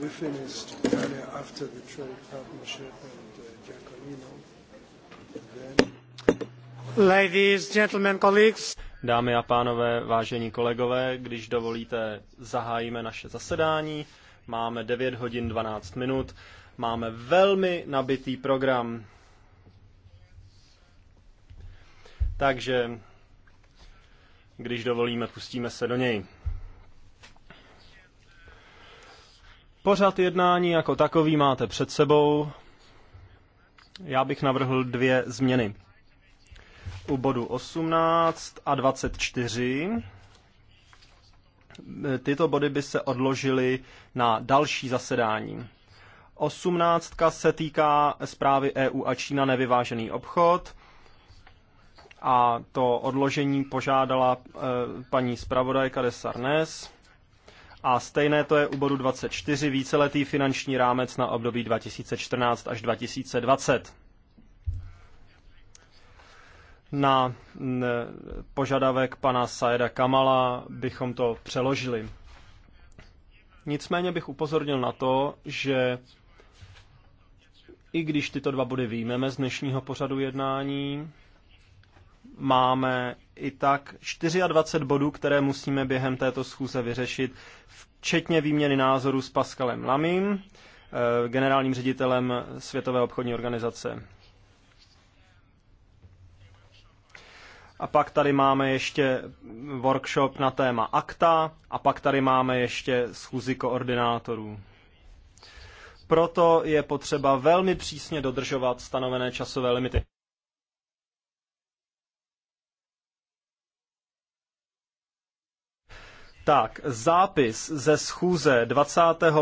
we finished earlier after the trade partnership and uh, Giacolino. Ladies, gentlemen, colleagues. Dámy a pánové, vážení kolegové, když dovolíte, zahájíme naše zasedání. Máme 9 hodin 12 minut. Máme velmi nabitý program. Takže, když dovolíme, pustíme se do něj. Pořad jednání jako takový máte před sebou. Já bych navrhl dvě změny. U bodu 18 a 24 tyto body by se odložily na další zasedání. Osmnáctka se týká zprávy EU a Čína nevyvážený obchod a to odložení požádala eh, paní zpravodajka de Sarnes. A stejné to je u bodu 24, víceletý finanční rámec na období 2014 až 2020. Na požadavek pana Saeda Kamala bychom to přeložili. Nicméně bych upozornil na to, že i když tyto dva body výjmeme z dnešního pořadu jednání, máme i tak 24 bodů, které musíme během této schůze vyřešit, včetně výměny názorů s Pascalem Lamim, eh, generálním ředitelem Světové obchodní organizace. A pak tady máme ještě workshop na téma akta a pak tady máme ještě schůzi koordinátorů. Proto je potřeba velmi přísně dodržovat stanovené časové limity. Tak, zápis ze schůze 25.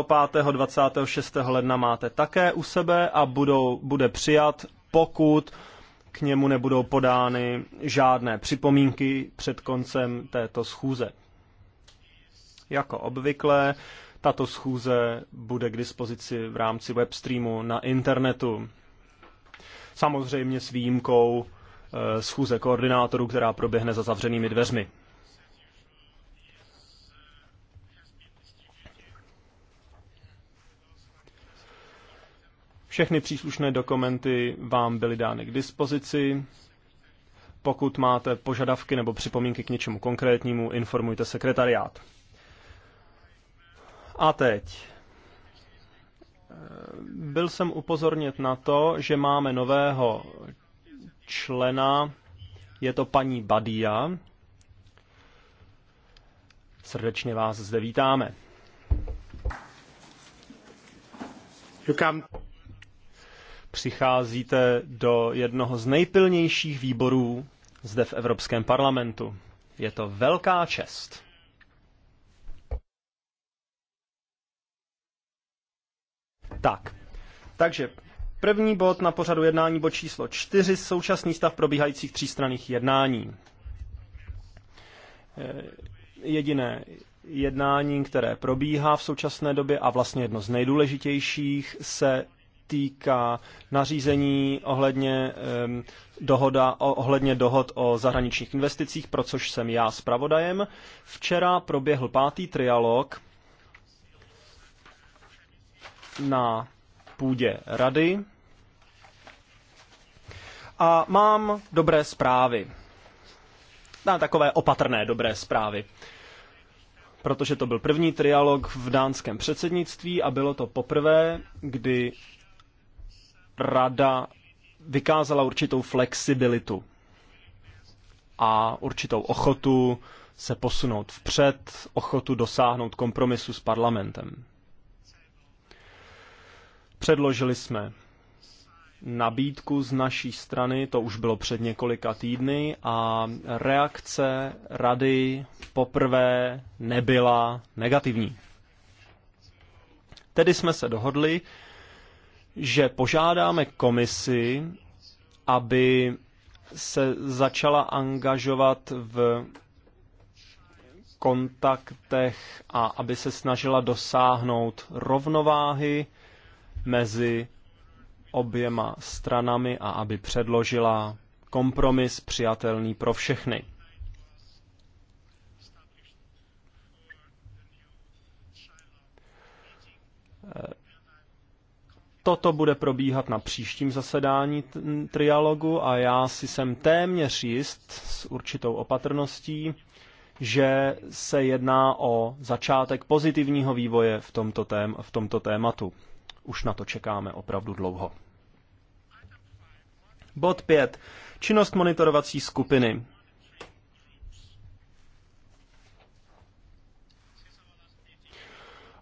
26. ledna máte také u sebe a budou, bude přijat, pokud k němu nebudou podány žádné připomínky před koncem této schůze. Jako obvykle, tato schůze bude k dispozici v rámci webstreamu na internetu. Samozřejmě s výjimkou eh, schůze koordinátorů, která proběhne za zavřenými dveřmi. Všechny příslušné dokumenty vám byly dány k dispozici. Pokud máte požadavky nebo připomínky k něčemu konkrétnímu, informujte sekretariát. A teď. Byl jsem upozornět na to, že máme nového člena, je to paní Badia. Srdečně vás zde vítáme. You come přicházíte do jednoho z nejpilnějších výborů zde v Evropském parlamentu. Je to velká čest. Tak, takže první bod na pořadu jednání, bod číslo čtyři. současný stav probíhajících třístranných jednání. Eh, jediné jednání, které probíhá v současné době a vlastně jedno z nejdůležitějších, se týká nařízení ohledně, eh, dohoda, ohledně dohod o zahraničních investicích, pro což jsem já zpravodajem. Včera proběhl pátý trialog na půdě rady a mám dobré zprávy. Na takové opatrné dobré zprávy protože to byl první trialog v dánském předsednictví a bylo to poprvé, kdy rada vykázala určitou flexibilitu a určitou ochotu se posunout vpřed, ochotu dosáhnout kompromisu s parlamentem. Předložili jsme nabídku z naší strany, to už bylo před několika týdny, a reakce rady poprvé nebyla negativní. Tedy jsme se dohodli, že požádáme komisi, aby se začala angažovat v kontaktech a aby se snažila dosáhnout rovnováhy mezi oběma stranami a aby předložila kompromis přijatelný pro všechny. Toto bude probíhat na příštím zasedání trialogu a já si jsem téměř jist s určitou opatrností, že se jedná o začátek pozitivního vývoje v tomto, tém, v tomto tématu. Už na to čekáme opravdu dlouho. Bod 5. Činnost monitorovací skupiny.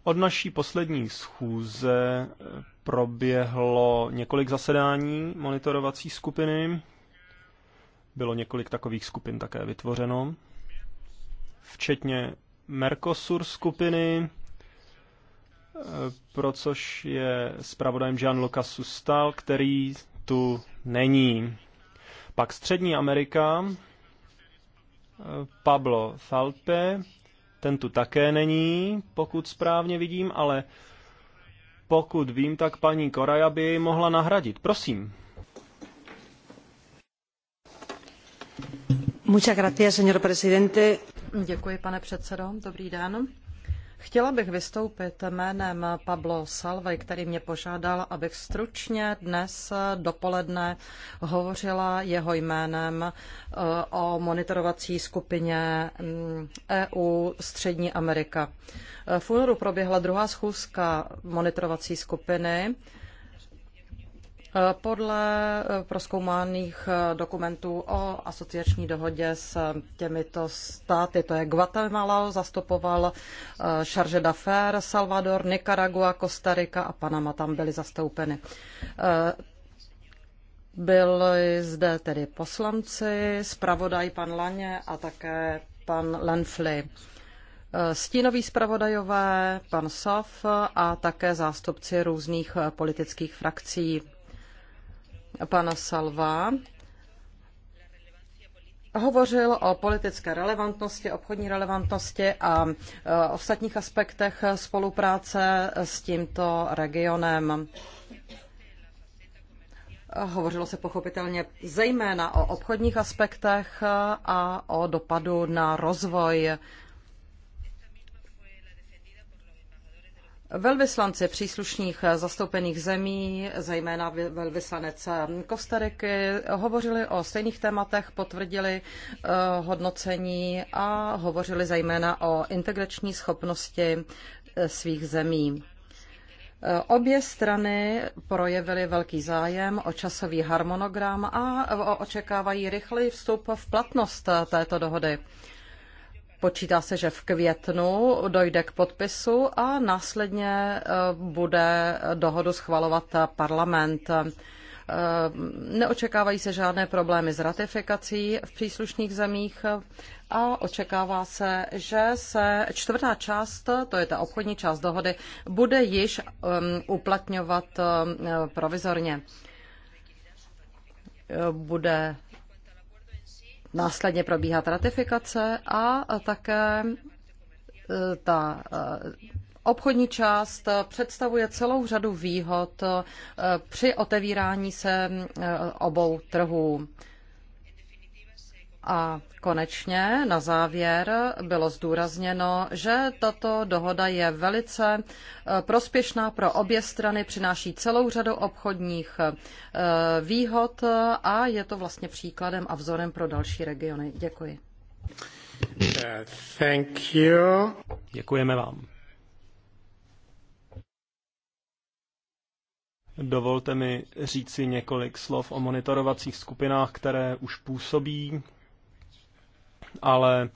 Od naší poslední schůze eh, proběhlo několik zasedání monitorovací skupiny. Bylo několik takových skupin také vytvořeno, včetně Mercosur skupiny, eh, pro což je zpravodajem Gianluca Sustal, který tu není. Pak Střední Amerika, eh, Pablo Falpe, ten tu také není, pokud správně vidím, ale pokud vím, tak paní Koraja by jej mohla nahradit. Prosím. Muchas gracias, señor presidente. Děkuji, pane předsedo. Dobrý den. Chtěla bych vystoupit jménem Pablo Salve, který mě požádal, abych stručně dnes dopoledne hovořila jeho jménem eh, o monitorovací skupině mm, EU Střední Amerika. Eh, v únoru proběhla druhá schůzka monitorovací skupiny podle eh, proskoumaných eh, dokumentů o asociační dohodě s těmito státy, to je Guatemala, zastupoval eh, Charge d'Affaires, Salvador, Nicaragua, Kostarika a Panama tam byly zastoupeny. Byl zde tedy poslanci, zpravodaj pan Laně a také pan Lenfly. Stínoví zpravodajové, pan Sof a také zástupci různých politických frakcí pana Salva hovořil o politické relevantnosti, obchodní relevantnosti a e, ostatních aspektech spolupráce s tímto regionem. Hovořilo se pochopitelně zejména o obchodních aspektech a o dopadu na rozvoj Velvyslanci příslušných eh, zastoupených zemí, zejména velvyslanec eh, Kostariky, hovořili o stejných tématech, potvrdili eh, hodnocení a hovořili zejména o integrační schopnosti svých zemí. Obě strany projevily velký zájem o časový harmonogram a očekávají rychlý vstup v platnost této dohody. Počítá se, že v květnu dojde k podpisu a následně eh, bude dohodu schvalovat parlament. Eh, neočekávají se žádné problémy s ratifikací v příslušných zemích a očekává se, že se čtvrtá část, to je ta obchodní část dohody, bude již eh, uplatňovat provizorně. Bude následně probíhat ratifikace a také e, ta e, obchodní část představuje celou řadu výhod e, při otevírání se obou trhů. A konečně na závěr bylo zdůrazněno, že tato dohoda je velice eh, prospěšná pro obě strany, přináší celou řadu obchodních eh, výhod a je to vlastně příkladem a vzorem pro další regiony. Děkuji. Thank you. Děkujeme vám. Dovolte mi říci několik slov o monitorovacích skupinách, které už působí ale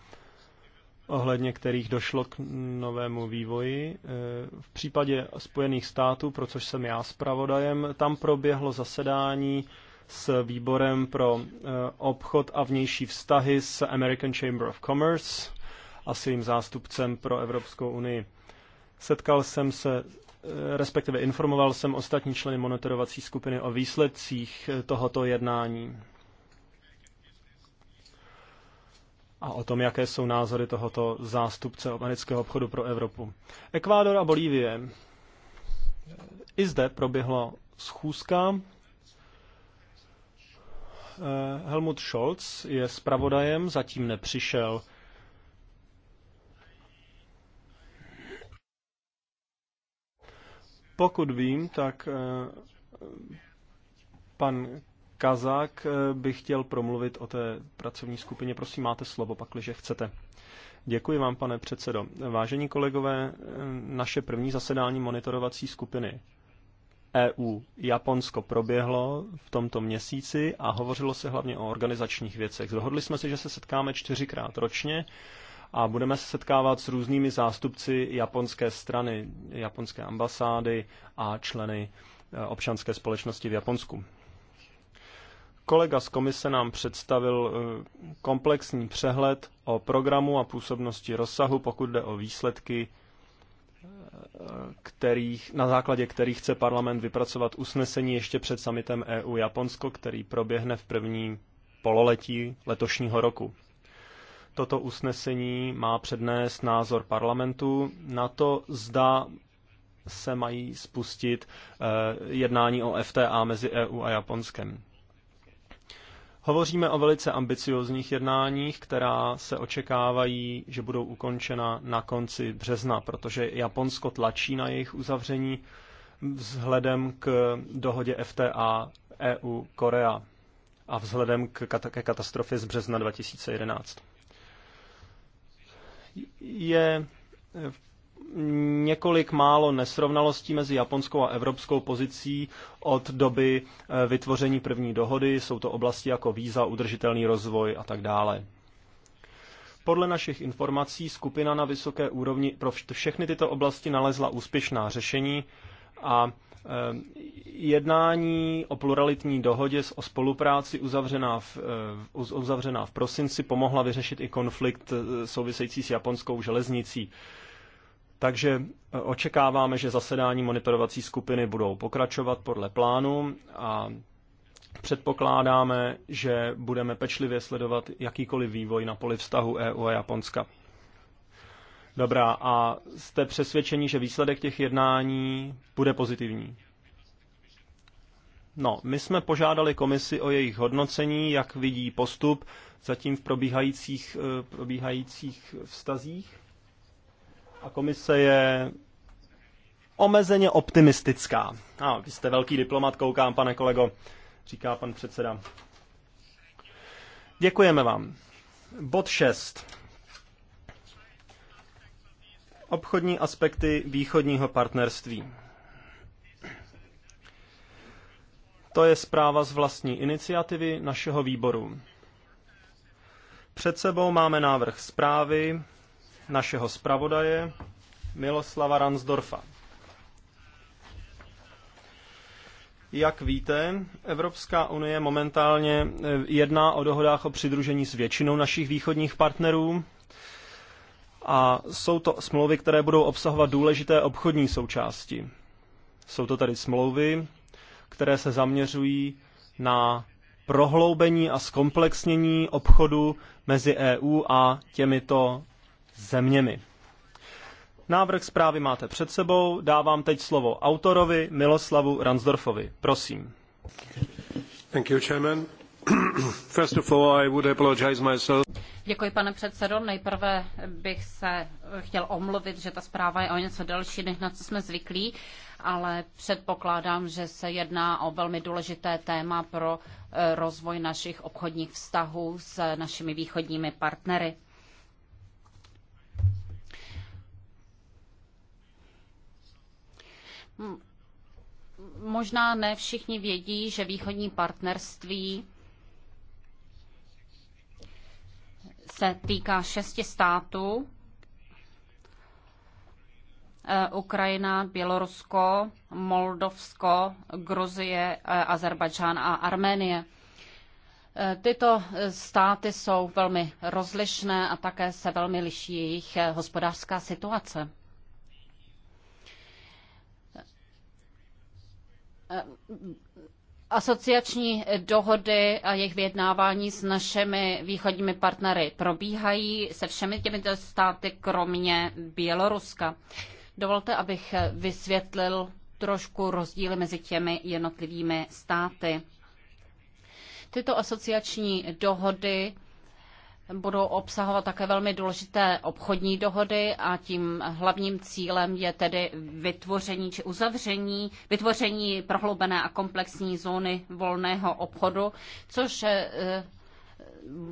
ohledně kterých došlo k novému vývoji. Eh, v případě Spojených států, pro což jsem já zpravodajem, tam proběhlo zasedání s výborem pro eh, obchod a vnější vztahy s American Chamber of Commerce a svým zástupcem pro Evropskou unii. Setkal jsem se, eh, respektive informoval jsem ostatní členy monitorovací skupiny o výsledcích tohoto jednání. a o tom, jaké jsou názory tohoto zástupce amerického obchodu pro Evropu. Ekvádor a Bolívie. I zde proběhla schůzka. Eh, Helmut Scholz je zpravodajem, zatím nepřišel. Pokud vím, tak eh, pan Kazak eh, by chtěl promluvit o té pracovní skupině. Prosím, máte slovo, pakliže chcete. Děkuji vám, pane předsedo. Vážení kolegové, eh, naše první zasedání monitorovací skupiny EU Japonsko proběhlo v tomto měsíci a hovořilo se hlavně o organizačních věcech. Dohodli jsme se, že se setkáme čtyřikrát ročně a budeme se setkávat s různými zástupci japonské strany, japonské ambasády a členy eh, občanské společnosti v Japonsku. Kolega z komise nám představil eh, komplexní přehled o programu a působnosti rozsahu, pokud jde o výsledky, eh, kterých, na základě kterých chce parlament vypracovat usnesení ještě před samitem EU-Japonsko, který proběhne v první pololetí letošního roku. Toto usnesení má přednést názor parlamentu na to, zda se mají spustit eh, jednání o FTA mezi EU a Japonskem. Hovoříme o velice ambiciozních jednáních, která se očekávají, že budou ukončena na konci března, protože Japonsko tlačí na jejich uzavření vzhledem k dohodě FTA EU-Korea a vzhledem k katastrofě z března 2011. Je několik málo nesrovnalostí mezi japonskou a evropskou pozicí od doby eh, vytvoření první dohody. Jsou to oblasti jako víza, udržitelný rozvoj a tak dále. Podle našich informací skupina na vysoké úrovni pro všechny tyto oblasti nalezla úspěšná řešení a eh, jednání o pluralitní dohodě o spolupráci uzavřená v, eh, uzavřená v prosinci pomohla vyřešit i konflikt související s japonskou železnicí. Takže e, očekáváme, že zasedání monitorovací skupiny budou pokračovat podle plánu a předpokládáme, že budeme pečlivě sledovat jakýkoliv vývoj na poli vztahu EU a Japonska. Dobrá, a jste přesvědčeni, že výsledek těch jednání bude pozitivní? No, my jsme požádali komisi o jejich hodnocení, jak vidí postup zatím v probíhajících, e, probíhajících vztazích a komise je omezeně optimistická. A ah, vy jste velký diplomat, koukám, pane kolego, říká pan předseda. Děkujeme vám. Bod 6. Obchodní aspekty východního partnerství. To je zpráva z vlastní iniciativy našeho výboru. Před sebou máme návrh zprávy, našeho zpravodaje Miloslava Ransdorfa. Jak víte, Evropská unie momentálně eh, jedná o dohodách o přidružení s většinou našich východních partnerů a jsou to smlouvy, které budou obsahovat důležité obchodní součásti. Jsou to tady smlouvy, které se zaměřují na prohloubení a zkomplexnění obchodu mezi EU a těmito zeměmi. Návrh zprávy máte před sebou, dávám teď slovo autorovi Miloslavu Ransdorfovi. Prosím. Thank you, chairman. First of all, I would apologize myself. Děkuji, pane předsedo. Nejprve bych se chtěl omluvit, že ta zpráva je o něco delší, než na co jsme zvyklí, ale předpokládám, že se jedná o velmi důležité téma pro eh, rozvoj našich obchodních vztahů s našimi východními partnery. Možná ne všichni vědí, že východní partnerství se týká šesti států. E, Ukrajina, Bělorusko, Moldovsko, Gruzie, e, Azerbajdžán a Arménie. E, tyto státy jsou velmi rozlišné a také se velmi liší jejich hospodářská situace. Asociační dohody a jejich vyjednávání s našimi východními partnery probíhají se všemi těmito státy, kromě Běloruska. Dovolte, abych vysvětlil trošku rozdíly mezi těmi jednotlivými státy. Tyto asociační dohody budou obsahovat také velmi důležité obchodní dohody a tím hlavním cílem je tedy vytvoření či uzavření, vytvoření prohloubené a komplexní zóny volného obchodu, což eh,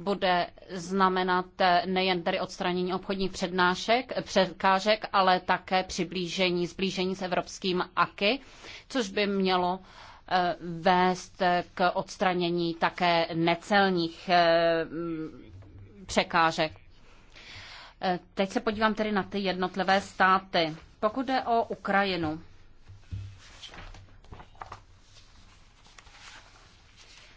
bude znamenat eh, nejen tedy odstranění obchodních přednášek, předkážek, ale také přiblížení, zblížení s evropským AKY, což by mělo eh, vést k odstranění také necelních překážek. E, teď se podívám tedy na ty jednotlivé státy. Pokud jde o Ukrajinu,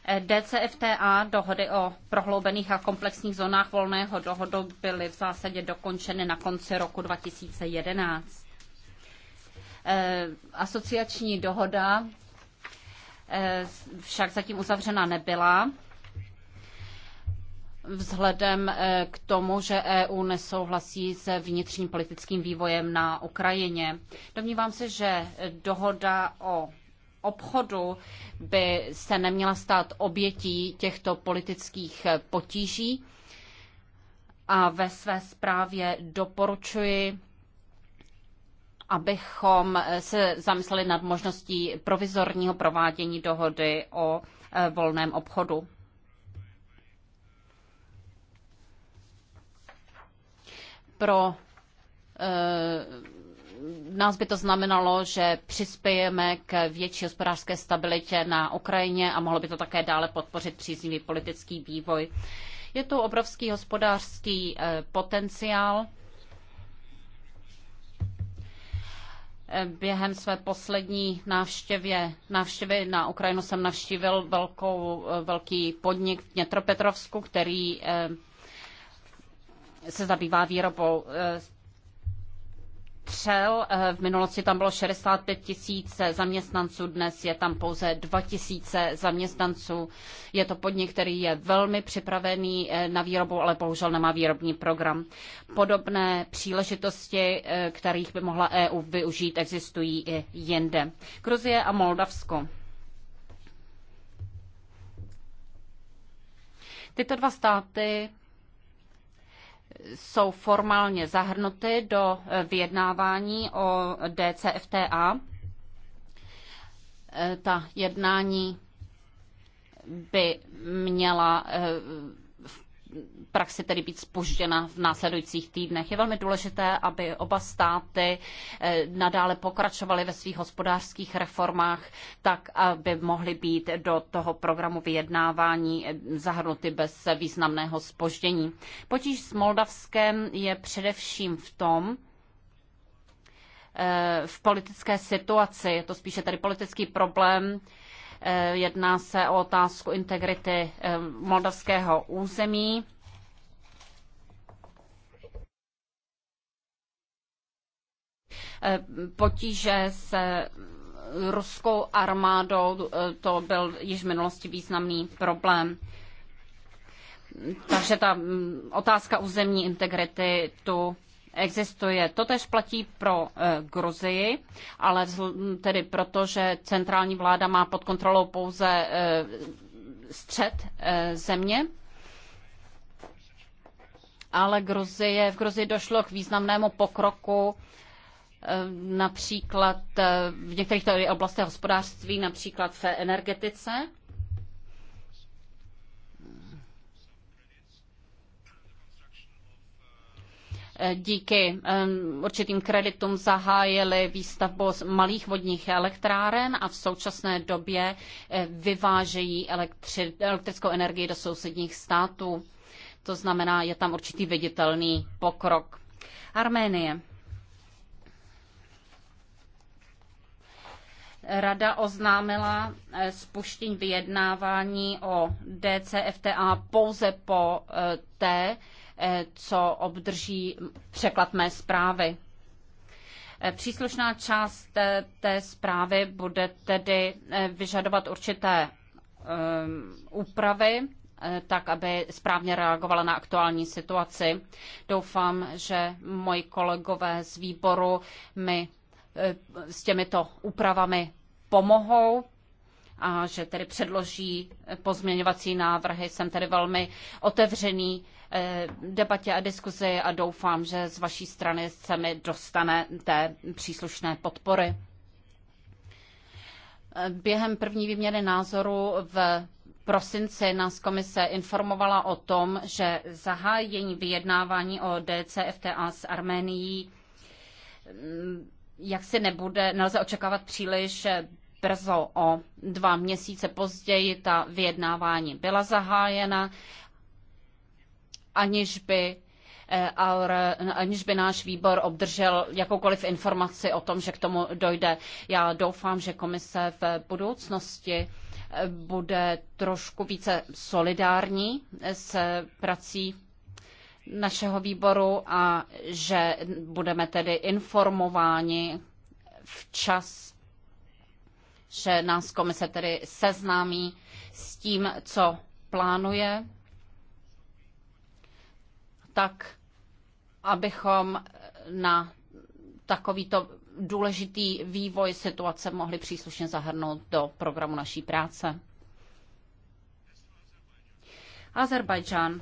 e, DCFTA dohody o prohloubených a komplexních zónách volného dohodu byly v zásadě dokončeny na konci roku 2011. E, asociační dohoda však zatím uzavřena nebyla vzhledem eh, k tomu, že EU nesouhlasí se vnitřním politickým vývojem na Ukrajině. Domnívám se, že dohoda o obchodu by se neměla stát obětí těchto politických potíží a ve své zprávě doporučuji, abychom se zamysleli nad možností provizorního provádění dohody o eh, volném obchodu. pro eh, nás by to znamenalo, že přispějeme k větší hospodářské stabilitě na Ukrajině a mohlo by to také dále podpořit příznivý politický vývoj. Je to obrovský hospodářský eh, potenciál. Eh, během své poslední návštěvě, návštěvy na Ukrajinu jsem navštívil velkou, velký podnik v Dnětropetrovsku, který se zabývá výrobou eh, střel. Eh, v minulosti tam bylo 65 tisíc zaměstnanců, dnes je tam pouze 2 tisíce zaměstnanců. Je to podnik, který je velmi připravený eh, na výrobu, ale bohužel nemá výrobní program. Podobné příležitosti, kterých by mohla EU využít, existují i jinde. Gruzie a Moldavsko. Tyto dva státy jsou formálně zahrnuty do eh, vyjednávání o DCFTA. Eh, ta jednání by měla eh, praxi tedy být spožděna v následujících týdnech. Je velmi důležité, aby oba státy eh, nadále pokračovaly ve svých hospodářských reformách, tak aby mohly být do toho programu vyjednávání eh, zahrnuty bez významného spoždění. Potíž s Moldavskem je především v tom, eh, v politické situaci, je to spíše tady politický problém, Eh, jedná se o otázku integrity eh, moldavského území. Eh, potíže se ruskou armádou, to byl již v minulosti významný problém. Takže ta mm, otázka územní integrity tu existuje. To tež platí pro eh, Gruzii, ale hm, tedy proto, že centrální vláda má pod kontrolou pouze eh, střed eh, země. Ale Gruzie, v Gruzii došlo k významnému pokroku například v některých oblastech hospodářství, například v energetice. díky určitým kreditům zahájili výstavbu malých vodních elektráren a v současné době eh, vyvážejí elektři- elektrickou energii do sousedních států. To znamená, je tam určitý viditelný pokrok. Arménie. Rada oznámila eh, spuštění vyjednávání o DCFTA pouze po eh, té, Eh, co obdrží překlad mé zprávy. Eh, příslušná část té, eh, té zprávy bude tedy vyžadovat určité úpravy, tak aby správně reagovala na aktuální situaci. Doufám, že moji kolegové z výboru mi s těmito úpravami pomohou a že tedy předloží pozměňovací návrhy. Jsem tedy velmi otevřený eh, debatě a diskuzi a doufám, že z vaší strany se mi dostane té příslušné podpory. Během první výměny názoru v prosinci nás komise informovala o tom, že zahájení vyjednávání o DCFTA s Arménií mm, jak si nebude, nelze očekávat příliš brzo o dva měsíce později ta vyjednávání byla zahájena, aniž by Our, eh, aniž by náš výbor obdržel jakoukoliv informaci o tom, že k tomu dojde. Já doufám, že komise v budoucnosti eh, bude trošku více solidární s prací našeho výboru a že budeme tedy informováni včas že nás komise tedy seznámí s tím, co plánuje, tak abychom na takovýto důležitý vývoj situace mohli příslušně zahrnout do programu naší práce. Azerbajdžán.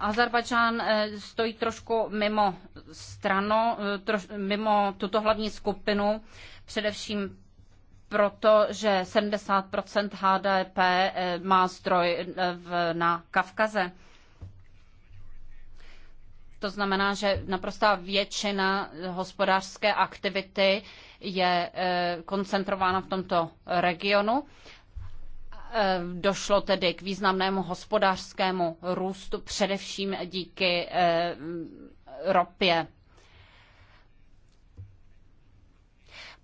Azerbajdžán eh, stojí trošku mimo stranu, eh, troš, mimo tuto hlavní skupinu, především proto, že 70 HDP eh, má zdroj v, na Kavkaze. To znamená, že naprostá většina hospodářské aktivity je koncentrována v tomto regionu Eh, došlo tedy k významnému hospodářskému růstu, především díky eh, ropě.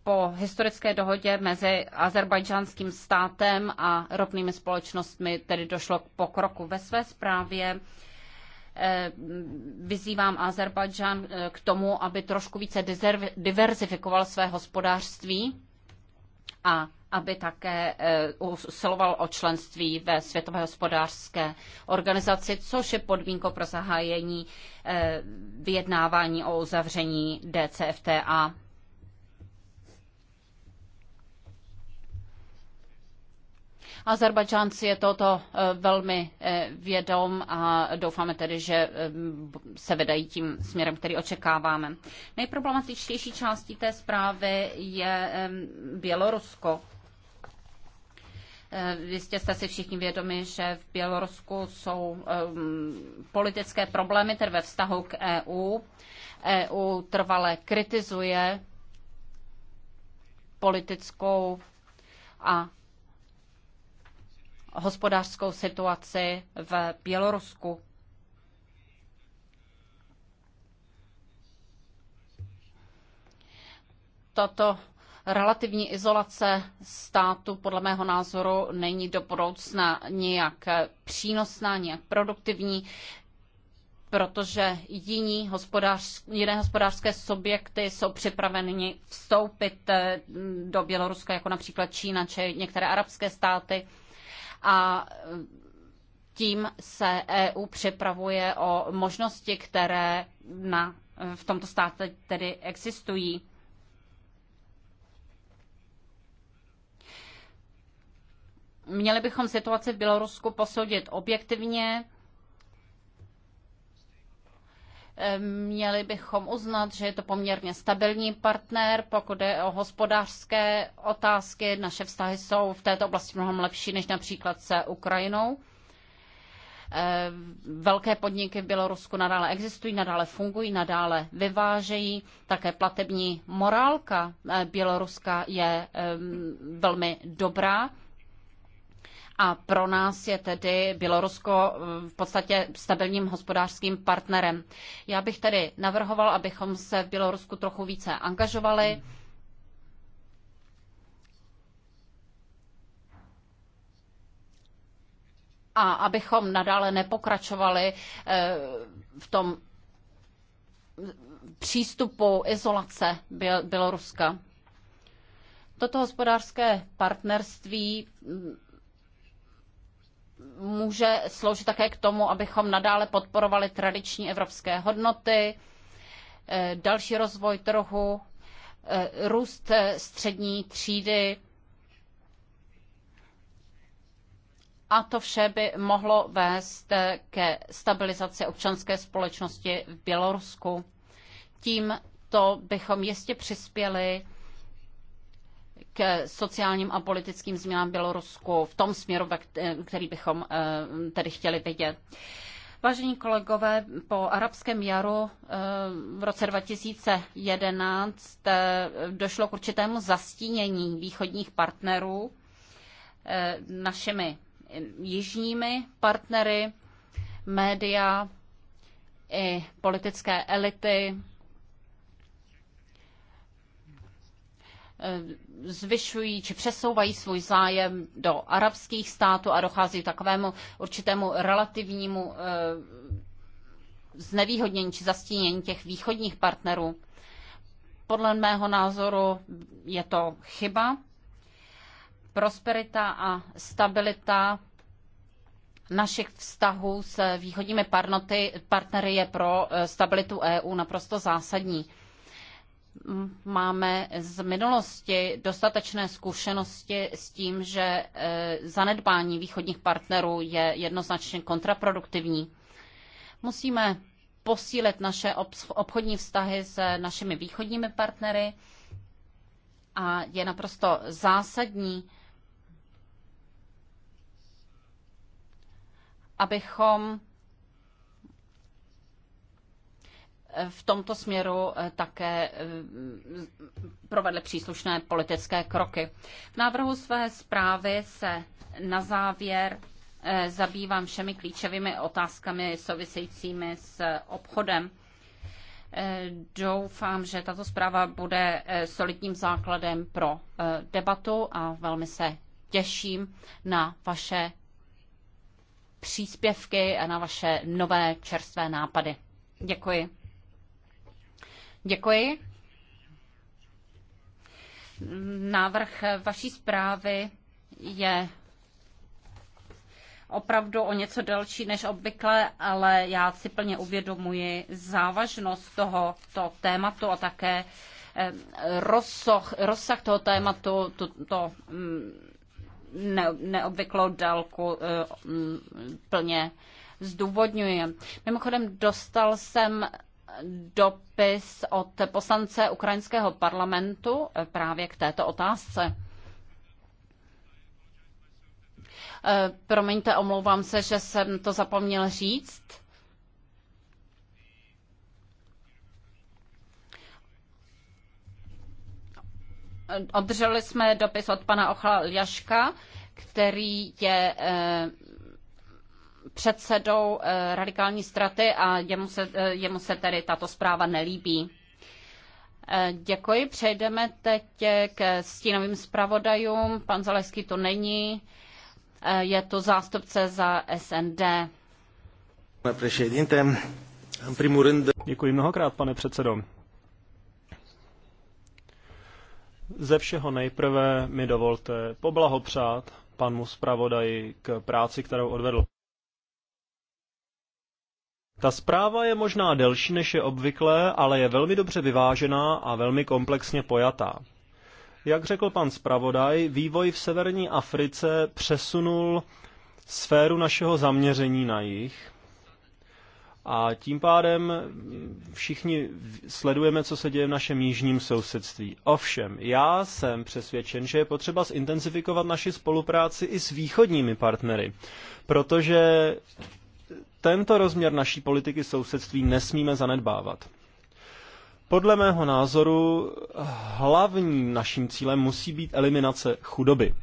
Po historické dohodě mezi azerbajdžánským státem a ropnými společnostmi tedy došlo k pokroku. Ve své zprávě eh, vyzývám Azerbajdžán k tomu, aby trošku více diverzifikoval své hospodářství a aby také eh, usiloval o členství ve Světové hospodářské organizaci, což je podmínko pro zahájení eh, vyjednávání o uzavření DCFTA. Azerbajdžán si je toto eh, velmi vědom a doufáme tedy, že se vydají tím směrem, který očekáváme. Nejproblematičtější částí té zprávy je Bělorusko. Eh, jistě jste si všichni vědomi, že v Bělorusku jsou ehm, politické problémy, tedy ve vztahu k EU. EU trvale kritizuje politickou a hospodářskou situaci v Bělorusku. Toto relativní izolace státu podle mého názoru není do budoucna nijak přínosná, nijak produktivní, protože jiní hospodářské, jiné hospodářské subjekty jsou připraveni vstoupit eh, do Běloruska, jako například Čína či některé arabské státy. A eh, tím se EU připravuje o možnosti, které na, v tomto státě tedy existují. Měli bychom situaci v Bělorusku posoudit objektivně, měli bychom uznat, že je to poměrně stabilní partner, pokud je o hospodářské otázky. Naše vztahy jsou v této oblasti mnohem lepší než například se Ukrajinou. Velké podniky v Bělorusku nadále existují, nadále fungují, nadále vyvážejí. Také platební morálka eh, běloruska je velmi dobrá a pro nás je tedy Bělorusko eh, v podstatě stabilním hospodářským partnerem. Já bych tedy navrhoval, abychom se v Bělorusku trochu více angažovali. A abychom nadále nepokračovali eh, v tom přístupu izolace Běloruska. Toto hospodářské partnerství mm, může sloužit také k tomu, abychom nadále podporovali tradiční evropské hodnoty, eh, další rozvoj trhu, eh, růst eh, střední třídy. A to vše by mohlo vést ke stabilizaci občanské společnosti v Bělorusku. Tím to bychom jistě přispěli k sociálním a politickým změnám v Bělorusku v tom směru, který bychom eh, tedy chtěli vidět. Vážení kolegové, po arabském jaru eh, v roce 2011 eh, došlo k určitému zastínění východních partnerů našimi jižními partnery, média i politické elity Eh, zvyšují či přesouvají svůj zájem do arabských států a dochází k takovému určitému relativnímu eh, znevýhodnění či zastínění těch východních partnerů. Podle mého názoru je to chyba. Prosperita a stabilita našich vztahů s východními partnery je pro eh, stabilitu EU naprosto zásadní máme z minulosti dostatečné zkušenosti s tím, že e, zanedbání východních partnerů je jednoznačně kontraproduktivní. Musíme posílit naše obchodní vztahy s našimi východními partnery a je naprosto zásadní, abychom v tomto směru eh, také eh, provedli příslušné politické kroky. V návrhu své zprávy se na závěr eh, zabývám všemi klíčovými otázkami souvisejícími s obchodem. Doufám, že tato zpráva bude solidním základem pro debatu a velmi se těším na vaše příspěvky a na vaše nové čerstvé nápady. Děkuji. Děkuji. Návrh vaší zprávy je opravdu o něco delší než obvykle, ale já si plně uvědomuji závažnost tohoto tématu a také eh, rozsah, rozsah toho tématu, to, to mm, ne, neobvyklou délku eh, mm, plně zdůvodňuji. Mimochodem dostal jsem dopis od poslance ukrajinského parlamentu právě k této otázce. E, promiňte, omlouvám se, že jsem to zapomněl říct. Obdrželi jsme dopis od pana Ochla Ljaška, který je e, předsedou eh, radikální straty a jemu se, eh, jemu se tedy tato zpráva nelíbí. Eh, děkuji. Přejdeme teď k stínovým zpravodajům. Pan Zaleský to není. Je to zástupce za SND. Děkuji mnohokrát, pane předsedo. Ze všeho nejprve mi dovolte poblahopřát panu zpravodaji k práci, kterou odvedl. Ta zpráva je možná delší, než je obvyklé, ale je velmi dobře vyvážená a velmi komplexně pojatá. Jak řekl pan zpravodaj, vývoj v severní Africe přesunul sféru našeho zaměření na jich. A tím pádem všichni sledujeme, co se děje v našem jižním sousedství. Ovšem, já jsem přesvědčen, že je potřeba zintenzifikovat naši spolupráci i s východními partnery, protože tento rozměr naší politiky sousedství nesmíme zanedbávat. Podle mého názoru hlavním naším cílem musí být eliminace chudoby.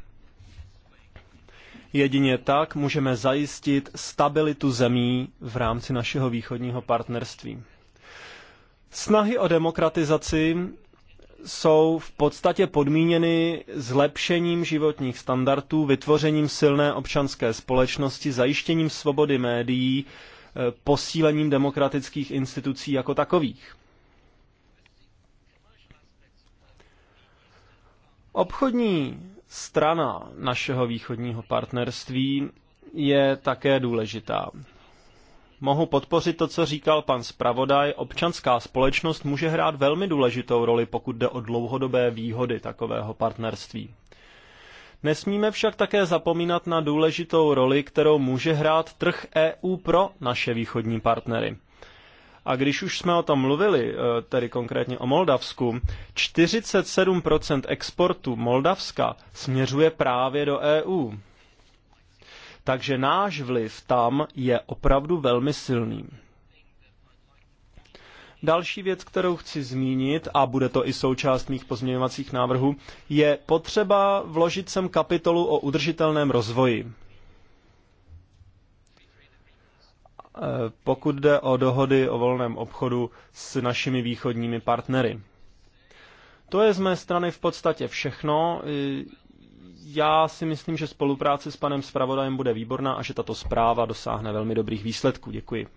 Jedině tak můžeme zajistit stabilitu zemí v rámci našeho východního partnerství. Snahy o demokratizaci jsou v podstatě podmíněny zlepšením životních standardů, vytvořením silné občanské společnosti, zajištěním svobody médií, eh, posílením demokratických institucí jako takových. Obchodní strana našeho východního partnerství je také důležitá mohu podpořit to, co říkal pan zpravodaj. Občanská společnost může hrát velmi důležitou roli, pokud jde o dlouhodobé výhody takového partnerství. Nesmíme však také zapomínat na důležitou roli, kterou může hrát trh EU pro naše východní partnery. A když už jsme o tom mluvili, eh, tedy konkrétně o Moldavsku, 47% exportu Moldavska směřuje právě do EU. Takže náš vliv tam je opravdu velmi silný. Další věc, kterou chci zmínit, a bude to i součást mých pozměňovacích návrhů, je potřeba vložit sem kapitolu o udržitelném rozvoji. E, pokud jde o dohody o volném obchodu s našimi východními partnery. To je z mé strany v podstatě všechno. E, já si myslím, že spolupráce s panem spravodajem bude výborná a že tato zpráva dosáhne velmi dobrých výsledků. Děkuji.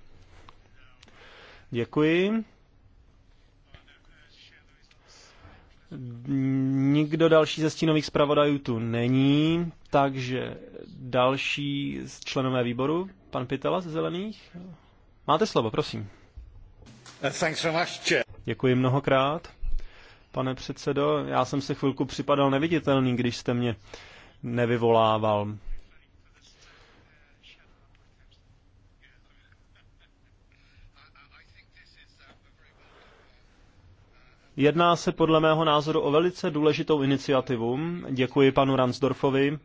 Děkuji. Nikdo další ze stínových zpravodajů tu není, takže další z členové výboru, pan Pitela ze Zelených. Máte slovo, prosím. Děkuji mnohokrát pane předsedo. Já jsem se chvilku připadal neviditelný, když jste mě nevyvolával. Jedná se podle mého názoru o velice důležitou iniciativu. Děkuji panu Ransdorfovi.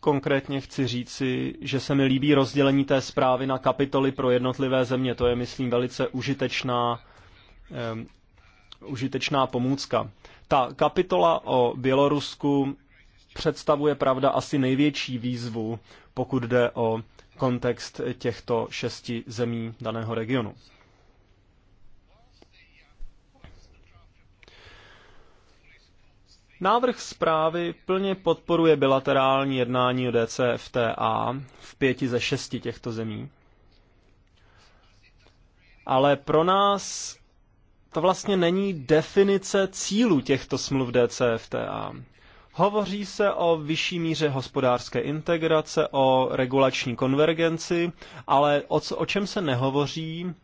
Konkrétně chci říci, že se mi líbí rozdělení té zprávy na kapitoly pro jednotlivé země. To je, myslím, velice užitečná Ehm, užitečná pomůcka. Ta kapitola o Bělorusku představuje pravda asi největší výzvu, pokud jde o kontext těchto šesti zemí daného regionu. Návrh zprávy plně podporuje bilaterální jednání o DCFTA v pěti ze šesti těchto zemí. Ale pro nás to vlastně není definice cílu těchto smluv DCFTA. Hovoří se o vyšší míře hospodářské integrace, o regulační konvergenci, ale o, co, o čem se nehovoří, eh,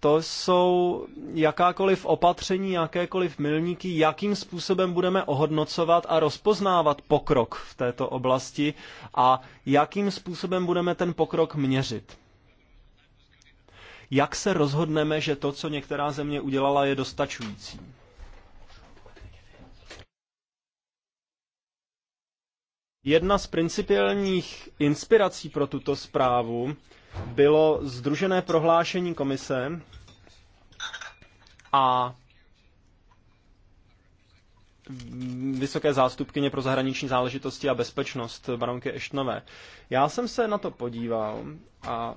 to jsou jakákoliv opatření, jakékoliv milníky, jakým způsobem budeme ohodnocovat a rozpoznávat pokrok v této oblasti a jakým způsobem budeme ten pokrok měřit. Jak se rozhodneme, že to, co některá země udělala, je dostačující? Jedna z principiálních inspirací pro tuto zprávu bylo združené prohlášení komise a vysoké zástupkyně pro zahraniční záležitosti a bezpečnost baronky Eštnové. Já jsem se na to podíval a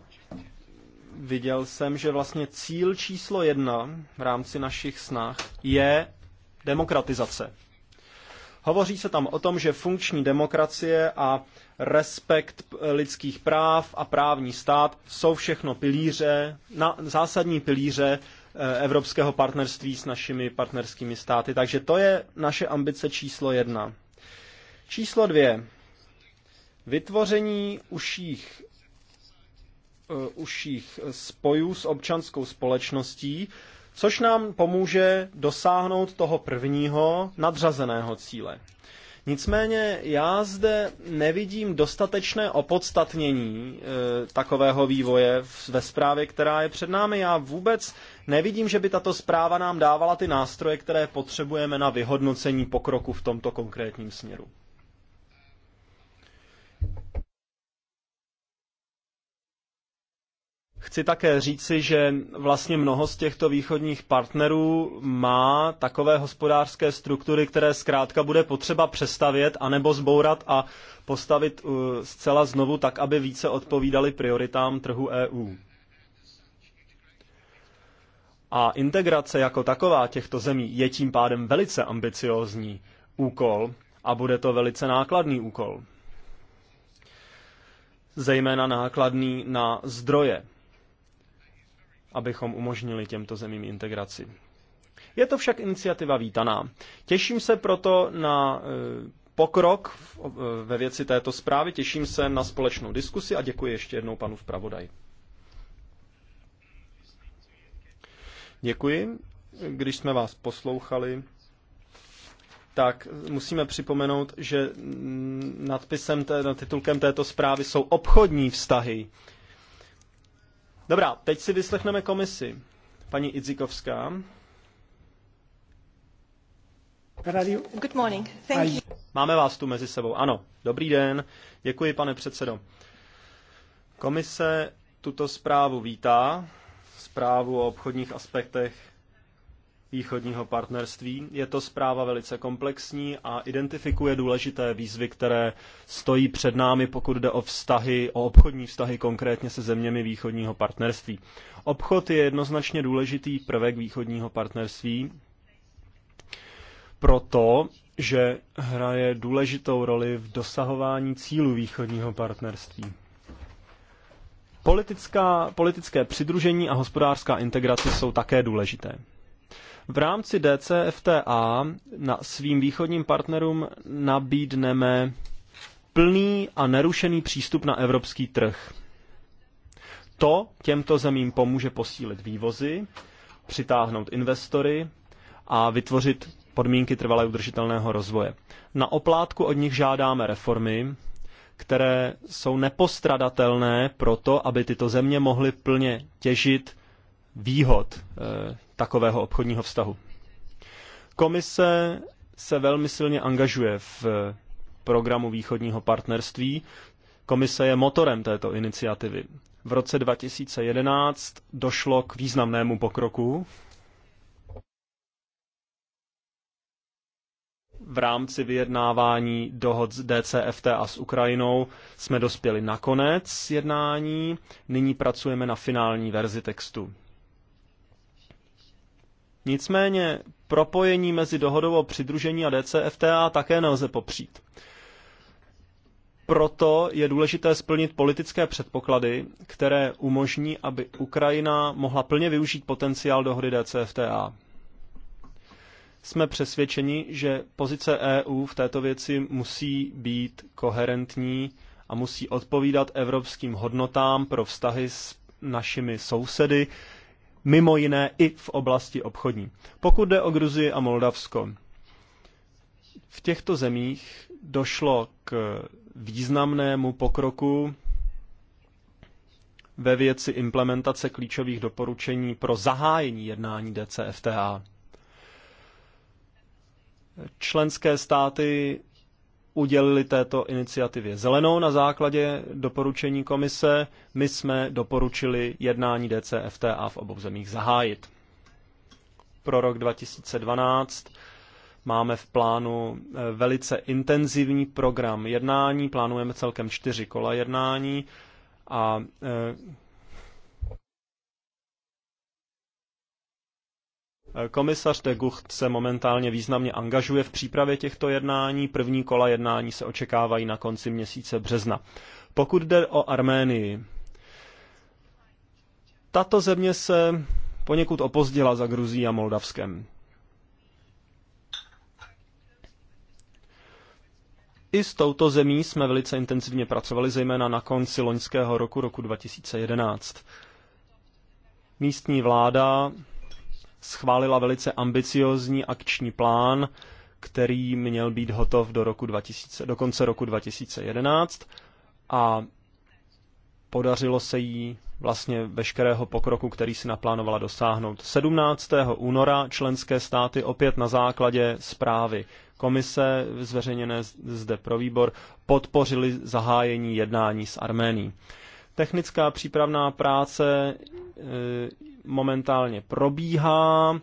viděl jsem, že vlastně cíl číslo jedna v rámci našich snah je demokratizace. Hovoří se tam o tom, že funkční demokracie a respekt lidských práv a právní stát jsou všechno pilíře, na, zásadní pilíře eh, evropského partnerství s našimi partnerskými státy. Takže to je naše ambice číslo jedna. Číslo dvě. Vytvoření užších Eh, užších spojů s občanskou společností, což nám pomůže dosáhnout toho prvního nadřazeného cíle. Nicméně já zde nevidím dostatečné opodstatnění e, takového vývoje v, ve zprávě, která je před námi. Já vůbec nevidím, že by tato zpráva nám dávala ty nástroje, které potřebujeme na vyhodnocení pokroku v tomto konkrétním směru. Chci také říci, že vlastně mnoho z těchto východních partnerů má takové hospodářské struktury, které zkrátka bude potřeba přestavět anebo zbourat a postavit uh, zcela znovu tak, aby více odpovídali prioritám trhu EU. A integrace jako taková těchto zemí je tím pádem velice ambiciózní úkol a bude to velice nákladný úkol. Zejména nákladný na zdroje abychom umožnili těmto zemím integraci. Je to však iniciativa vítaná. Těším se proto na e, pokrok e, ve věci této zprávy, těším se na společnou diskusi a děkuji ještě jednou panu vpravodaj. Děkuji. Když jsme vás poslouchali, tak musíme připomenout, že nadpisem, titulkem této zprávy jsou obchodní vztahy Dobrá, teď si vyslechneme komisi. Paní Idzikovská. Good morning. Thank you. Máme vás tu mezi sebou. Ano, dobrý den. Děkuji, pane předsedo. Komise tuto zprávu vítá, zprávu o obchodních aspektech východního partnerství. Je to zpráva velice komplexní a identifikuje důležité výzvy, které stojí před námi, pokud jde o vztahy, o obchodní vztahy konkrétně se zeměmi východního partnerství. Obchod je jednoznačně důležitý prvek východního partnerství, proto, že hraje důležitou roli v dosahování cílů východního partnerství. Politická, politické přidružení a hospodářská integrace jsou také důležité. V rámci DCFTA na svým východním partnerům nabídneme plný a nerušený přístup na evropský trh. To těmto zemím pomůže posílit vývozy, přitáhnout investory a vytvořit podmínky trvalé udržitelného rozvoje. Na oplátku od nich žádáme reformy, které jsou nepostradatelné to, aby tyto země mohly plně těžit výhod eh, takového obchodního vztahu. Komise se velmi silně angažuje v eh, programu východního partnerství. Komise je motorem této iniciativy. V roce 2011 došlo k významnému pokroku v rámci vyjednávání dohod z DCFTA s Ukrajinou jsme dospěli na konec jednání. Nyní pracujeme na finální verzi textu. Nicméně propojení mezi dohodou o přidružení a DCFTA také nelze popřít. Proto je důležité splnit politické předpoklady, které umožní, aby Ukrajina mohla plně využít potenciál dohody DCFTA. Jsme přesvědčeni, že pozice EU v této věci musí být koherentní a musí odpovídat evropským hodnotám pro vztahy s našimi sousedy, mimo jiné i v oblasti obchodní. Pokud jde o Gruzii a Moldavsko, v těchto zemích došlo k významnému pokroku ve věci implementace klíčových doporučení pro zahájení jednání DCFTA. Členské státy udělili této iniciativě zelenou na základě doporučení komise. My jsme doporučili jednání DCFTA v obou zemích zahájit. Pro rok 2012 máme v plánu eh, velice intenzivní program jednání, plánujeme celkem čtyři kola jednání a eh, Komisař de Gucht se momentálně významně angažuje v přípravě těchto jednání. První kola jednání se očekávají na konci měsíce března. Pokud jde o Arménii, tato země se poněkud opozdila za Gruzí a Moldavskem. I s touto zemí jsme velice intenzivně pracovali, zejména na konci loňského roku, roku 2011. Místní vláda schválila velice ambiciozní akční plán, který měl být hotov do, roku 2000, do konce roku 2011 a podařilo se jí vlastně veškerého pokroku, který si naplánovala dosáhnout. 17. února členské státy opět na základě zprávy komise zveřejněné zde pro výbor podpořili zahájení jednání s Arménií. Technická přípravná práce e, momentálně probíhá,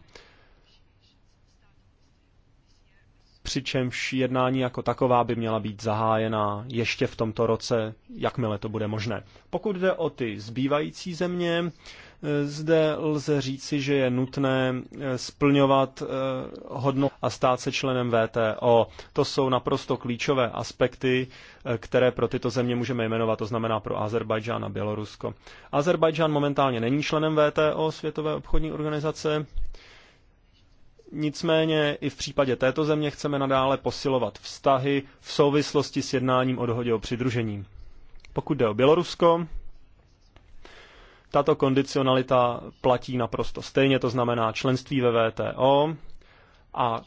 přičemž jednání jako taková by měla být zahájena ještě v tomto roce, jakmile to bude možné. Pokud jde o ty zbývající země, zde lze říci, že je nutné eh, splňovat eh, hodnotu a stát se členem VTO. To jsou naprosto klíčové aspekty, eh, které pro tyto země můžeme jmenovat, to znamená pro Azerbajdžán a Bělorusko. Azerbajdžán momentálně není členem VTO, Světové obchodní organizace, Nicméně i v případě této země chceme nadále posilovat vztahy v souvislosti s jednáním o dohodě o přidružení. Pokud jde o Bělorusko, tato kondicionalita platí naprosto stejně, to znamená členství ve VTO a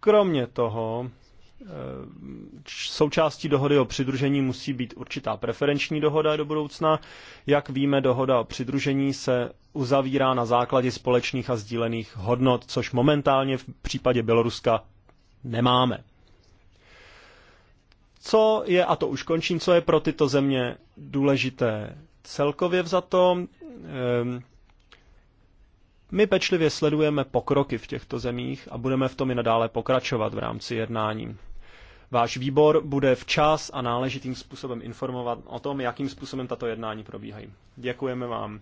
kromě toho eh, Součástí dohody o přidružení musí být určitá preferenční dohoda do budoucna. Jak víme, dohoda o přidružení se uzavírá na základě společných a sdílených hodnot, což momentálně v případě Běloruska nemáme. Co je, a to už končím, co je pro tyto země důležité celkově vzato? Ehm, my pečlivě sledujeme pokroky v těchto zemích a budeme v tom i nadále pokračovat v rámci jednání. Váš výbor bude včas a náležitým způsobem informovat o tom, jakým způsobem tato jednání probíhají. Děkujeme vám.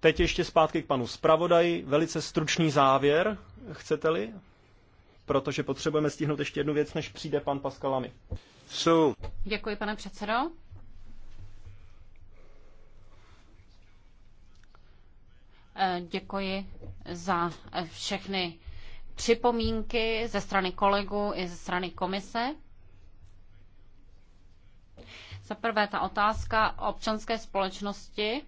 Teď ještě zpátky k panu zpravodaji. Velice stručný závěr, chcete-li? Protože potřebujeme stihnout ještě jednu věc, než přijde pan Paskalami. So. Děkuji, pane předsedo. Eh, děkuji za eh, všechny připomínky ze strany kolegů i ze strany komise. Za prvé ta otázka občanské společnosti,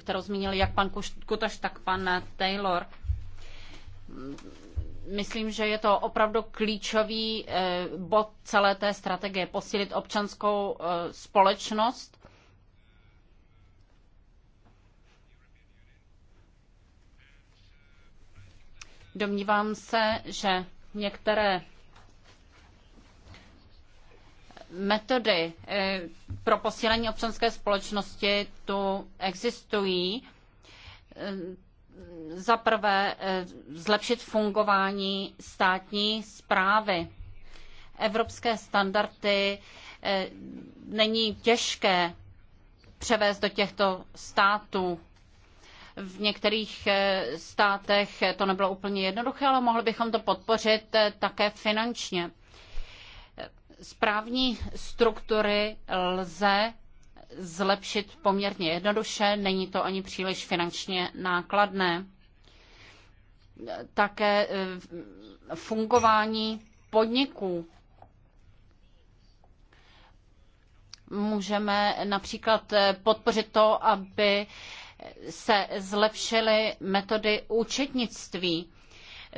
kterou zmínili jak pan Kutaš, tak pan Taylor. Myslím, že je to opravdu klíčový eh, bod celé té strategie, posílit občanskou společnost Domnívám se, že některé eh, metody eh, pro posílení občanské společnosti tu existují. Eh, za prvé zlepšit fungování státní zprávy. Evropské standardy není těžké převést do těchto států. V některých eh, státech to nebylo úplně jednoduché, ale mohli bychom to podpořit eh, také finančně. Správní struktury lze zlepšit poměrně jednoduše, není to ani příliš finančně nákladné. Také eh, fungování podniků můžeme například podpořit to, aby se zlepšily metody účetnictví.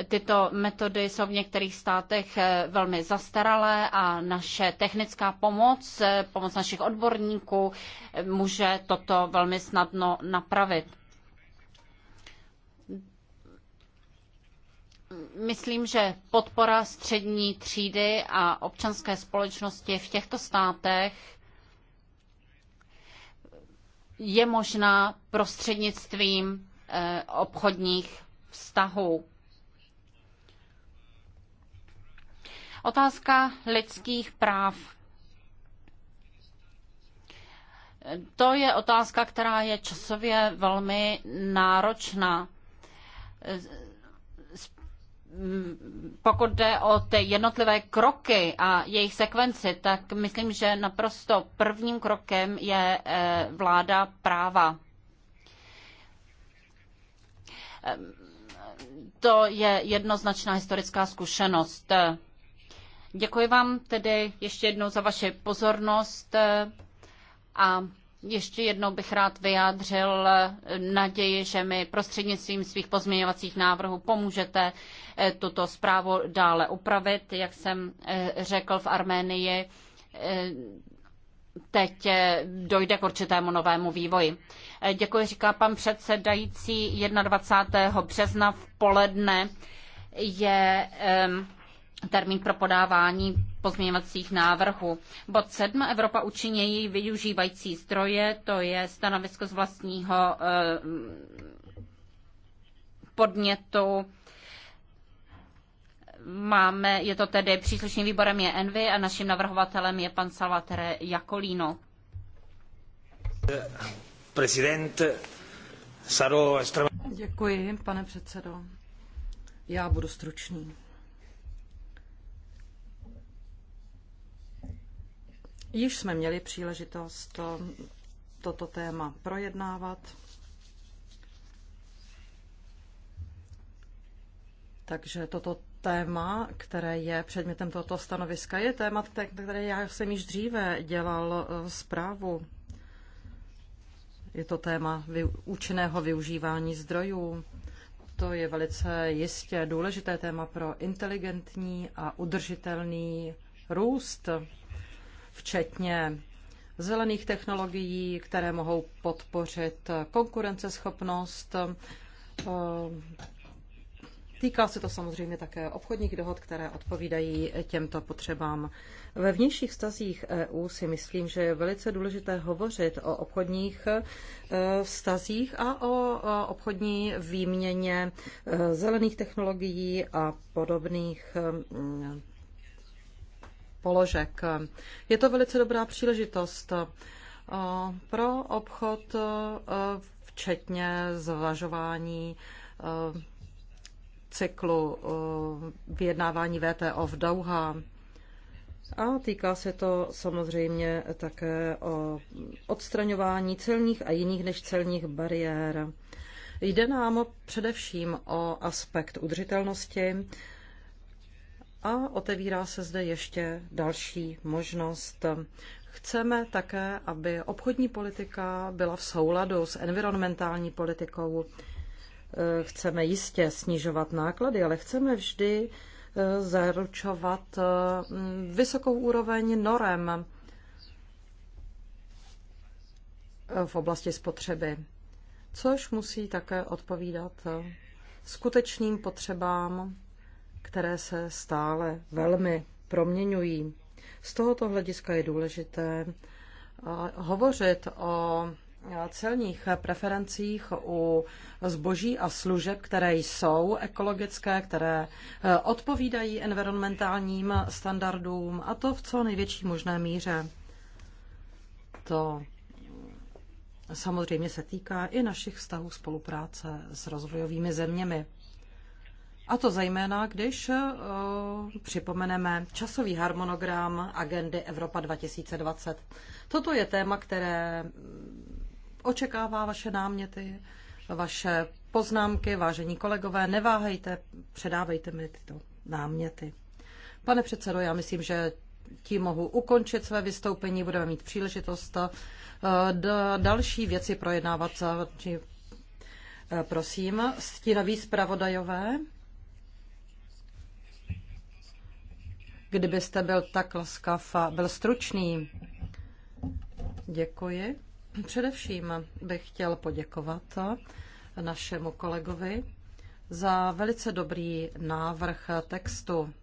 Tyto metody jsou v některých státech eh, velmi zastaralé a naše technická pomoc, eh, pomoc našich odborníků, eh, může toto velmi snadno napravit. Myslím, že podpora střední třídy a občanské společnosti v těchto státech je možná prostřednictvím eh, obchodních vztahů. Otázka lidských práv. To je otázka, která je časově velmi náročná pokud jde o ty jednotlivé kroky a jejich sekvenci, tak myslím, že naprosto prvním krokem je eh, vláda práva. Ehm, to je jednoznačná historická zkušenost. Děkuji vám tedy ještě jednou za vaši pozornost eh, a ještě jednou bych rád vyjádřil naději, že mi prostřednictvím svých pozměňovacích návrhů pomůžete eh, tuto zprávu dále upravit. Jak jsem eh, řekl v Arménii, eh, teď dojde k určitému novému vývoji. Děkuji, říká pan předsedající. 21. března v poledne je ehm, termín pro podávání pozměňovacích návrhů. Bod 7. Evropa učinějí využívající zdroje, to je stanovisko z vlastního eh, podnětu. Máme, je to tedy příslušným výborem je Envy a naším navrhovatelem je pan Salvatore Jakolino. Prezident Saro Děkuji, pane předsedo. Já budu stručný. Již jsme měli příležitost to, toto téma projednávat. Takže toto téma, které je předmětem tohoto stanoviska, je téma, které já jsem již dříve dělal eh, zprávu. Je to téma účinného využívání zdrojů. To je velice jistě důležité téma pro inteligentní a udržitelný růst včetně zelených technologií, které mohou podpořit konkurenceschopnost. Eh, týká se to samozřejmě také obchodních dohod, které odpovídají těmto potřebám. Ve vnějších vztazích EU si myslím, že je velice důležité hovořit o obchodních eh, vztazích a o obchodní výměně eh, zelených technologií a podobných položek. Je to velice dobrá příležitost eh, pro obchod, eh, včetně zvažování eh, cyklu vyjednávání VTO v Dauha. A týká se to samozřejmě také o odstraňování celních a jiných než celních bariér. Jde nám především o aspekt udržitelnosti, a otevírá se zde ještě další možnost. Chceme také, aby obchodní politika byla v souladu s environmentální politikou. Eh, chceme jistě snižovat náklady, ale chceme vždy eh, zaručovat eh, vysokou úroveň norem v oblasti spotřeby, což musí také odpovídat skutečným potřebám které se stále velmi proměňují. Z tohoto hlediska je důležité eh, hovořit o eh, celních preferencích u zboží a služeb, které jsou ekologické, které eh, odpovídají environmentálním standardům a to v co největší možné míře. To mm, samozřejmě se týká i našich vztahů spolupráce s rozvojovými zeměmi. A to zejména, když eh, připomeneme časový harmonogram agendy Evropa 2020. Toto je téma, které mm, očekává vaše náměty, vaše poznámky, vážení kolegové. Neváhejte, předávejte mi tyto náměty. Pane předsedo, já myslím, že tím mohu ukončit své vystoupení. Budeme mít příležitost eh, další věci projednávat. Eh, prosím, stínoví zpravodajové. Kdybyste byl tak laskav a byl stručný. Děkuji. Především bych chtěl poděkovat našemu kolegovi za velice dobrý návrh textu.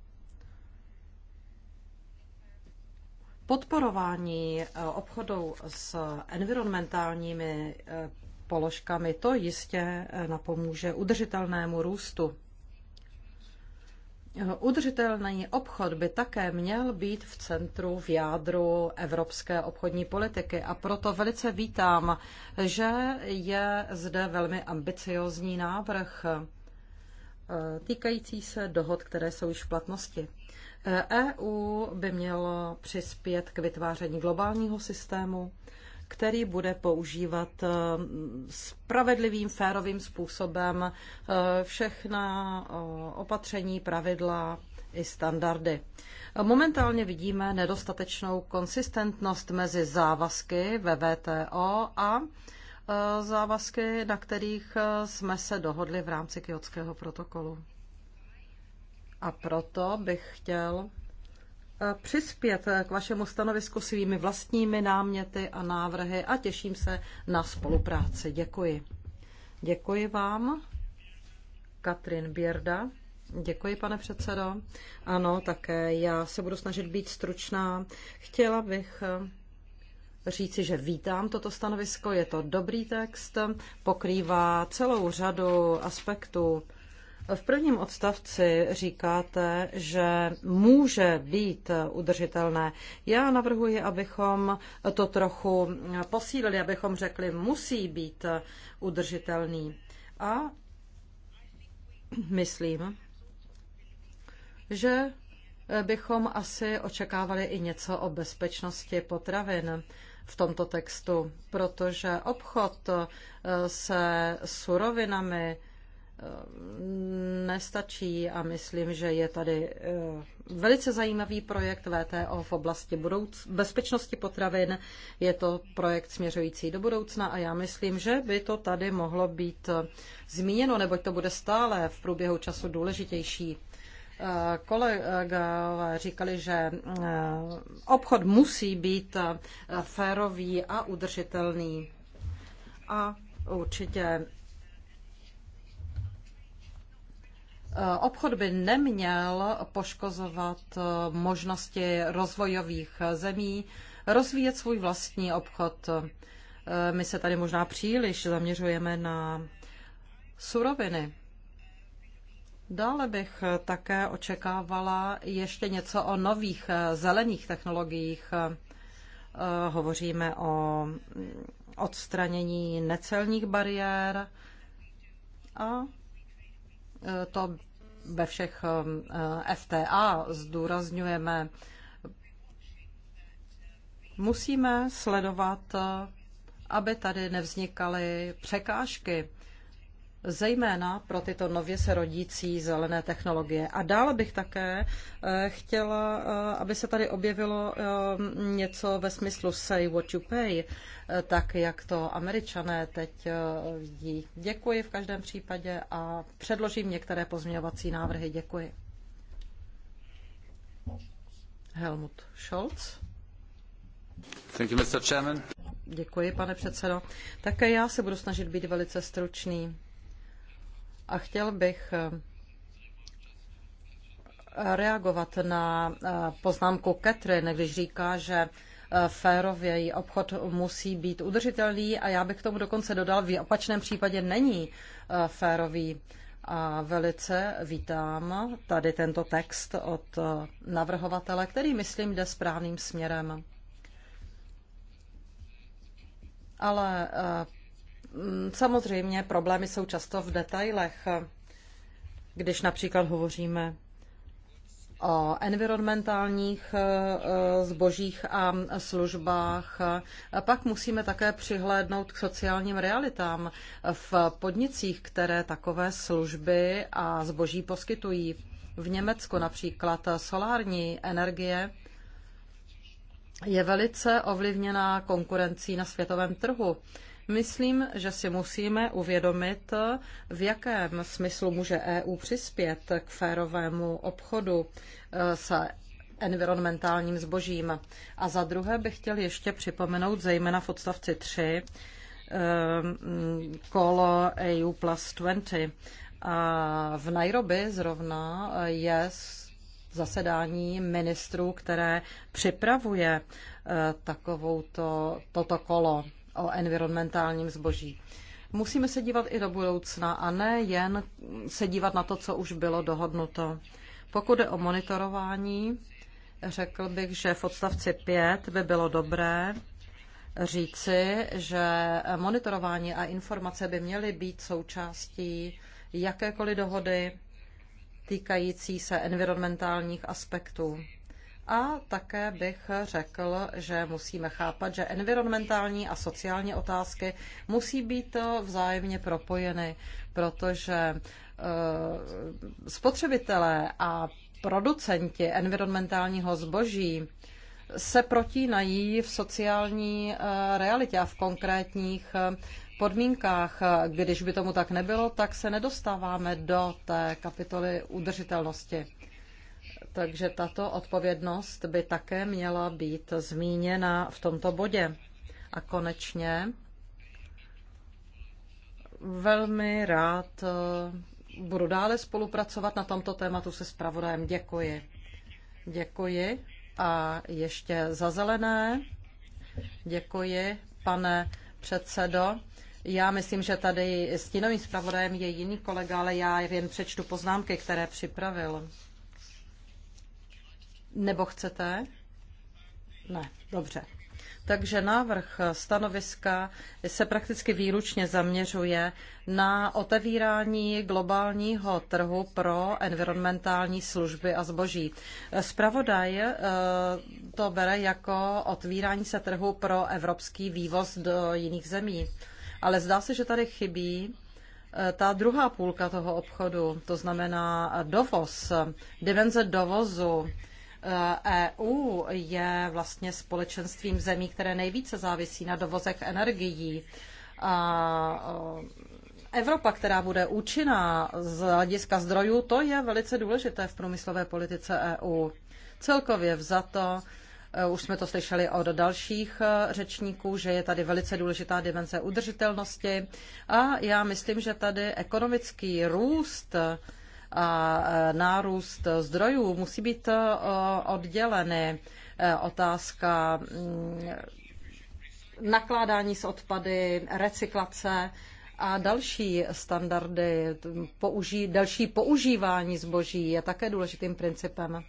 Podporování obchodu s environmentálními položkami to jistě napomůže udržitelnému růstu. Udržitelný obchod by také měl být v centru, v jádru evropské obchodní politiky a proto velice vítám, že je zde velmi ambiciozní návrh eh, týkající se dohod, které jsou již v platnosti. EU eh, e by mělo přispět k vytváření globálního systému, který bude používat eh, spravedlivým, férovým způsobem eh, všechna eh, opatření, pravidla i standardy. Momentálně vidíme nedostatečnou konsistentnost mezi závazky ve VTO a závazky, na kterých jsme se dohodli v rámci Kyotského protokolu. A proto bych chtěl Eh, přispět k vašemu stanovisku svými vlastními náměty a návrhy a těším se na spolupráci. Děkuji. Děkuji vám, Katrin Bierda. Děkuji, pane předsedo. Ano, také já se budu snažit být stručná. Chtěla bych eh, říci, že vítám toto stanovisko. Je to dobrý text, pokrývá celou řadu aspektů v prvním odstavci říkáte, že může být udržitelné. Já navrhuji, abychom to trochu posílili, abychom řekli, musí být udržitelný. A myslím, že bychom asi očekávali i něco o bezpečnosti potravin v tomto textu, protože obchod se surovinami nestačí a myslím, že je tady eh, velice zajímavý projekt VTO v oblasti budouc- bezpečnosti potravin. Je to projekt směřující do budoucna a já myslím, že by to tady mohlo být eh, zmíněno, neboť to bude stále v průběhu času důležitější. Eh, kolegové říkali, že obchod musí být férový a udržitelný. A Určitě Obchod by neměl poškozovat eh, možnosti rozvojových eh, zemí rozvíjet svůj vlastní obchod. Eh, my se tady možná příliš zaměřujeme na suroviny. Dále bych také očekávala ještě něco o nových zelených technologiích. Hovoříme o mm, odstranění necelních bariér a to ve všech um, eh, FTA zdůrazňujeme, musíme sledovat, eh, aby tady nevznikaly překážky zejména pro tyto nově se rodící zelené technologie. A dále bych také eh, chtěla, eh, aby se tady objevilo eh, něco ve smyslu say what you pay, tak jak to američané teď vidí. Děkuji v každém případě a předložím některé pozměňovací návrhy. Děkuji. Helmut Scholz. Thank you, Mr. Chairman. Děkuji, pane předsedo. Také já se budu snažit být velice stručný. A chtěl bych eh, reagovat na eh, poznámku Catherine, když říká, že eh, férověji obchod musí být udržitelný a já bych k tomu dokonce dodal, v opačném případě není férový. A velice vítám tady tento text od navrhovatele, který, myslím, jde správným směrem. Ale Mm, samozřejmě problémy jsou často v detailech. Když například hovoříme o environmentálních eh, zbožích a službách. Pak musíme také přihlédnout k sociálním realitám v podnicích, které takové služby a zboží poskytují. V Německu například solární energie je velice ovlivněná konkurencí na světovém trhu. Myslím, že si musíme uvědomit, v jakém smyslu může EU přispět k férovému obchodu eh, s environmentálním zbožím. A za druhé bych chtěl ještě připomenout, zejména v odstavci 3, eh, kolo EU plus 20. A v Nairobi zrovna je zasedání ministrů, které připravuje eh, takovouto, toto kolo o environmentálním zboží. Musíme se dívat i do budoucna a ne jen se dívat na to, co už bylo dohodnuto. Pokud je o monitorování, řekl bych, že v odstavci 5 by bylo dobré říci, že monitorování a informace by měly být součástí jakékoliv dohody týkající se environmentálních aspektů. A také bych řekl, že musíme chápat, že environmentální a sociální otázky musí být vzájemně propojeny, protože eh, spotřebitelé a producenti environmentálního zboží se protínají v sociální eh, realitě a v konkrétních eh, podmínkách. Když by tomu tak nebylo, tak se nedostáváme do té kapitoly udržitelnosti. Takže tato odpovědnost by také měla být zmíněna v tomto bodě. A konečně velmi rád eh, budu dále spolupracovat na tomto tématu se spravodajem. Děkuji. Děkuji. A ještě za zelené. Děkuji, pane předsedo. Já myslím, že tady stínovým zpravodajem je jiný kolega, ale já jen přečtu poznámky, které připravil. Nebo chcete? Ne, dobře. Takže návrh stanoviska se prakticky výlučně zaměřuje na otevírání globálního trhu pro environmentální služby a zboží. Spravodaj eh, to bere jako otvírání se trhu pro evropský vývoz do jiných zemí. Ale zdá se, že tady chybí eh, ta druhá půlka toho obchodu, to znamená dovoz, dimenze dovozu, EU e je vlastně společenstvím zemí, které nejvíce závisí na dovozech energií. A e, Evropa, která bude účinná z hlediska zdrojů, to je velice důležité v průmyslové politice EU. Celkově vzato, e, už jsme to slyšeli od dalších řečníků, že je tady velice důležitá dimenze udržitelnosti a já myslím, že tady ekonomický růst a e, nárůst zdrojů musí být e, odděleny. E, otázka mm, nakládání s odpady, recyklace a další standardy, použí, další používání zboží je také důležitým principem.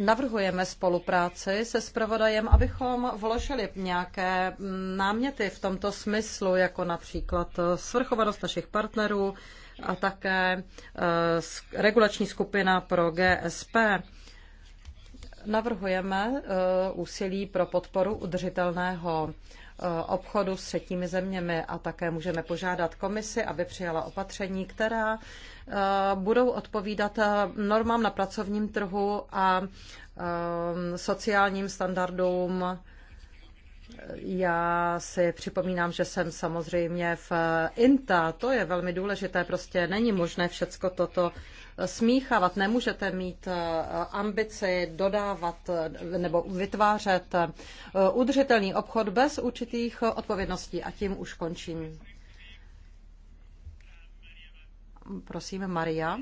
Navrhujeme spolupráci se spravodajem, abychom vložili nějaké náměty v tomto smyslu, jako například svrchovanost našich partnerů a také eh, regulační skupina pro GSP. Navrhujeme eh, úsilí pro podporu udržitelného eh, obchodu s třetími zeměmi a také můžeme požádat komisi, aby přijala opatření, která Eh, budou odpovídat eh, normám na pracovním trhu a eh, sociálním standardům. Já si připomínám, že jsem samozřejmě v INTA, to je velmi důležité, prostě není možné všecko toto smíchávat. Nemůžete mít ambici dodávat nebo vytvářet udržitelný obchod bez určitých odpovědností. A tím už končím. Prosím, Maria.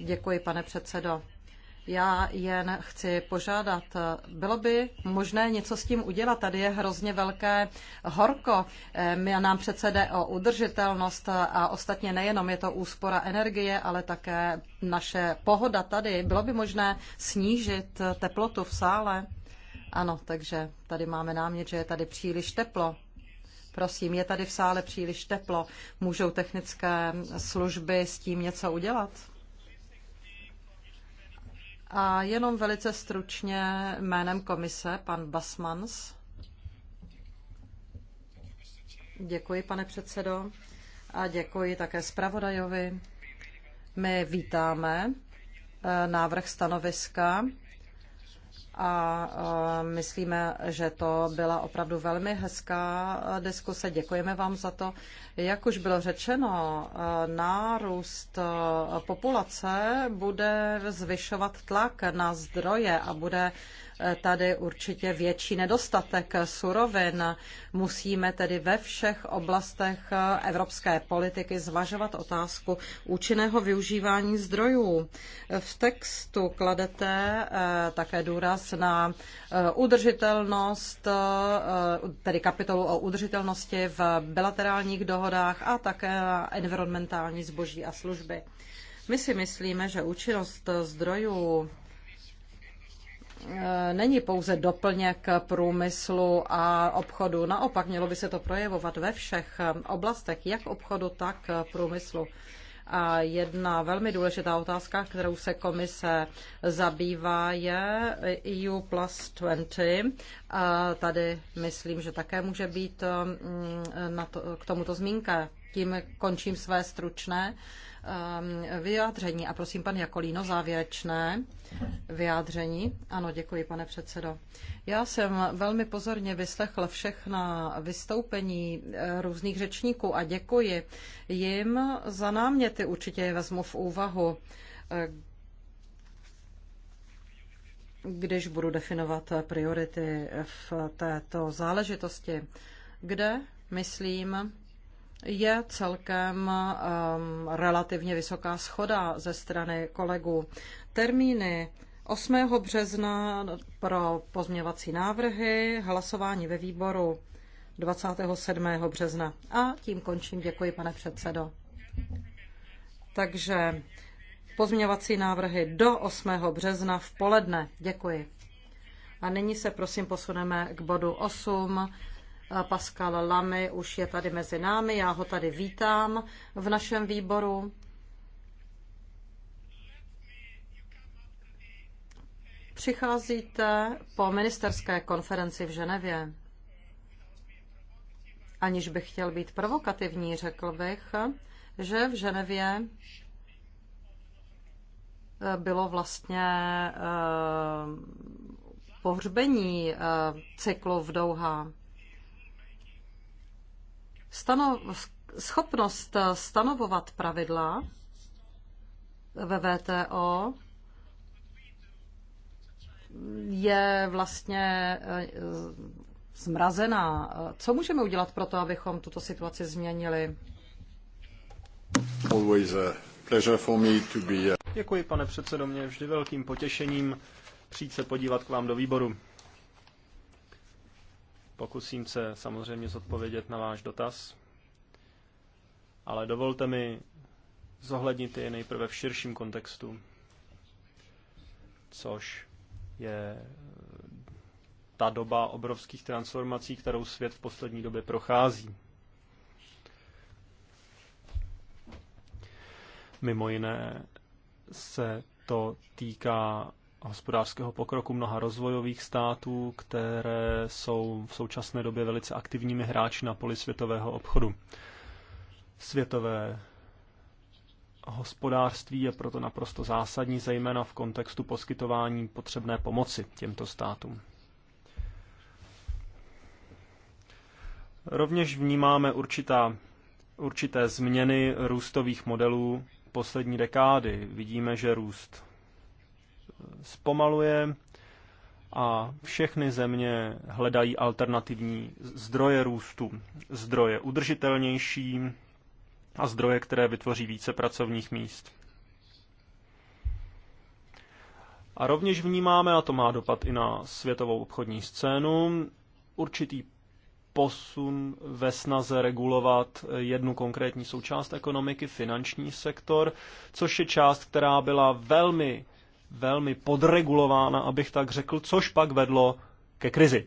Děkuji, pane předsedo. Já jen chci požádat, bylo by možné něco s tím udělat. Tady je hrozně velké horko. My, ehm, nám přece jde o udržitelnost a ostatně nejenom je to úspora energie, ale také naše pohoda tady. Bylo by možné snížit teplotu v sále? Ano, takže tady máme námět, že je tady příliš teplo. Prosím, je tady v sále příliš teplo. Můžou technické služby s tím něco udělat? A jenom velice stručně jménem komise pan Basmans. Děkuji, pane předsedo, a děkuji také zpravodajovi. My vítáme eh, návrh stanoviska a myslíme, že to byla opravdu velmi hezká diskuse. Děkujeme vám za to. Jak už bylo řečeno, nárůst populace bude zvyšovat tlak na zdroje a bude tady určitě větší nedostatek surovin. Musíme tedy ve všech oblastech evropské politiky zvažovat otázku účinného využívání zdrojů. V textu kladete eh, také důraz na eh, udržitelnost, eh, tedy kapitolu o udržitelnosti v bilaterálních dohodách a také na environmentální zboží a služby. My si myslíme, že účinnost zdrojů Eh, není pouze doplněk průmyslu a obchodu. Naopak, mělo by se to projevovat ve všech eh, oblastech, jak obchodu, tak eh, průmyslu. A jedna velmi důležitá otázka, kterou se komise zabývá, je EU plus 20. A tady myslím, že také může být mm, na to, k tomuto zmínka. Tím končím své stručné Um, vyjádření. A prosím, pan Jakolíno, závěrečné vyjádření. Ano, děkuji, pane předsedo. Já jsem velmi pozorně vyslechl všechna vystoupení eh, různých řečníků a děkuji jim za náměty. Určitě je vezmu v úvahu eh, když budu definovat priority v této záležitosti, kde, myslím, je celkem um, relativně vysoká schoda ze strany kolegů. Termíny 8. března pro pozměvací návrhy, hlasování ve výboru 27. března. A tím končím. Děkuji, pane předsedo. Takže pozměvací návrhy do 8. března v poledne. Děkuji. A nyní se prosím posuneme k bodu 8 Pascal Lamy už je tady mezi námi, já ho tady vítám v našem výboru. Přicházíte po ministerské konferenci v Ženevě. Aniž bych chtěl být provokativní, řekl bych, že v Ženevě bylo vlastně eh, pohřbení eh, cyklu v Douha. Stano, schopnost stanovovat pravidla ve VTO je vlastně eh, zmrazená. Co můžeme udělat pro to, abychom tuto situaci změnili? Děkuji, pane předsedo, mě vždy velkým potěšením přijít se podívat k vám do výboru. Pokusím se samozřejmě zodpovědět na váš dotaz, ale dovolte mi zohlednit je nejprve v širším kontextu, což je ta doba obrovských transformací, kterou svět v poslední době prochází. Mimo jiné se to týká hospodářského pokroku mnoha rozvojových států, které jsou v současné době velice aktivními hráči na poli světového obchodu. Světové hospodářství je proto naprosto zásadní, zejména v kontextu poskytování potřebné pomoci těmto státům. Rovněž vnímáme určitá, určité změny růstových modelů poslední dekády. Vidíme, že růst zpomaluje a všechny země hledají alternativní zdroje růstu, zdroje udržitelnější a zdroje, které vytvoří více pracovních míst. A rovněž vnímáme, a to má dopad i na světovou obchodní scénu, určitý posun ve snaze regulovat jednu konkrétní součást ekonomiky, finanční sektor, což je část, která byla velmi velmi podregulována, abych tak řekl, což pak vedlo ke krizi.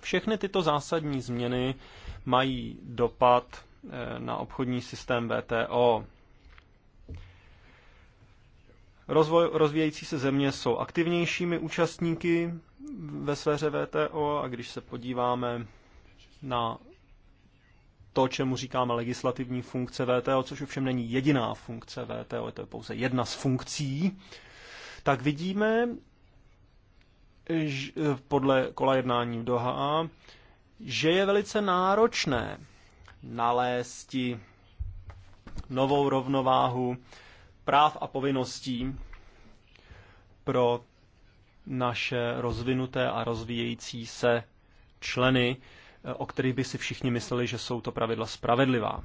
Všechny tyto zásadní změny mají dopad eh, na obchodní systém VTO. Rozvoj, rozvíjející se země jsou aktivnějšími účastníky ve sféře VTO a když se podíváme na to, čemu říkáme legislativní funkce VTO, což ovšem není jediná funkce VTO, je to je pouze jedna z funkcí, tak vidíme že podle kola jednání v Doha, že je velice náročné nalézt novou rovnováhu práv a povinností pro naše rozvinuté a rozvíjející se členy o kterých by si všichni mysleli, že jsou to pravidla spravedlivá.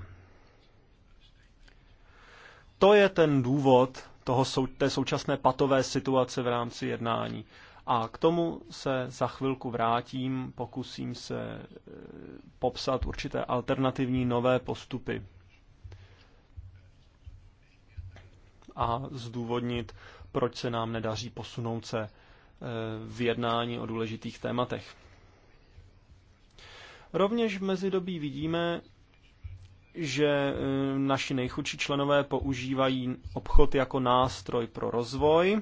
To je ten důvod toho, té současné patové situace v rámci jednání. A k tomu se za chvilku vrátím, pokusím se e, popsat určité alternativní nové postupy a zdůvodnit, proč se nám nedaří posunout se e, v jednání o důležitých tématech. Rovněž v mezidobí vidíme, že eh, naši nejchudší členové používají obchod jako nástroj pro rozvoj,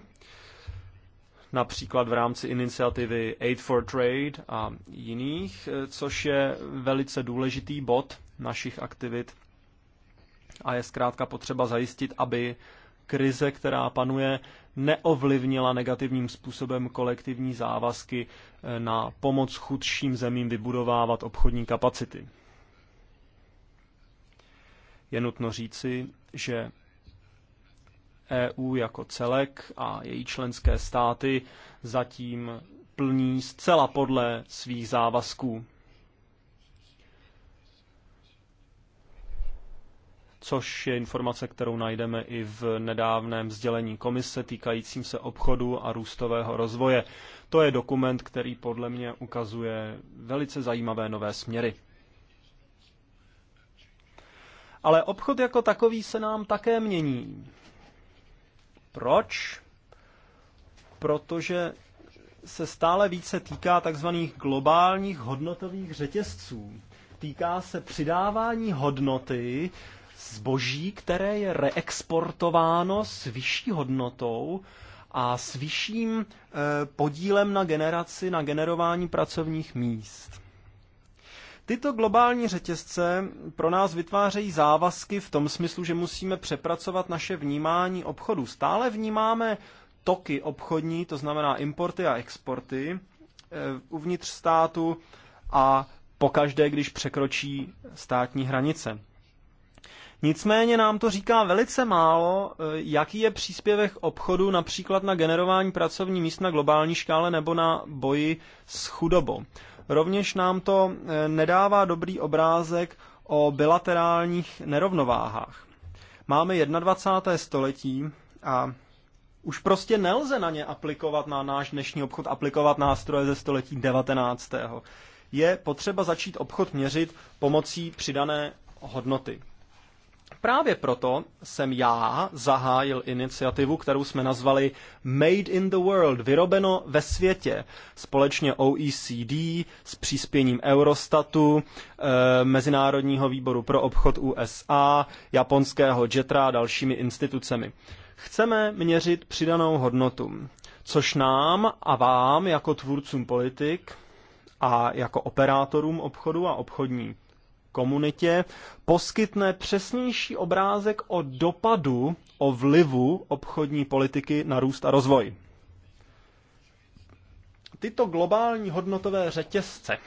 například v rámci iniciativy Aid for Trade a jiných, eh, což je velice důležitý bod našich aktivit a je zkrátka potřeba zajistit, aby krize, která panuje, neovlivnila negativním způsobem kolektivní závazky eh, na pomoc chudším zemím vybudovávat obchodní kapacity. Je nutno říci, že EU jako celek a její členské státy zatím plní zcela podle svých závazků což je informace, kterou najdeme i v nedávném sdělení komise týkajícím se obchodu a růstového rozvoje. To je dokument, který podle mě ukazuje velice zajímavé nové směry. Ale obchod jako takový se nám také mění. Proč? Protože se stále více týká takzvaných globálních hodnotových řetězců. Týká se přidávání hodnoty zboží, které je reexportováno s vyšší hodnotou a s vyšším eh, podílem na generaci, na generování pracovních míst. Tyto globální řetězce pro nás vytvářejí závazky v tom smyslu, že musíme přepracovat naše vnímání obchodu. Stále vnímáme toky obchodní, to znamená importy a exporty eh, uvnitř státu a pokaždé, když překročí státní hranice. Nicméně nám to říká velice málo, e, jaký je příspěvek obchodu například na generování pracovní míst na globální škále nebo na boji s chudobou. Rovněž nám to e, nedává dobrý obrázek o bilaterálních nerovnováhách. Máme 21. století a už prostě nelze na ně aplikovat, na náš dnešní obchod, aplikovat nástroje ze století 19. Je potřeba začít obchod měřit pomocí přidané hodnoty. Právě proto jsem já zahájil iniciativu, kterou jsme nazvali Made in the World, vyrobeno ve světě, společně OECD s příspěním Eurostatu, e, Mezinárodního výboru pro obchod USA, japonského JETRA a dalšími institucemi. Chceme měřit přidanou hodnotu, což nám a vám jako tvůrcům politik a jako operátorům obchodu a obchodní komunitě poskytne přesnější obrázek o dopadu, o vlivu obchodní politiky na růst a rozvoj. Tyto globální hodnotové řetězce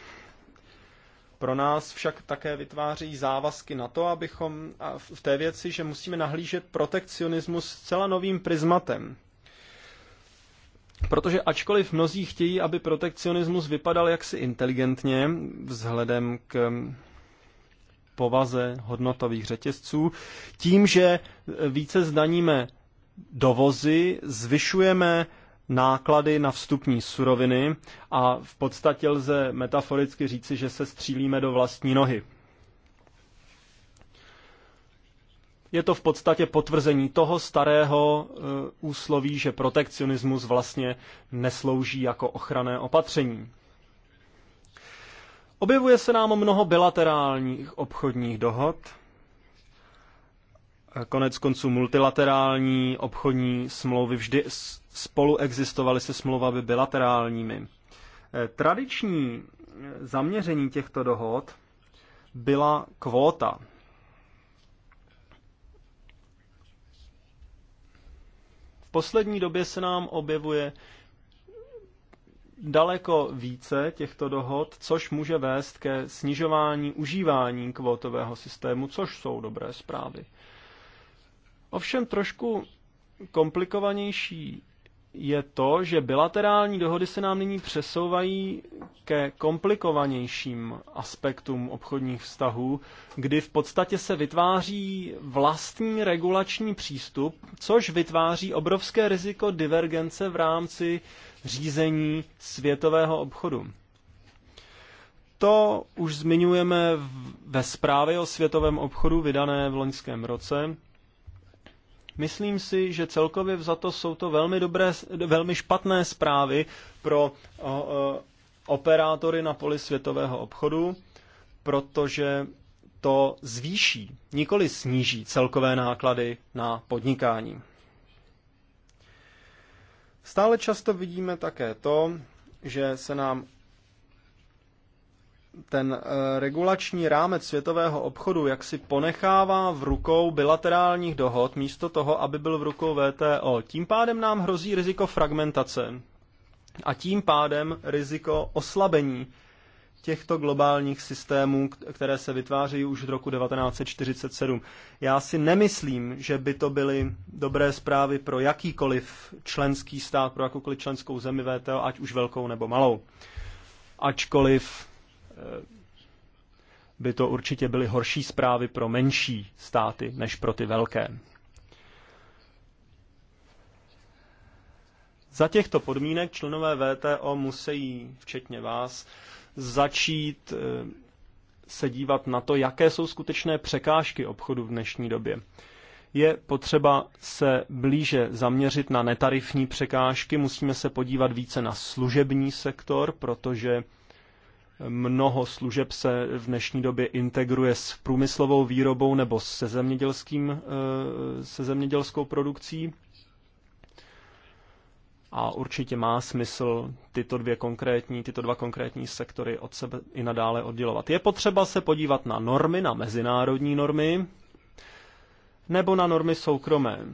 pro nás však také vytváří závazky na to, abychom v té věci, že musíme nahlížet protekcionismus zcela novým prismatem. Protože ačkoliv mnozí chtějí, aby protekcionismus vypadal jaksi inteligentně vzhledem k povaze hodnotových řetězců. Tím, že více zdaníme dovozy, zvyšujeme náklady na vstupní suroviny a v podstatě lze metaforicky říci, že se střílíme do vlastní nohy. Je to v podstatě potvrzení toho starého eh, úsloví, že protekcionismus vlastně neslouží jako ochranné opatření. Objevuje se nám mnoho bilaterálních obchodních dohod, konec konců multilaterální obchodní smlouvy vždy spolu existovaly se smlouvami bilaterálními. Eh, tradiční zaměření těchto dohod byla kvóta. V poslední době se nám objevuje daleko více těchto dohod, což může vést ke snižování užívání kvótového systému, což jsou dobré zprávy. Ovšem trošku komplikovanější je to, že bilaterální dohody se nám nyní přesouvají ke komplikovanějším aspektům obchodních vztahů, kdy v podstatě se vytváří vlastní regulační přístup, což vytváří obrovské riziko divergence v rámci řízení světového obchodu. To už zmiňujeme ve zprávě o světovém obchodu vydané v loňském roce. Myslím si, že celkově za to jsou to velmi, dobré, velmi špatné zprávy pro o, o, operátory na poli světového obchodu, protože to zvýší, nikoli sníží celkové náklady na podnikání. Stále často vidíme také to, že se nám ten eh, regulační rámec světového obchodu jak si ponechává v rukou bilaterálních dohod místo toho, aby byl v rukou VTO. Tím pádem nám hrozí riziko fragmentace a tím pádem riziko oslabení těchto globálních systémů, které se vytvářejí už od roku 1947. Já si nemyslím, že by to byly dobré zprávy pro jakýkoliv členský stát, pro jakoukoliv členskou zemi VTO, ať už velkou nebo malou. Ačkoliv eh, by to určitě byly horší zprávy pro menší státy než pro ty velké. Za těchto podmínek členové VTO musí, včetně vás, začít eh, se dívat na to, jaké jsou skutečné překážky obchodu v dnešní době. Je potřeba se blíže zaměřit na netarifní překážky, musíme se podívat více na služební sektor, protože mnoho služeb se v dnešní době integruje s průmyslovou výrobou nebo se, zemědělským, eh, se zemědělskou produkcí a určitě má smysl tyto, dvě konkrétní, tyto dva konkrétní sektory od sebe i nadále oddělovat. Je potřeba se podívat na normy, na mezinárodní normy, nebo na normy soukromé.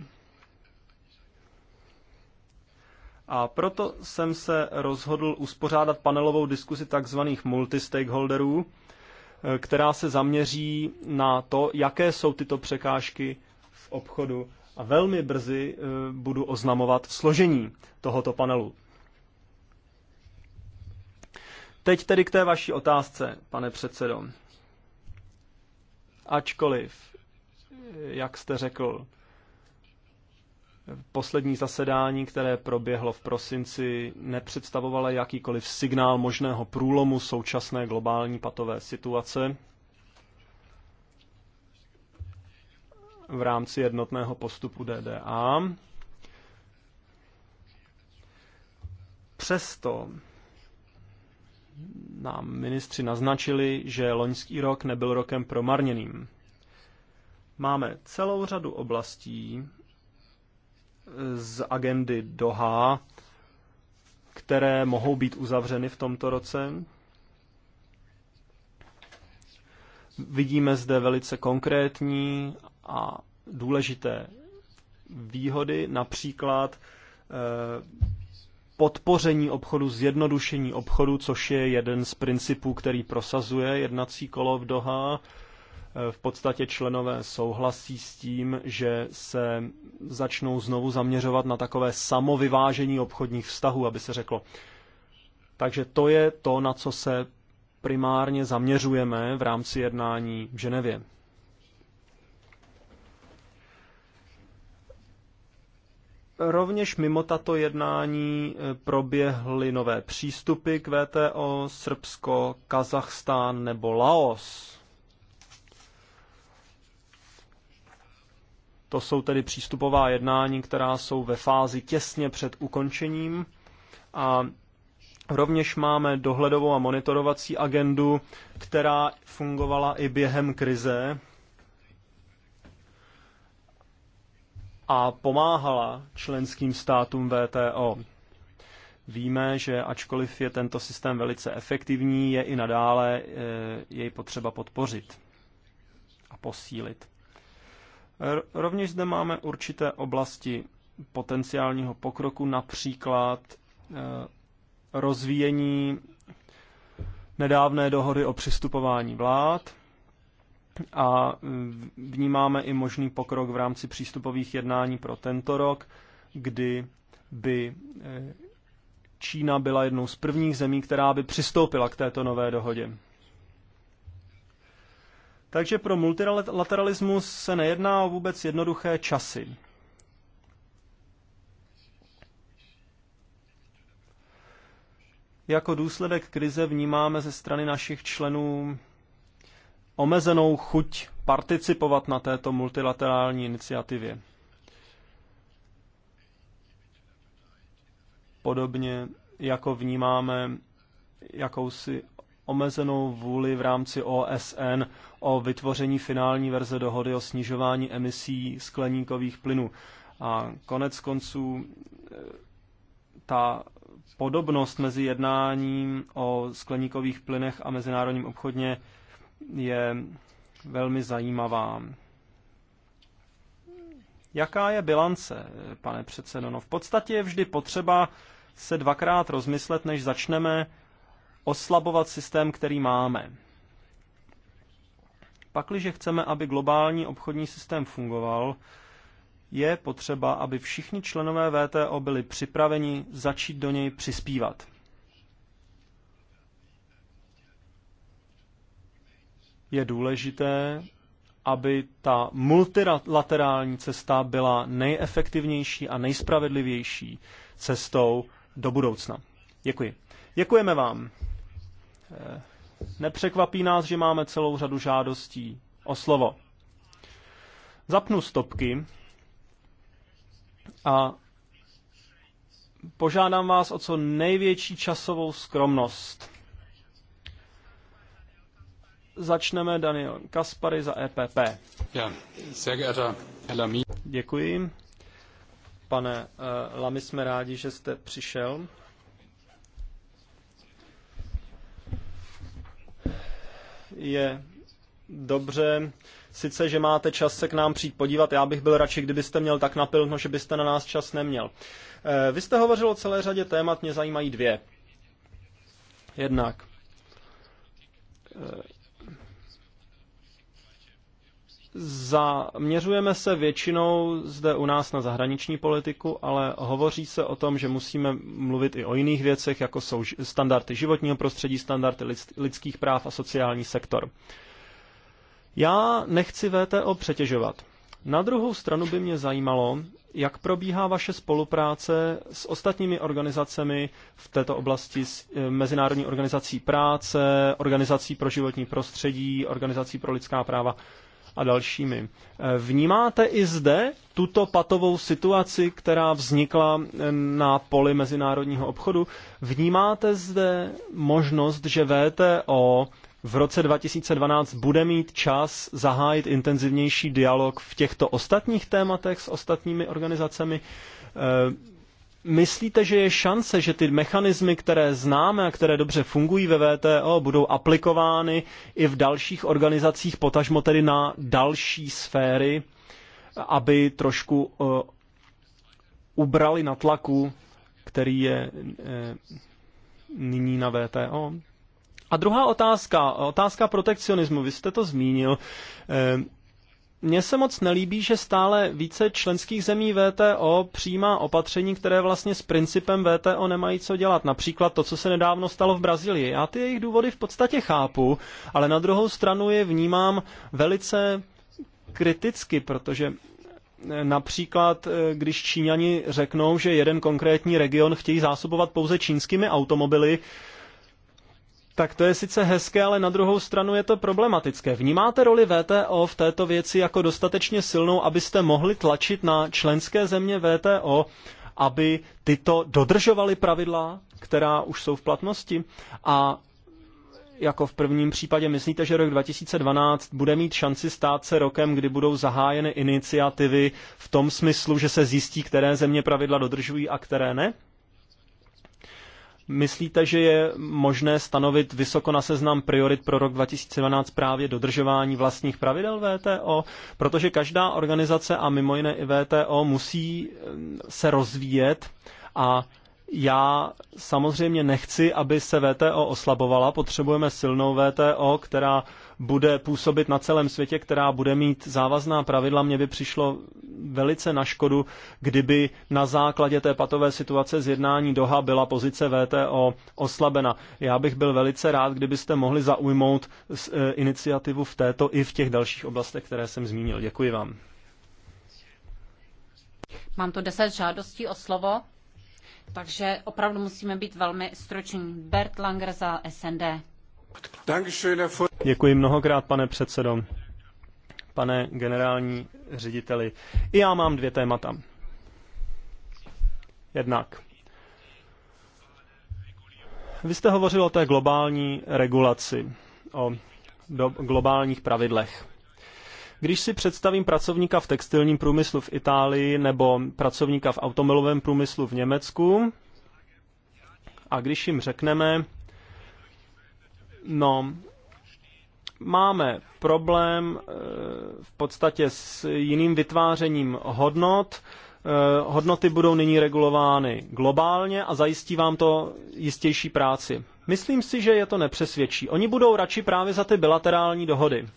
A proto jsem se rozhodl uspořádat panelovou diskusi tzv. multistakeholderů, eh, která se zaměří na to, jaké jsou tyto překážky v obchodu a velmi brzy eh, budu oznamovat složení tohoto panelu. Teď tedy k té vaší otázce, pane předsedo. Ačkoliv, eh, jak jste řekl, poslední zasedání, které proběhlo v prosinci, nepředstavovalo jakýkoliv signál možného průlomu současné globální patové situace, v rámci jednotného postupu DDA. Přesto nám ministři naznačili, že loňský rok nebyl rokem promarněným. Máme celou řadu oblastí z agendy Doha, které mohou být uzavřeny v tomto roce. Vidíme zde velice konkrétní a důležité výhody, například eh, podpoření obchodu, zjednodušení obchodu, což je jeden z principů, který prosazuje jednací kolo v Doha. Eh, v podstatě členové souhlasí s tím, že se začnou znovu zaměřovat na takové samovyvážení obchodních vztahů, aby se řeklo. Takže to je to, na co se primárně zaměřujeme v rámci jednání v Ženevě. Rovněž mimo tato jednání e, proběhly nové přístupy k VTO Srbsko, Kazachstán nebo Laos. To jsou tedy přístupová jednání, která jsou ve fázi těsně před ukončením. A rovněž máme dohledovou a monitorovací agendu, která fungovala i během krize a pomáhala členským státům VTO. Víme, že ačkoliv je tento systém velice efektivní, je i nadále e, jej potřeba podpořit a posílit. Rovněž zde máme určité oblasti potenciálního pokroku, například e, rozvíjení nedávné dohody o přistupování vlád, a vnímáme i možný pokrok v rámci přístupových jednání pro tento rok, kdy by eh, Čína byla jednou z prvních zemí, která by přistoupila k této nové dohodě. Takže pro multilateralismus se nejedná o vůbec jednoduché časy. Jako důsledek krize vnímáme ze strany našich členů omezenou chuť participovat na této multilaterální iniciativě. Podobně jako vnímáme jakousi omezenou vůli v rámci OSN o vytvoření finální verze dohody o snižování emisí skleníkových plynů. A konec konců eh, ta podobnost mezi jednáním o skleníkových plynech a mezinárodním obchodně je velmi zajímavá. Jaká je bilance, pane předsedo? No v podstatě je vždy potřeba se dvakrát rozmyslet, než začneme oslabovat systém, který máme. Pakliže chceme, aby globální obchodní systém fungoval, je potřeba, aby všichni členové VTO byli připraveni začít do něj přispívat. je důležité, aby ta multilaterální cesta byla nejefektivnější a nejspravedlivější cestou do budoucna. Děkuji. Děkujeme vám. Eh, nepřekvapí nás, že máme celou řadu žádostí o slovo. Zapnu stopky a požádám vás o co největší časovou skromnost. Začneme Daniel Kaspary za EPP. Ja, sehr geehrter Herr Lamy. Děkuji. Pane uh, Lamy, jsme rádi, že jste přišel. Je dobře, sice, že máte čas se k nám přijít podívat, já bych byl radši, kdybyste měl tak napilno, že byste na nás čas neměl. Eh, vy jste hovořil o celé řadě témat, mě zajímají dvě. Jednak eh, Zaměřujeme se většinou zde u nás na zahraniční politiku, ale hovoří se o tom, že musíme mluvit i o jiných věcech, jako jsou standardy životního prostředí, standardy lidských práv a sociální sektor. Já nechci VTO přetěžovat. Na druhou stranu by mě zajímalo, jak probíhá vaše spolupráce s ostatními organizacemi v této oblasti, s eh, Mezinárodní organizací práce, Organizací pro životní prostředí, Organizací pro lidská práva a dalšími. Eh, vnímáte i zde tuto patovou situaci, která vznikla eh, na poli mezinárodního obchodu? Vnímáte zde možnost, že VTO v roce 2012 bude mít čas zahájit intenzivnější dialog v těchto ostatních tématech s ostatními organizacemi? Eh, Myslíte, že je šance, že ty mechanismy, které známe a které dobře fungují ve VTO, budou aplikovány i v dalších organizacích, potažmo tedy na další sféry, aby trošku uh, ubrali na tlaku, který je uh, nyní na VTO? A druhá otázka, otázka protekcionismu. Vy jste to zmínil. Uh, mně se moc nelíbí, že stále více členských zemí VTO přijímá opatření, které vlastně s principem VTO nemají co dělat. Například to, co se nedávno stalo v Brazílii. Já ty jejich důvody v podstatě chápu, ale na druhou stranu je vnímám velice kriticky, protože eh, Například, eh, když Číňani řeknou, že jeden konkrétní region chtějí zásobovat pouze čínskými automobily, tak to je sice hezké, ale na druhou stranu je to problematické. Vnímáte roli VTO v této věci jako dostatečně silnou, abyste mohli tlačit na členské země VTO, aby tyto dodržovaly pravidla, která už jsou v platnosti? A jako v prvním případě, myslíte, že rok 2012 bude mít šanci stát se rokem, kdy budou zahájeny iniciativy v tom smyslu, že se zjistí, které země pravidla dodržují a které ne? Myslíte, že je možné stanovit vysoko na seznam priorit pro rok 2012 právě dodržování vlastních pravidel VTO? Protože každá organizace a mimo jiné i VTO musí eh, se rozvíjet a já samozřejmě nechci, aby se VTO oslabovala. Potřebujeme silnou VTO, která bude působit na celém světě, která bude mít závazná pravidla, mně by přišlo velice na škodu, kdyby na základě té patové situace z jednání Doha byla pozice VTO oslabena. Já bych byl velice rád, kdybyste mohli zaujmout e, iniciativu v této i v těch dalších oblastech, které jsem zmínil. Děkuji vám. Mám tu deset žádostí o slovo, takže opravdu musíme být velmi stroční. Bert Langer za SND. Děkuji mnohokrát, pane předsedo. Pane generální řediteli, i já mám dvě témata. Jednak. Vy jste hovořil o té globální regulaci, o do globálních pravidlech. Když si představím pracovníka v textilním průmyslu v Itálii nebo pracovníka v automobilovém průmyslu v Německu, a když jim řekneme, No, máme problém eh, v podstatě s jiným vytvářením hodnot. Eh, hodnoty budou nyní regulovány globálně a zajistí vám to jistější práci. Myslím si, že je to nepřesvědčí. Oni budou radši právě za ty bilaterální dohody.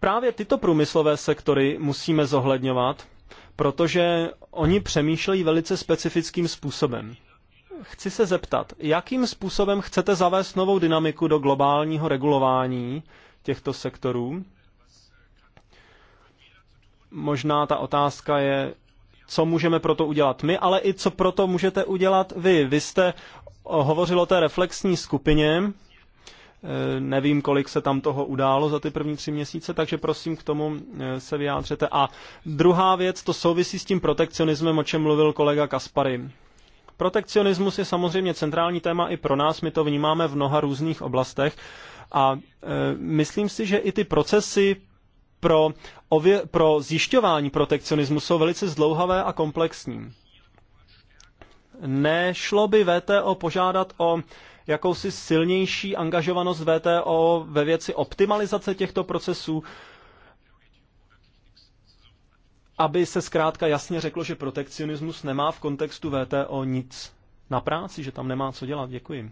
Právě tyto průmyslové sektory musíme zohledňovat, protože oni přemýšlejí velice specifickým způsobem. Chci se zeptat, jakým způsobem chcete zavést novou dynamiku do globálního regulování těchto sektorů? Možná ta otázka je, co můžeme pro to udělat my, ale i co pro to můžete udělat vy. Vy jste hovořil o té reflexní skupině, e, Nevím, kolik se tam toho událo za ty první tři měsíce, takže prosím k tomu e, se vyjádřete. A druhá věc, to souvisí s tím protekcionismem, o čem mluvil kolega Kaspary. Protekcionismus je samozřejmě centrální téma i pro nás, my to vnímáme v mnoha různých oblastech a e, myslím si, že i ty procesy pro, ově, pro zjišťování protekcionismu jsou velice zdlouhavé a komplexní. Nešlo by VTO požádat o jakousi silnější angažovanost VTO ve věci optimalizace těchto procesů, aby se zkrátka jasně řeklo, že protekcionismus nemá v kontextu VTO nic na práci, že tam nemá co dělat. Děkuji.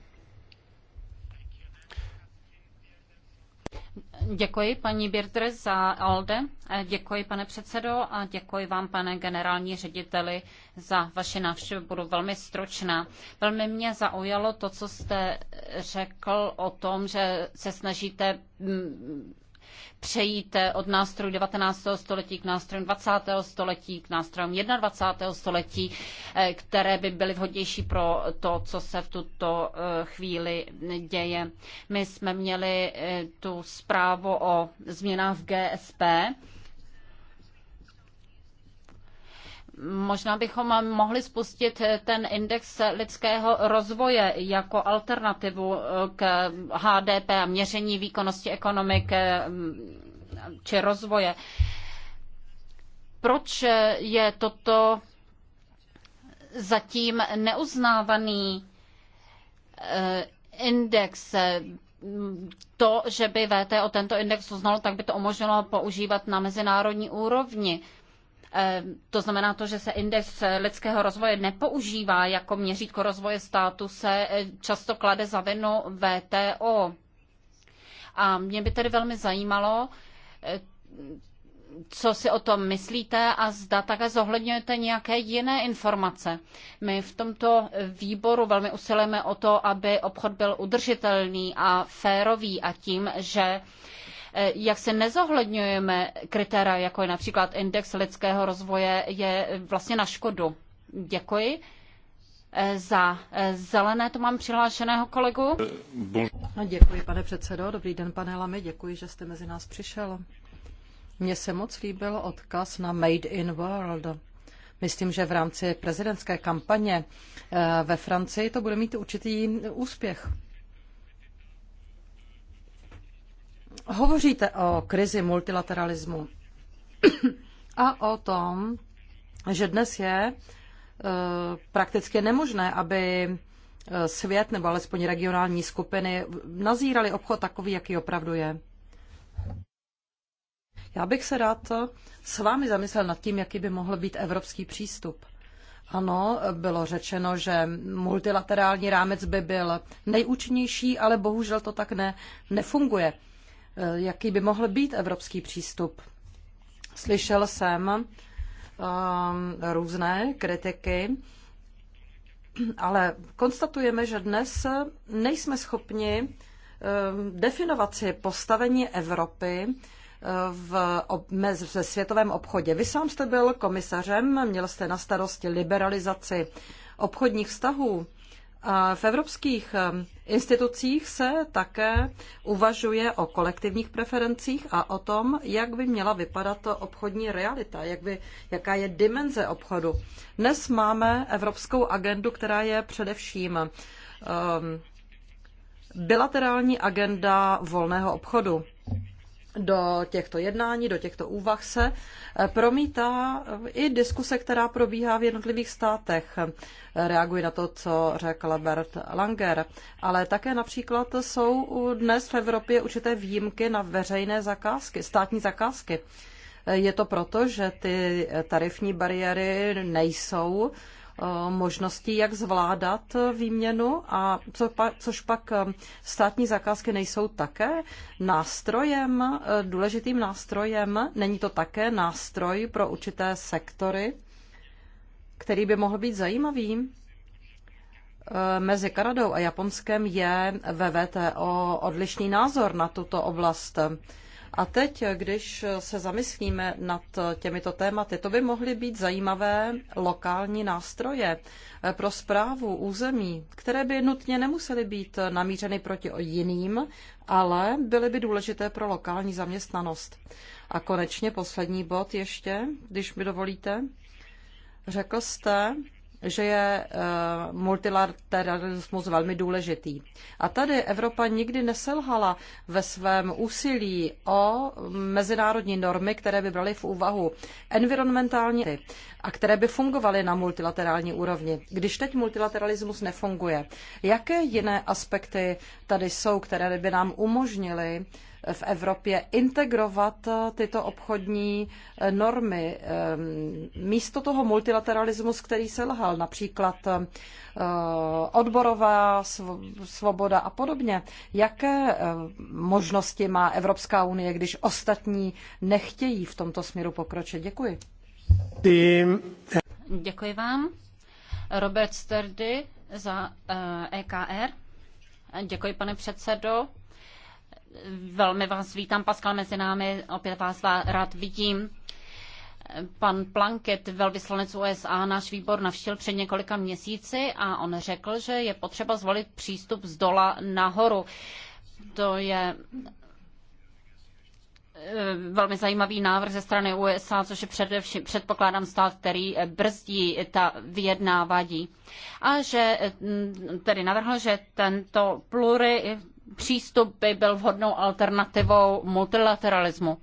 Děkuji paní Birtre za ALDE, eh, děkuji pane předsedo a děkuji vám pane generální řediteli za vaše návštěvu. Budu velmi stručná. Velmi mě zaujalo to, co jste řekl o tom, že se snažíte mm, přejít od nástrojů 19. století k nástrojům 20. století, k nástrojům 21. století, eh, které by byly vhodnější pro to, co se v tuto eh, chvíli děje. My jsme měli eh, tu zprávu o změnách v GSP, Možná bychom mohli spustit ten index lidského rozvoje jako alternativu k HDP a měření výkonnosti ekonomik mm, či rozvoje. Proč je toto zatím neuznávaný eh, index? To, že by o tento index uznalo, tak by to umožnilo používat na mezinárodní úrovni. Ehm, to znamená to, že se index lidského rozvoje nepoužívá jako měřítko rozvoje státu, se eh, často klade za vinu VTO. A mě by tedy velmi zajímalo, eh, co si o tom myslíte a zda také zohledňujete nějaké jiné informace. My v tomto výboru velmi usilujeme o to, aby obchod byl udržitelný a férový a tím, že Eh, jak se nezohledňujeme kritéria, jako je například index lidského rozvoje, je vlastně na škodu. Děkuji. Eh, za eh, zelené to mám přihlášeného kolegu. No, děkuji, pane předsedo. Dobrý den, pane Lamy. Děkuji, že jste mezi nás přišel. Mně se moc líbil odkaz na Made in World. Myslím, že v rámci prezidentské kampaně ve Francii to bude mít určitý úspěch. Hovoříte o krizi multilateralismu a o tom, že dnes je e, prakticky nemožné, aby e, svět nebo alespoň regionální skupiny nazírali obchod takový, jaký opravdu je. Já bych se rád s vámi zamyslel nad tím, jaký by mohl být evropský přístup. Ano, bylo řečeno, že multilaterální rámec by byl nejúčinnější, ale bohužel to tak ne, nefunguje. Eh, jaký by mohl být evropský přístup. Slyšel jsem ehm, různé kritiky, ale konstatujeme, že dnes nejsme schopni ehm, definovat si postavení Evropy eh, v, mez, ve světovém obchodě. Vy sám jste byl komisařem, měl jste na starosti liberalizaci obchodních vztahů a v evropských institucích se také uvažuje o kolektivních preferencích a o tom, jak by měla vypadat to obchodní realita, jak by, jaká je dimenze obchodu. Dnes máme evropskou agendu, která je především um, bilaterální agenda volného obchodu do těchto jednání, do těchto úvah se eh, promítá eh, i diskuse, která probíhá v jednotlivých státech. Eh, reaguji na to, co řekl Bert Langer, ale také například jsou dnes v Evropě určité výjimky na veřejné zakázky, státní zakázky. Je to proto, že ty tarifní bariéry nejsou Eh, možností, jak zvládat výměnu, a co pa, což pak eh, státní zakázky nejsou také nástrojem, eh, důležitým nástrojem, není to také nástroj pro určité sektory, který by mohl být zajímavý mezi Kanadou a Japonskem je ve VTO odlišný názor na tuto oblast. A teď, když se zamyslíme nad těmito tématy, to by mohly být zajímavé lokální nástroje pro zprávu území, které by nutně nemusely být namířeny proti jiným, ale byly by důležité pro lokální zaměstnanost. A konečně poslední bod ještě, když mi dovolíte. Řekl jste, že je eh, multilateralismus velmi důležitý. A tady Evropa nikdy neselhala ve svém úsilí o mezinárodní normy, které by braly v úvahu environmentální a které by fungovaly na multilaterální úrovni. Když teď multilateralismus nefunguje, jaké jiné aspekty tady jsou, které by nám umožnily v Evropě integrovat eh, tyto obchodní eh, normy. Eh, místo toho multilateralismus, který se lhal, například odborová svoboda a podobně. Jaké možnosti má Evropská unie, když ostatní nechtějí v tomto směru pokročit? Děkuji. Děkuji vám. Robert Sterdy za EKR. E Děkuji, pane předsedo. Velmi vás vítám, Pascal, mezi námi. Opět vás rád vidím. Pan Planket, velvyslanec USA, náš výbor navštil před několika měsíci a on řekl, že je potřeba zvolit přístup z dola nahoru. To je e, velmi zajímavý návrh ze strany USA, což je především, předpokládám, stát, který e, brzdí e, ta vyjednávání. A že tedy navrhl, že tento pluri přístup by byl vhodnou alternativou multilateralismu.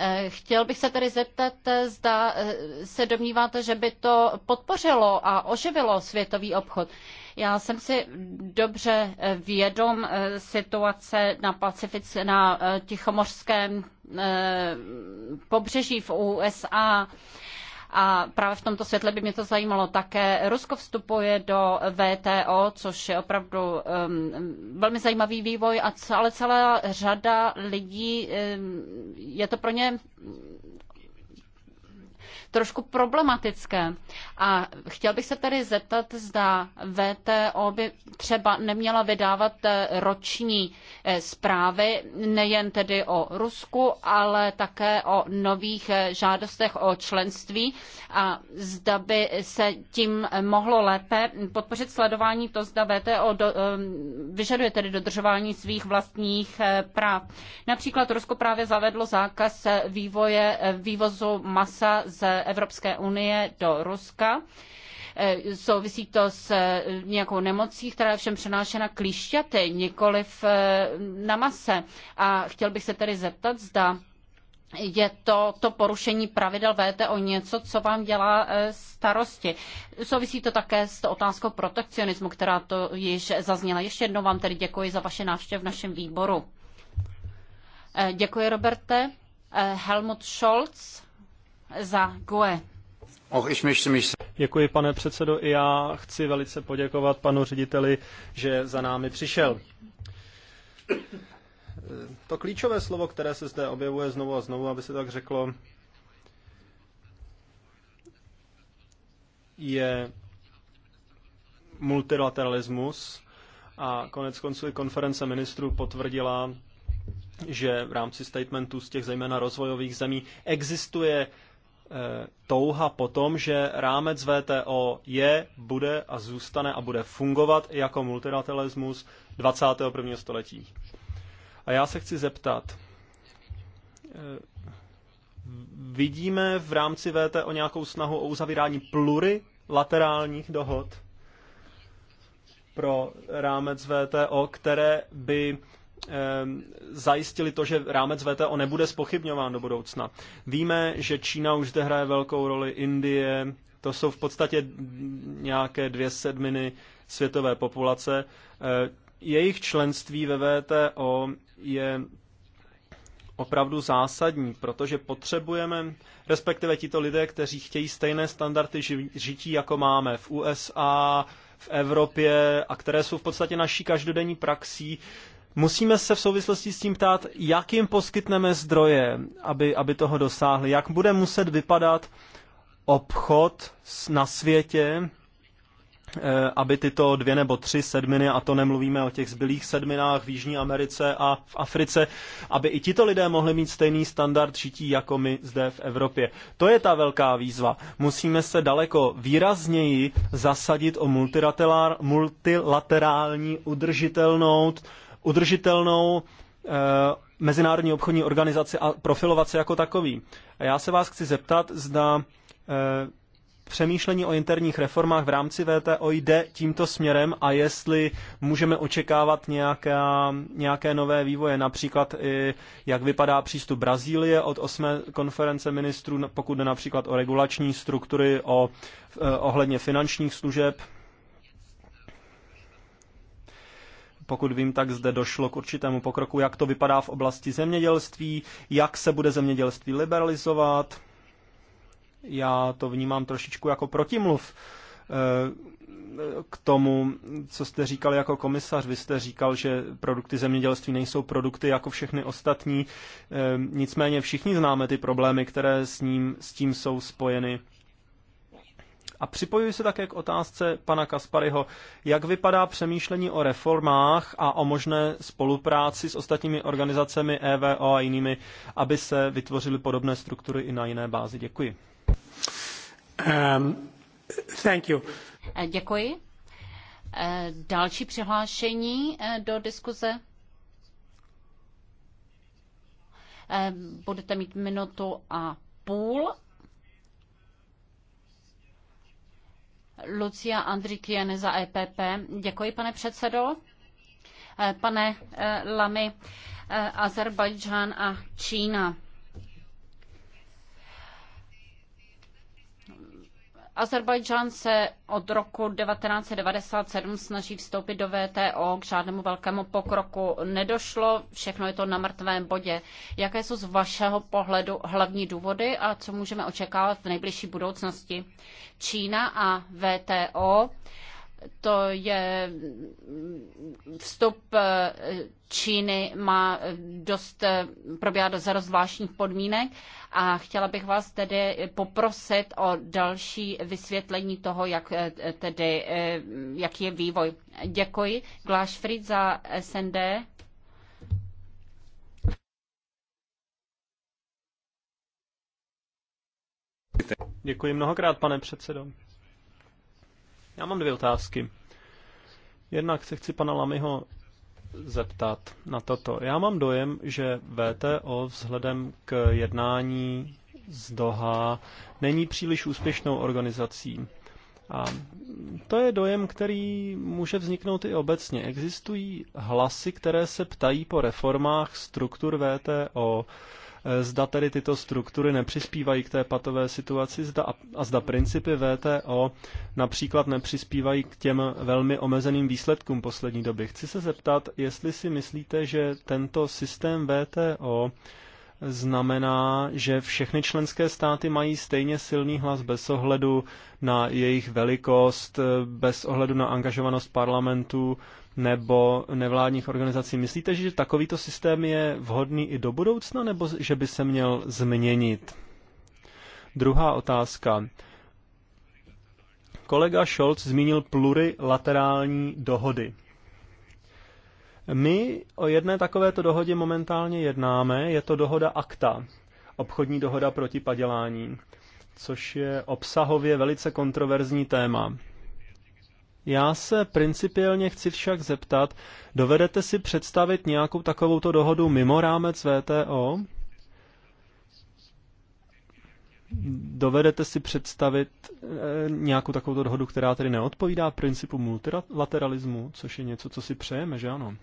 Eh, chtěl bych se tedy zeptat, eh, zda eh, se domníváte, že by to podpořilo a oživilo světový obchod. Já jsem si dobře vědom situace na, Pacific, na Tichomořském pobřeží v USA. A právě v tomto světle by mě to zajímalo také. Rusko vstupuje do VTO, což je opravdu um, velmi zajímavý vývoj, a ale celá řada lidí, um, je to pro ně trošku problematické. A chtěl bych se tady zeptat, zda VTO by třeba neměla vydávat eh, roční eh, zprávy nejen tedy o Rusku, ale také o nových eh, žádostech o členství a zda by se tím mohlo lépe podpořit sledování to, zda VTO do, ehm, vyžaduje tedy dodržování svých vlastních práv. Například Rusko právě zavedlo zákaz vývoje, vývozu masa z Evropské unie do Ruska. E, souvisí to s e, nějakou nemocí, která je všem přenášena klíšťaty, nikoliv e, na mase. A chtěl bych se tedy zeptat, zda je to, to porušení pravidel VTO něco, co vám dělá starosti. Souvisí to také s otázkou protekcionismu, která to již zazněla. Ještě jednou vám tedy děkuji za vaše návštěv v našem výboru. Děkuji, Roberte. Helmut Scholz za GUE. Děkuji, pane předsedo. I já chci velice poděkovat panu řediteli, že za námi přišel. To klíčové slovo, které se zde objevuje znovu a znovu, aby se tak řeklo, je multilateralismus a konec konců i konference ministrů potvrdila, že v rámci statementů z těch zejména rozvojových zemí existuje touha po tom, že rámec VTO je, bude a zůstane a bude fungovat jako multilateralismus 21. století. A já se chci zeptat, eh, vidíme v rámci VTO nějakou snahu o uzavírání plurilaterálních dohod pro rámec VTO, které by Ehm, zajistili to, že rámec VTO nebude spochybňován do budoucna. Víme, že Čína už zde hraje velkou roli, Indie, to jsou v podstatě nějaké dvě sedminy světové populace. Ehm, jejich členství ve VTO je opravdu zásadní, protože potřebujeme, respektive tito lidé, kteří chtějí stejné standardy žití, jako máme v USA, v Evropě a které jsou v podstatě naší každodenní praxí, Musíme se v souvislosti s tím ptát, jak jim poskytneme zdroje, aby, aby toho dosáhli, jak bude muset vypadat obchod na světě, eh, aby tyto dvě nebo tři sedminy, a to nemluvíme o těch zbylých sedminách v Jižní Americe a v Africe, aby i tito lidé mohli mít stejný standard žití jako my zde v Evropě. To je ta velká výzva. Musíme se daleko výrazněji zasadit o multilaterální udržitelnou udržitelnou eh, Mezinárodní obchodní organizaci a profilovat se jako takový. A já se vás chci zeptat, zda eh, přemýšlení o interních reformách v rámci VTO jde tímto směrem a jestli můžeme očekávat nějaká, nějaké nové vývoje, například i jak vypadá přístup Brazílie od osmé konference ministrů, pokud jde například o regulační struktury, o, eh, ohledně finančních služeb, Pokud vím, tak zde došlo k určitému pokroku, jak to vypadá v oblasti zemědělství, jak se bude zemědělství liberalizovat. Já to vnímám trošičku jako protimluv eh, k tomu, co jste říkal jako komisař. Vy jste říkal, že produkty zemědělství nejsou produkty jako všechny ostatní. Eh, nicméně všichni známe ty problémy, které s, ním, s tím jsou spojeny. A připojuji se také k otázce pana Kaspariho, jak vypadá přemýšlení o reformách a o možné spolupráci s ostatními organizacemi EVO a jinými, aby se vytvořily podobné struktury i na jiné bázi. Děkuji. Um, thank you. Eh, děkuji. Eh, další přihlášení eh, do diskuze? Budete mít minutu a půl Lucia Andrikiene za EPP. Děkuji, pane předsedo. Eh, pane eh, Lamy, eh, Azerbajdžán a Čína. Azerbajdžán se od roku 1997 snaží vstoupit do VTO, k žádnému velkému pokroku nedošlo, všechno je to na mrtvém bodě. Jaké jsou z vašeho pohledu hlavní důvody a co můžeme očekávat v nejbližší budoucnosti? Čína a VTO to je vstup eh, Číny má dost, eh, probíhá do za rozvláštních podmínek a chtěla bych vás tedy poprosit o další vysvětlení toho, jak eh, tedy, jaký je vývoj. Děkuji. Gláš za SND. Děkuji mnohokrát, pane předsedo. Já mám dvě otázky. Jednak se chci pana Lamyho zeptat na toto. Já mám dojem, že VTO vzhledem k jednání z Doha není příliš úspěšnou organizací. A to je dojem, který může vzniknout i obecně. Existují hlasy, které se ptají po reformách struktur VTO, Eh, zda tedy tyto struktury nepřispívají k té patové situaci zda, a zda principy VTO například nepřispívají k těm velmi omezeným výsledkům poslední doby. Chci se zeptat, jestli si myslíte, že tento systém VTO znamená, že všechny členské státy mají stejně silný hlas bez ohledu na jejich velikost, eh, bez ohledu na angažovanost parlamentu nebo nevládních organizací. Myslíte, že takovýto systém je vhodný i do budoucna, nebo že by se měl změnit? Druhá otázka. Kolega Scholz zmínil plurilaterální dohody. My o jedné takovéto dohodě momentálně jednáme, je to dohoda ACTA, obchodní dohoda proti padělání, což je obsahově velice kontroverzní téma. Já se principiálně chci však zeptat, dovedete si představit nějakou takovouto dohodu mimo rámec VTO? Dovedete si představit e, nějakou takovou dohodu, která tedy neodpovídá principu multilateralismu, což je něco, co si přejeme, že ano?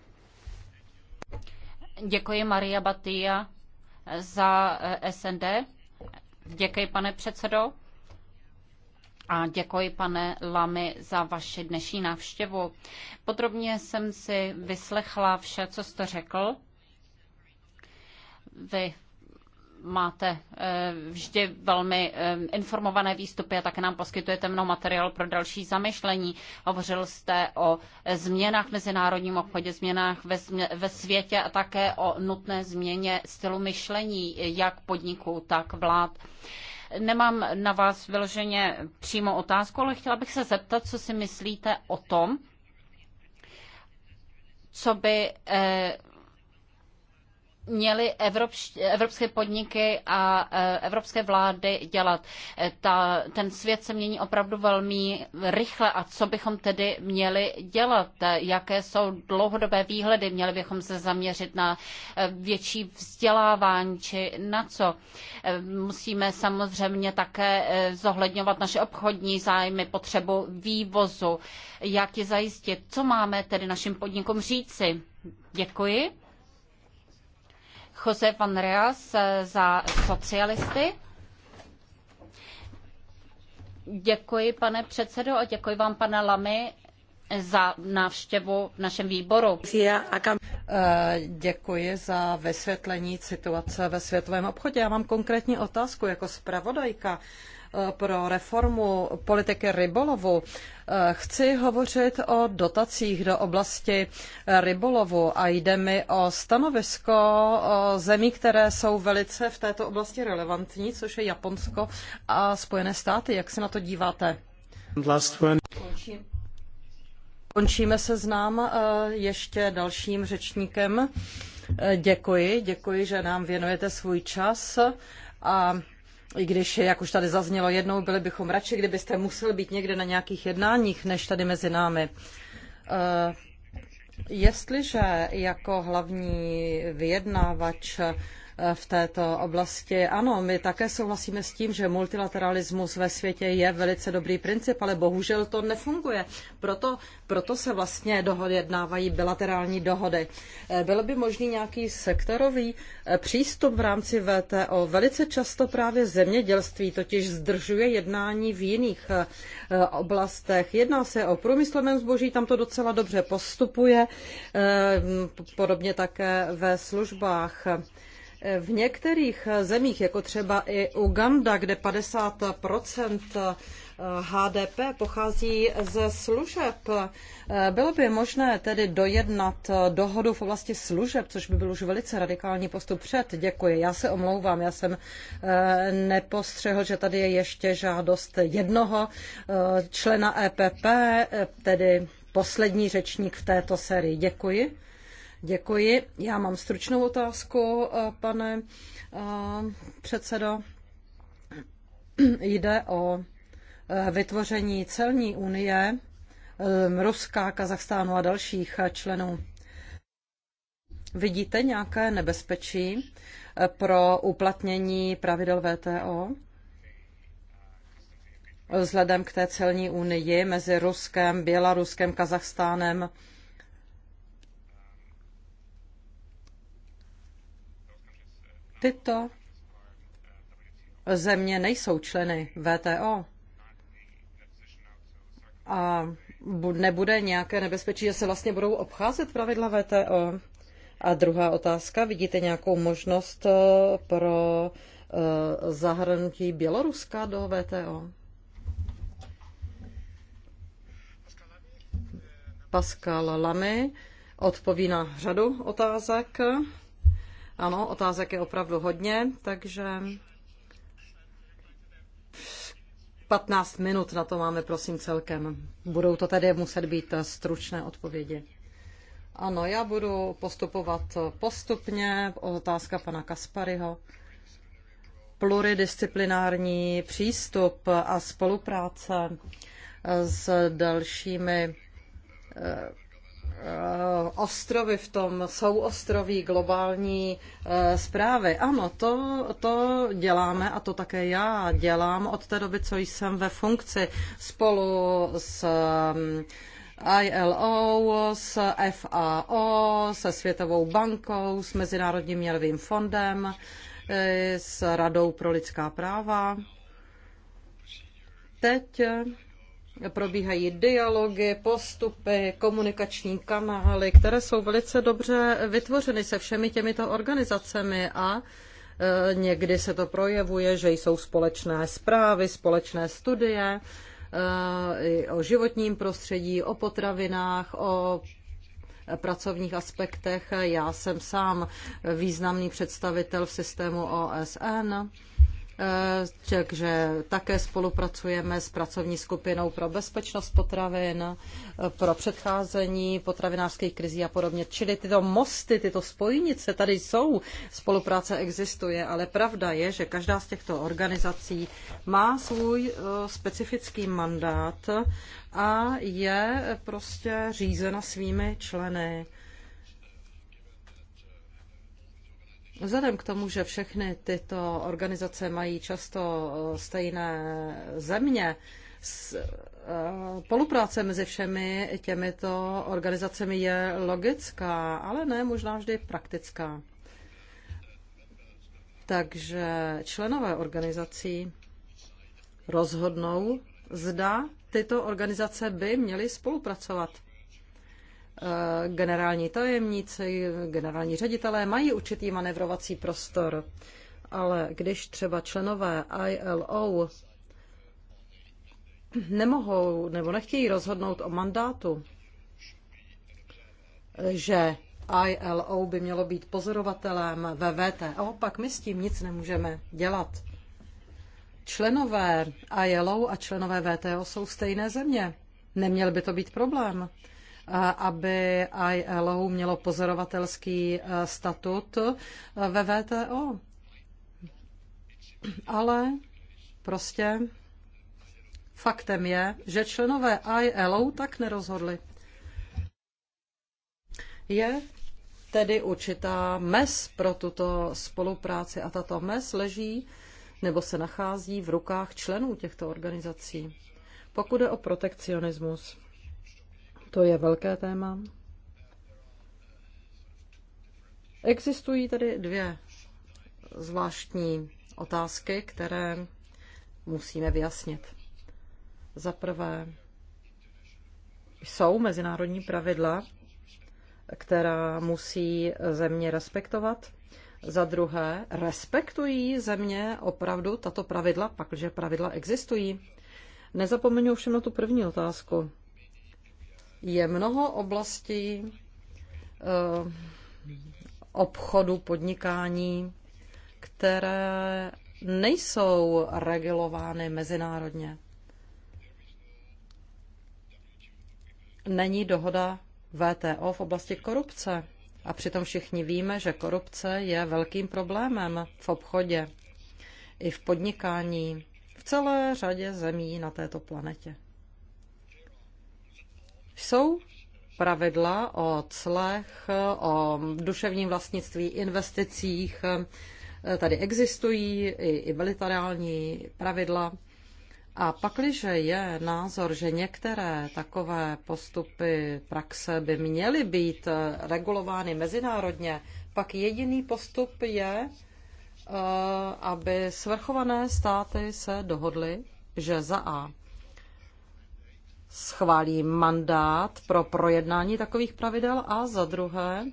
Děkuji Maria Batia za eh, SND. Děkuji, pane předsedo. A děkuji, pane Lamy, za vaši dnešní návštěvu. Podrobně jsem si vyslechla vše, co jste řekl. Vy máte eh, vždy velmi eh, informované výstupy a také nám poskytujete mnoho materiál pro další zamyšlení. Hovořil jste o změnách v mezinárodním obchodě, změnách ve, ve světě a také o nutné změně stylu myšlení jak podniků, tak vlád nemám na vás vyloženě přímo otázku, ale chtěla bych se zeptat, co si myslíte o tom, co by eh, měly evropské podniky a e, evropské vlády dělat. E, ta, ten svět se mění opravdu velmi rychle a co bychom tedy měli dělat? E, jaké jsou dlouhodobé výhledy? Měli bychom se zaměřit na větší vzdělávání či na co? Musíme samozřejmě také zohledňovat naše obchodní zájmy, potřebu vývozu, jak je zajistit. Co máme tedy našim podnikům říci? Děkuji. Jose van Reas eh, za socialisty. Děkuji, pane předsedo, a děkuji vám, pane Lamy, za návštěvu v našem výboru. Eh, děkuji za vysvětlení situace ve světovém obchodě. Já mám konkrétní otázku jako zpravodajka pro reformu politiky rybolovu eh, chci hovořit o dotacích do oblasti eh, rybolovu a jde mi o stanovisko eh, zemí, které jsou velice v této oblasti relevantní, což je Japonsko a Spojené státy. Jak se na to díváte? Končíme se znám ještě dalším řečníkem. Děkuji, děkuji, že nám věnujete svůj čas a i když, jak už tady zaznělo jednou, byli bychom radši, kdybyste musel být někde na nějakých jednáních, než tady mezi námi. Eh, jestliže jako hlavní vyjednávač Eh, v této oblasti. Ano, my také souhlasíme s tím, že multilateralismus ve světě je velice dobrý princip, ale bohužel to nefunguje. Proto, proto se vlastně dohody jednávají bilaterální dohody. Eh, Bylo by možný nějaký sektorový eh, přístup v rámci VTO. Velice často právě zemědělství totiž zdržuje jednání v jiných oblastech. Jedná se o průmyslovém zboží, tam to docela dobře postupuje, podobně také ve službách. V některých zemích, jako třeba i Uganda, kde 50 eh, HDP pochází ze služeb, eh, bylo by možné tedy dojednat eh, dohodu v oblasti služeb, což by byl už velice radikální postup před. Děkuji. Já se omlouvám, já jsem nepostřehl, že tady je ještě žádost jednoho člena EPP, tedy poslední řečník v této sérii. Děkuji. Děkuji. Já mám stručnou otázku, eh, pane eh, předsedo. Jde o eh, vytvoření celní unie Ruska, Kazachstánu a dalších členů. Vidíte nějaké nebezpečí pro uplatnění pravidel VTO? Vzhledem k té celní unii mezi Ruskem, Běloruskem, Kazachstánem, Tyto země nejsou členy VTO a nebude nějaké nebezpečí, že se vlastně budou obcházet pravidla VTO? A druhá otázka, vidíte nějakou možnost eh, pro eh, zahrnutí Běloruska do VTO? Pascal Lamy odpoví na řadu otázek. Ano, otázek je opravdu hodně, takže 15 minut na to máme, prosím, celkem. Budou to tedy muset být stručné odpovědi. Ano, já budu postupovat postupně. Otázka pana Kaspariho. Pluridisciplinární přístup a spolupráce s dalšími eh, Eh, ostrovy v tom, jsou ostroví globální eh, zprávy. Ano, to, to děláme a to také já dělám od té doby, co jsem ve funkci spolu s eh, ILO, s FAO, se Světovou bankou, s Mezinárodním měnovým fondem, s Radou pro lidská práva. Teď probíhají dialogy, postupy, komunikační kanály, které jsou velice dobře vytvořeny se všemi těmito organizacemi a e, někdy se to projevuje, že jsou společné zprávy, společné studie e, o životním prostředí, o potravinách, o pracovních aspektech. Já jsem sám významný představitel v systému OSN takže eh, také spolupracujeme s pracovní skupinou pro bezpečnost potravin, eh, pro předcházení potravinářských krizí a podobně. Čili tyto mosty, tyto spojnice tady jsou, spolupráce existuje, ale pravda je, že každá z těchto organizací má svůj eh, specifický mandát a je prostě řízena svými členy. Vzhledem k tomu, že všechny tyto organizace mají často eh, stejné země, eh, spolupráce mezi všemi těmito organizacemi je logická, ale ne možná vždy praktická. Takže členové organizací rozhodnou, zda tyto organizace by měly spolupracovat. Eh, generální tajemníci, generální ředitelé mají určitý manevrovací prostor, ale když třeba členové ILO nemohou nebo nechtějí rozhodnout o mandátu, že ILO by mělo být pozorovatelem ve VTO, pak my s tím nic nemůžeme dělat. Členové ILO a členové VTO jsou stejné země. Neměl by to být problém aby ILO mělo pozorovatelský eh, statut eh, ve VTO. Ale prostě faktem je, že členové ILO tak nerozhodli. Je tedy určitá mes pro tuto spolupráci a tato mes leží nebo se nachází v rukách členů těchto organizací. Pokud je o protekcionismus, to je velké téma. Existují tady dvě zvláštní otázky, které musíme vyjasnit. Za prvé, jsou mezinárodní pravidla, která musí země respektovat. Za druhé, respektují země opravdu tato pravidla, pakliže pravidla existují? Nezapomeňu všem na tu první otázku je mnoho oblastí eh, obchodu, podnikání, které nejsou regulovány mezinárodně. Není dohoda VTO v oblasti korupce. A přitom všichni víme, že korupce je velkým problémem v obchodě i v podnikání v celé řadě zemí na této planetě. Jsou pravidla o clech, o duševním vlastnictví, investicích, eh, tady existují i, i bilaterální pravidla. A pakliže je názor, že některé takové postupy praxe by měly být eh, regulovány mezinárodně, pak jediný postup je, eh, aby svrchované státy se dohodly, že za A schválí mandát pro projednání takových pravidel a za druhé,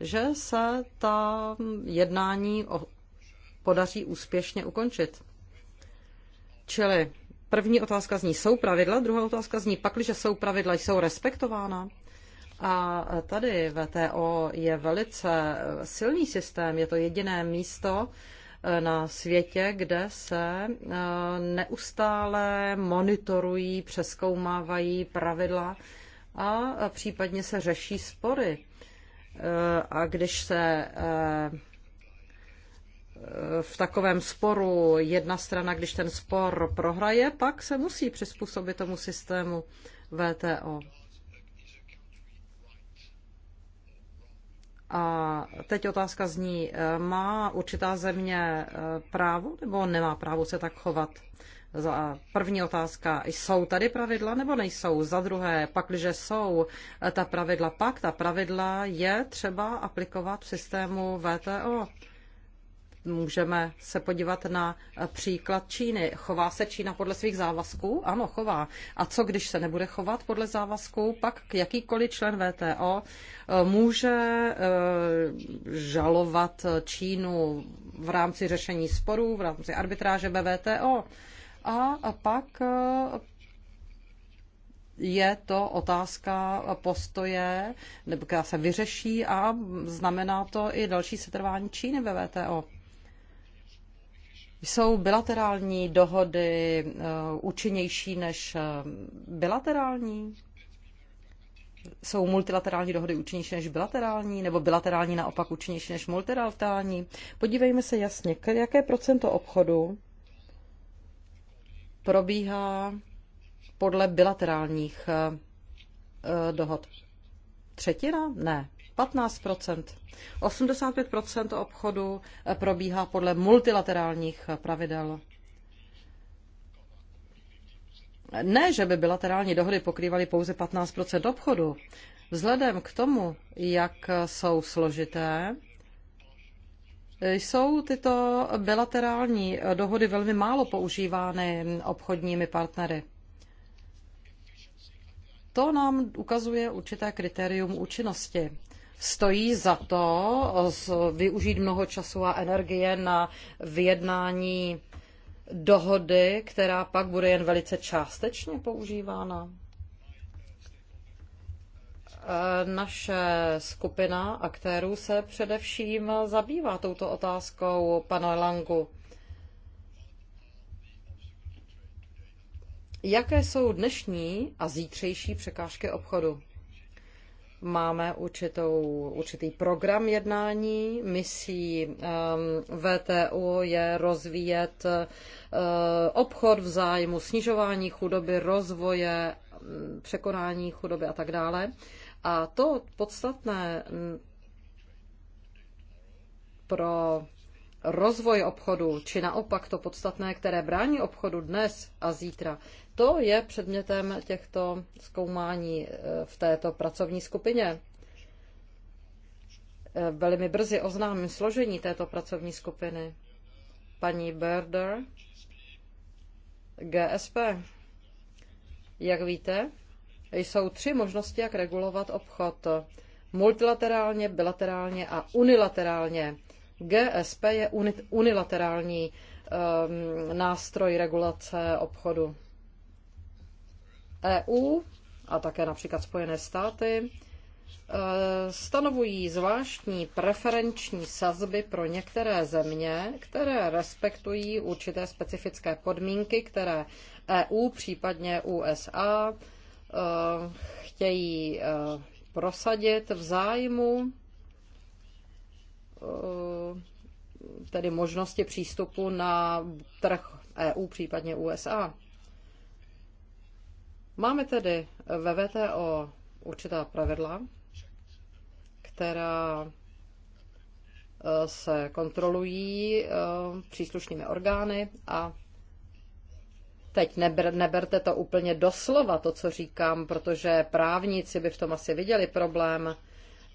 že se ta jednání podaří úspěšně ukončit. Čili první otázka zní, jsou pravidla, druhá otázka zní, že jsou pravidla, jsou respektována. A tady VTO je velice silný systém, je to jediné místo, na světě, kde se eh, neustále monitorují, přeskoumávají pravidla a eh, případně se řeší spory. Eh, a když se v takovém sporu jedna strana, když ten spor prohraje, pak se musí přizpůsobit tomu systému VTO. A teď otázka zní, eh, má určitá země eh, právo nebo nemá právo se tak chovat? Za první otázka, jsou tady pravidla nebo nejsou? Za druhé, pakliže jsou eh, ta pravidla, pak ta pravidla je třeba aplikovat v systému VTO. Můžeme se podívat na příklad Číny. Chová se Čína podle svých závazků? Ano, chová. A co, když se nebude chovat podle závazků? Pak jakýkoliv člen VTO eh, může eh, žalovat Čínu v rámci řešení sporů, v rámci arbitráže BVTO. A pak eh, je to otázka postoje, která se vyřeší a znamená to i další setrvání Číny ve VTO. Jsou bilaterální dohody eh, účinnější než eh, bilaterální? Jsou multilaterální dohody účinnější než bilaterální, nebo bilaterální naopak účinnější než multilaterální? Podívejme se jasně, jaké procento obchodu probíhá podle bilaterálních eh, dohod. Třetina? Ne. 15 85 obchodu eh, probíhá podle multilaterálních eh, pravidel. Ne, že by bilaterální dohody pokrývaly pouze 15 obchodu. Vzhledem k tomu, jak eh, jsou složité, jsou tyto bilaterální dohody velmi málo používány hm, obchodními partnery. To nám ukazuje určité kritérium účinnosti stojí za to eh, využít mnoho času a energie na vyjednání dohody, která pak bude jen velice částečně používána? Eh, naše skupina aktérů se především zabývá touto otázkou pana Langu. Jaké jsou dnešní a zítřejší překážky obchodu? Máme určitou, určitý program jednání. Misí um, VTO je rozvíjet uh, obchod v zájmu snižování chudoby, rozvoje, mm, překonání chudoby a tak dále. A to podstatné pro rozvoj obchodu, či naopak to podstatné, které brání obchodu dnes a zítra, to je předmětem těchto zkoumání eh, v této pracovní skupině. Eh, velmi brzy oznámím složení této pracovní skupiny. Paní Berder, GSP. Jak víte, jsou tři možnosti, jak regulovat obchod. Multilaterálně, bilaterálně a unilaterálně. GSP je unilaterální um, nástroj regulace obchodu. EU a také například Spojené státy e, stanovují zvláštní preferenční sazby pro některé země, které respektují určité specifické podmínky, které EU, případně USA, e, chtějí e, prosadit v zájmu tedy možnosti přístupu na trh EU, případně USA. Máme tedy ve VTO určitá pravidla, která eh, se kontrolují eh, příslušnými orgány a teď neber, neberte to úplně doslova, to, co říkám, protože právníci by v tom asi viděli problém,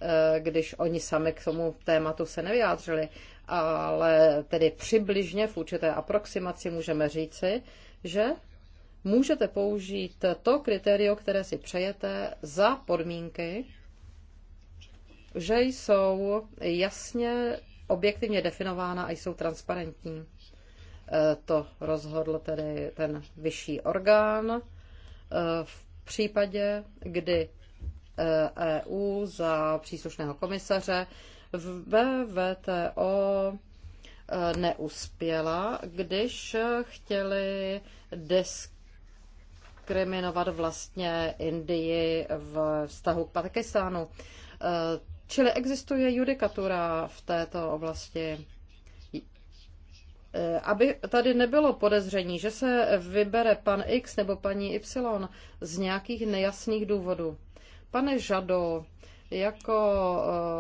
eh, když oni sami k tomu tématu se nevyjádřili, ale tedy přibližně v určité aproximaci můžeme říci, že můžete použít to kritérium, které si přejete za podmínky, že jsou jasně objektivně definována a jsou transparentní. E, to rozhodl tedy ten vyšší orgán e, v případě, kdy EU e za příslušného komisaře v BVTO neuspěla, když chtěli desk diskriminovat vlastně Indii v vztahu k Pakistánu. Eh, čili existuje judikatura v této oblasti. Eh, aby tady nebylo podezření, že se vybere pan X nebo paní Y z nějakých nejasných důvodů. Pane Žado, jako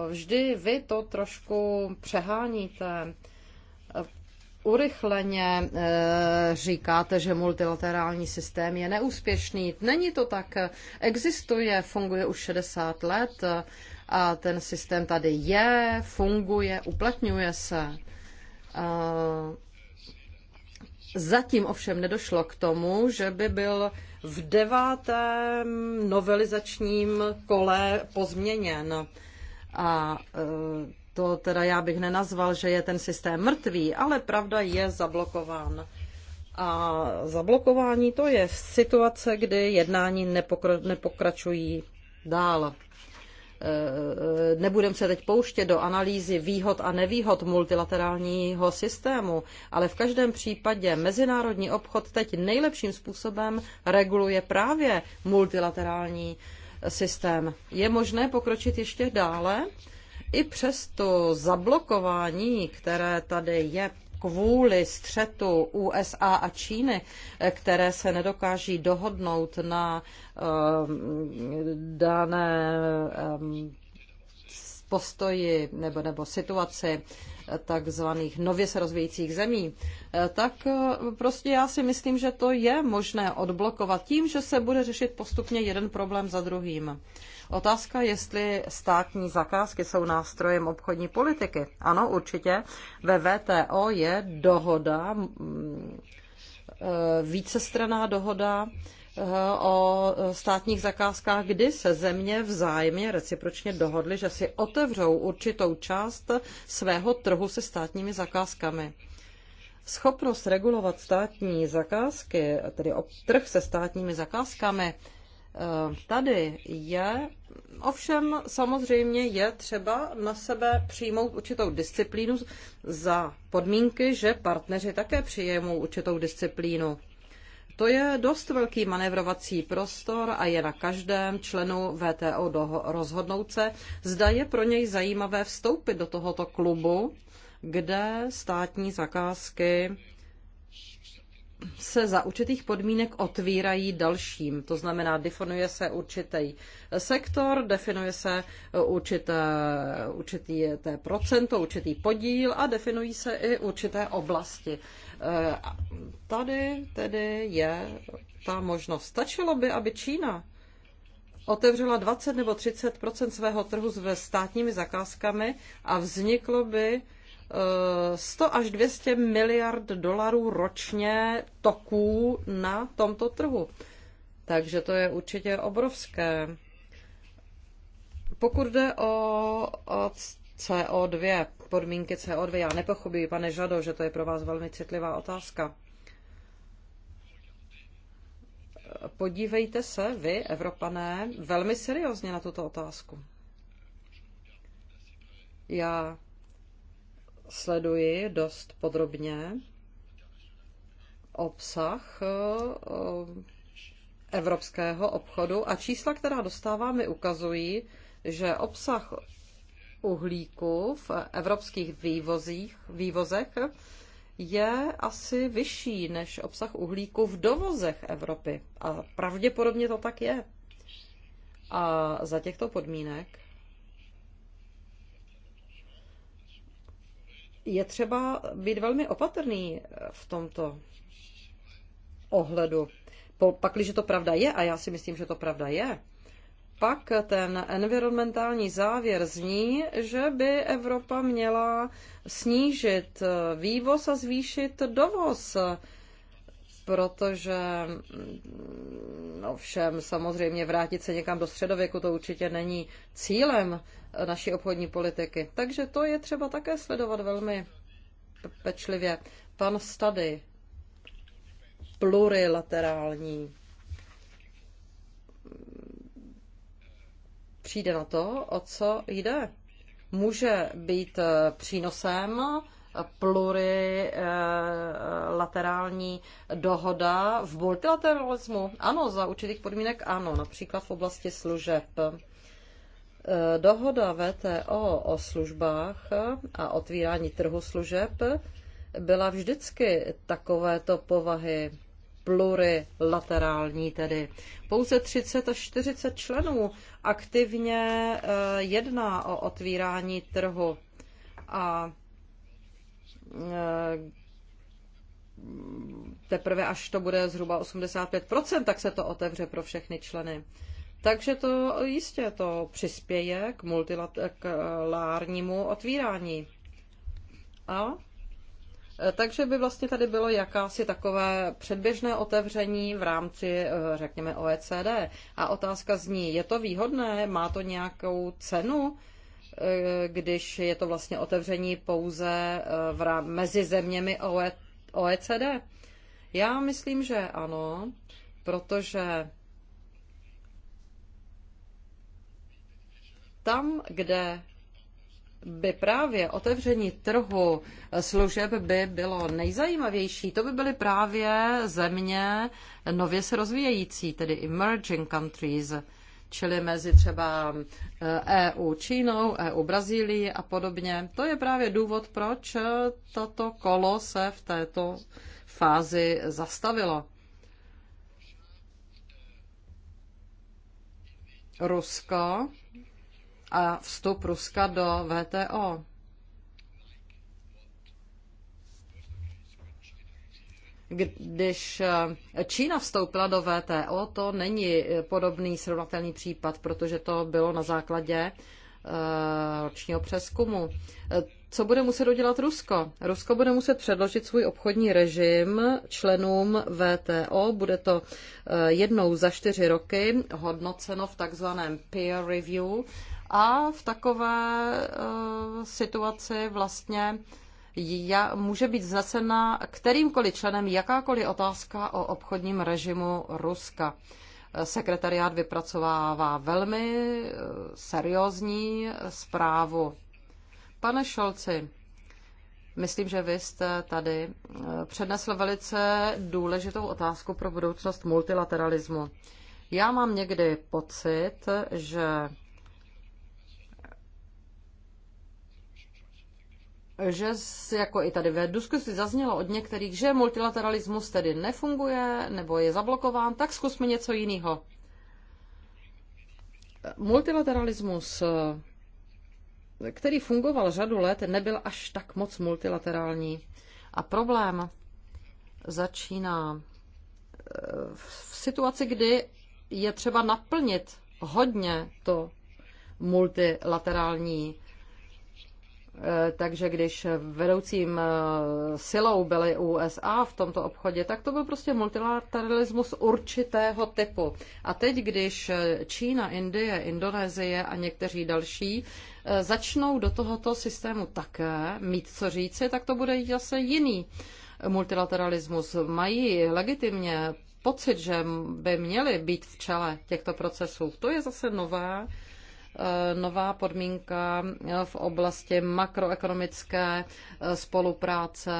eh, vždy vy to trošku přeháníte urychleně eh, říkáte, že multilaterální systém je neúspěšný. Není to tak. Existuje, funguje už 60 let eh, a ten systém tady je, funguje, uplatňuje se. Eh, zatím ovšem nedošlo k tomu, že by byl v devátém novelizačním kole pozměněn. A to teda já bych nenazval, že je ten systém mrtvý, ale pravda je zablokován. A zablokování to je situace, kdy jednání nepokra- nepokračují dál. E, e, nebudeme se teď pouštět do analýzy výhod a nevýhod multilaterálního systému, ale v každém případě mezinárodní obchod teď nejlepším způsobem reguluje právě multilaterální systém. Je možné pokročit ještě dále? I přes to zablokování, které tady je kvůli střetu USA a Číny, které se nedokáží dohodnout na um, dané um, postoji nebo, nebo situaci takzvaných nově se rozvíjících zemí, eh, tak eh, prostě já si myslím, že to je možné odblokovat tím, že se bude řešit postupně jeden problém za druhým. Otázka, jestli státní zakázky jsou nástrojem obchodní politiky. Ano, určitě. Ve VTO je dohoda, mm, eh, vícestraná dohoda, Eh, o státních zakázkách, kdy se země vzájemně recipročně dohodly, že si otevřou určitou část svého trhu se státními zakázkami. Schopnost regulovat státní zakázky, tedy trh se státními zakázkami, eh, tady je, ovšem samozřejmě je třeba na sebe přijmout určitou disciplínu za podmínky, že partneři také přijmou určitou disciplínu. To je dost velký manevrovací prostor a je na každém členu VTO rozhodnout se, zda je pro něj zajímavé vstoupit do tohoto klubu, kde státní zakázky se za určitých podmínek otvírají dalším. To znamená, definuje se určitý sektor, definuje se určité, určitý té procento, určitý podíl a definují se i určité oblasti. Eh, tady tedy je ta možnost. Stačilo by, aby Čína otevřela 20 nebo 30 svého trhu s státními zakázkami a vzniklo by 100 eh, až 200 miliard dolarů ročně toků na tomto trhu. Takže to je určitě obrovské. Pokud jde o CO2, podmínky CO2. Já nepochopuji, pane Žado, že to je pro vás velmi citlivá otázka. Podívejte se, vy, Evropané, velmi seriózně na tuto otázku. Já sleduji dost podrobně obsah eh, eh, evropského obchodu a čísla, která dostáváme, mi ukazují, že obsah uhlíku v evropských vývozích, vývozech je asi vyšší než obsah uhlíku v dovozech Evropy. A pravděpodobně to tak je. A za těchto podmínek je třeba být velmi opatrný v tomto ohledu. Pakliže to pravda je, a já si myslím, že to pravda je, pak ten environmentální závěr zní, že by Evropa měla snížit eh, vývoz a zvýšit dovoz, protože mm, ovšem no samozřejmě vrátit se někam do středověku to určitě není cílem eh, naší obchodní politiky. Takže to je třeba také sledovat velmi pečlivě. Pan Stady, plurilaterální přijde na to, o co jde. Může být eh, přínosem plurilaterální eh, dohoda v multilateralismu? Ano, za určitých podmínek ano, například v oblasti služeb. Eh, dohoda VTO o službách a otvírání trhu služeb byla vždycky takovéto povahy plurilaterální tedy. Pouze 30 až 40 členů aktivně eh, jedná o otvírání trhu a eh, teprve až to bude zhruba 85%, tak se to otevře pro všechny členy. Takže to jistě to přispěje k multilaterálnímu eh, otvírání. A Eh, takže by vlastně tady bylo jakási takové předběžné otevření v rámci, eh, řekněme, OECD. A otázka zní, je to výhodné, má to nějakou cenu, eh, když je to vlastně otevření pouze v rám- mezi zeměmi OECD? E Já myslím, že ano, protože tam, kde by právě otevření trhu služeb by bylo nejzajímavější, to by byly právě země nově se rozvíjející, tedy emerging countries, čili mezi třeba EU eh, e Čínou, EU Brazílií a podobně. To je právě důvod, proč toto kolo se v této fázi zastavilo. Rusko a vstup Ruska do VTO. Když eh, Čína vstoupila do VTO, to není eh, podobný srovnatelný případ, protože to bylo na základě eh, ročního přeskumu. Co bude muset udělat Rusko? Rusko bude muset předložit svůj obchodní režim členům VTO. Bude to jednou za čtyři roky hodnoceno v takzvaném peer review a v takové eh, situaci vlastně může být znesena kterýmkoliv členem jakákoliv otázka o obchodním režimu Ruska. Eh, sekretariát vypracovává velmi eh, seriózní zprávu. Pane Šolci, myslím, že vy jste tady přednesl velice důležitou otázku pro budoucnost multilateralismu. Já mám někdy pocit, že že jako i tady ve diskusi zaznělo od některých, že multilateralismus tedy nefunguje nebo je zablokován, tak zkusme něco jiného. Multilateralismus, který fungoval řadu let, nebyl až tak moc multilaterální. A problém začíná eh, v situaci, kdy je třeba naplnit hodně to multilaterální Eh, takže když vedoucím eh, silou byly USA v tomto obchodě, tak to byl prostě multilateralismus určitého typu. A teď, když eh, Čína, Indie, Indonésie a někteří další začnou do tohoto systému také mít co říci, tak to bude zase jiný multilateralismus. Mají legitimně pocit, že by měli být v čele těchto procesů. To je zase nová Eh, nová podmínka eh, v oblasti makroekonomické eh, spolupráce,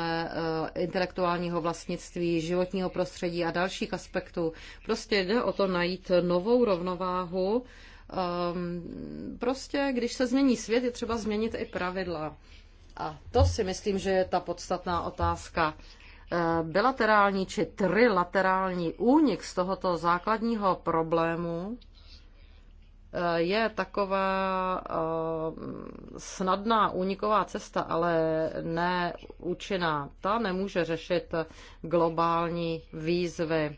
intelektuálního vlastnictví, životního prostředí a dalších aspektů. Prostě jde o to najít novou rovnováhu. Ehm, prostě, když se změní svět, je třeba změnit i pravidla. A to si myslím, že je ta podstatná otázka bilaterální či trilaterální únik z tohoto základního problému je taková eh, snadná úniková cesta, ale neúčinná. Ta nemůže řešit globální výzvy.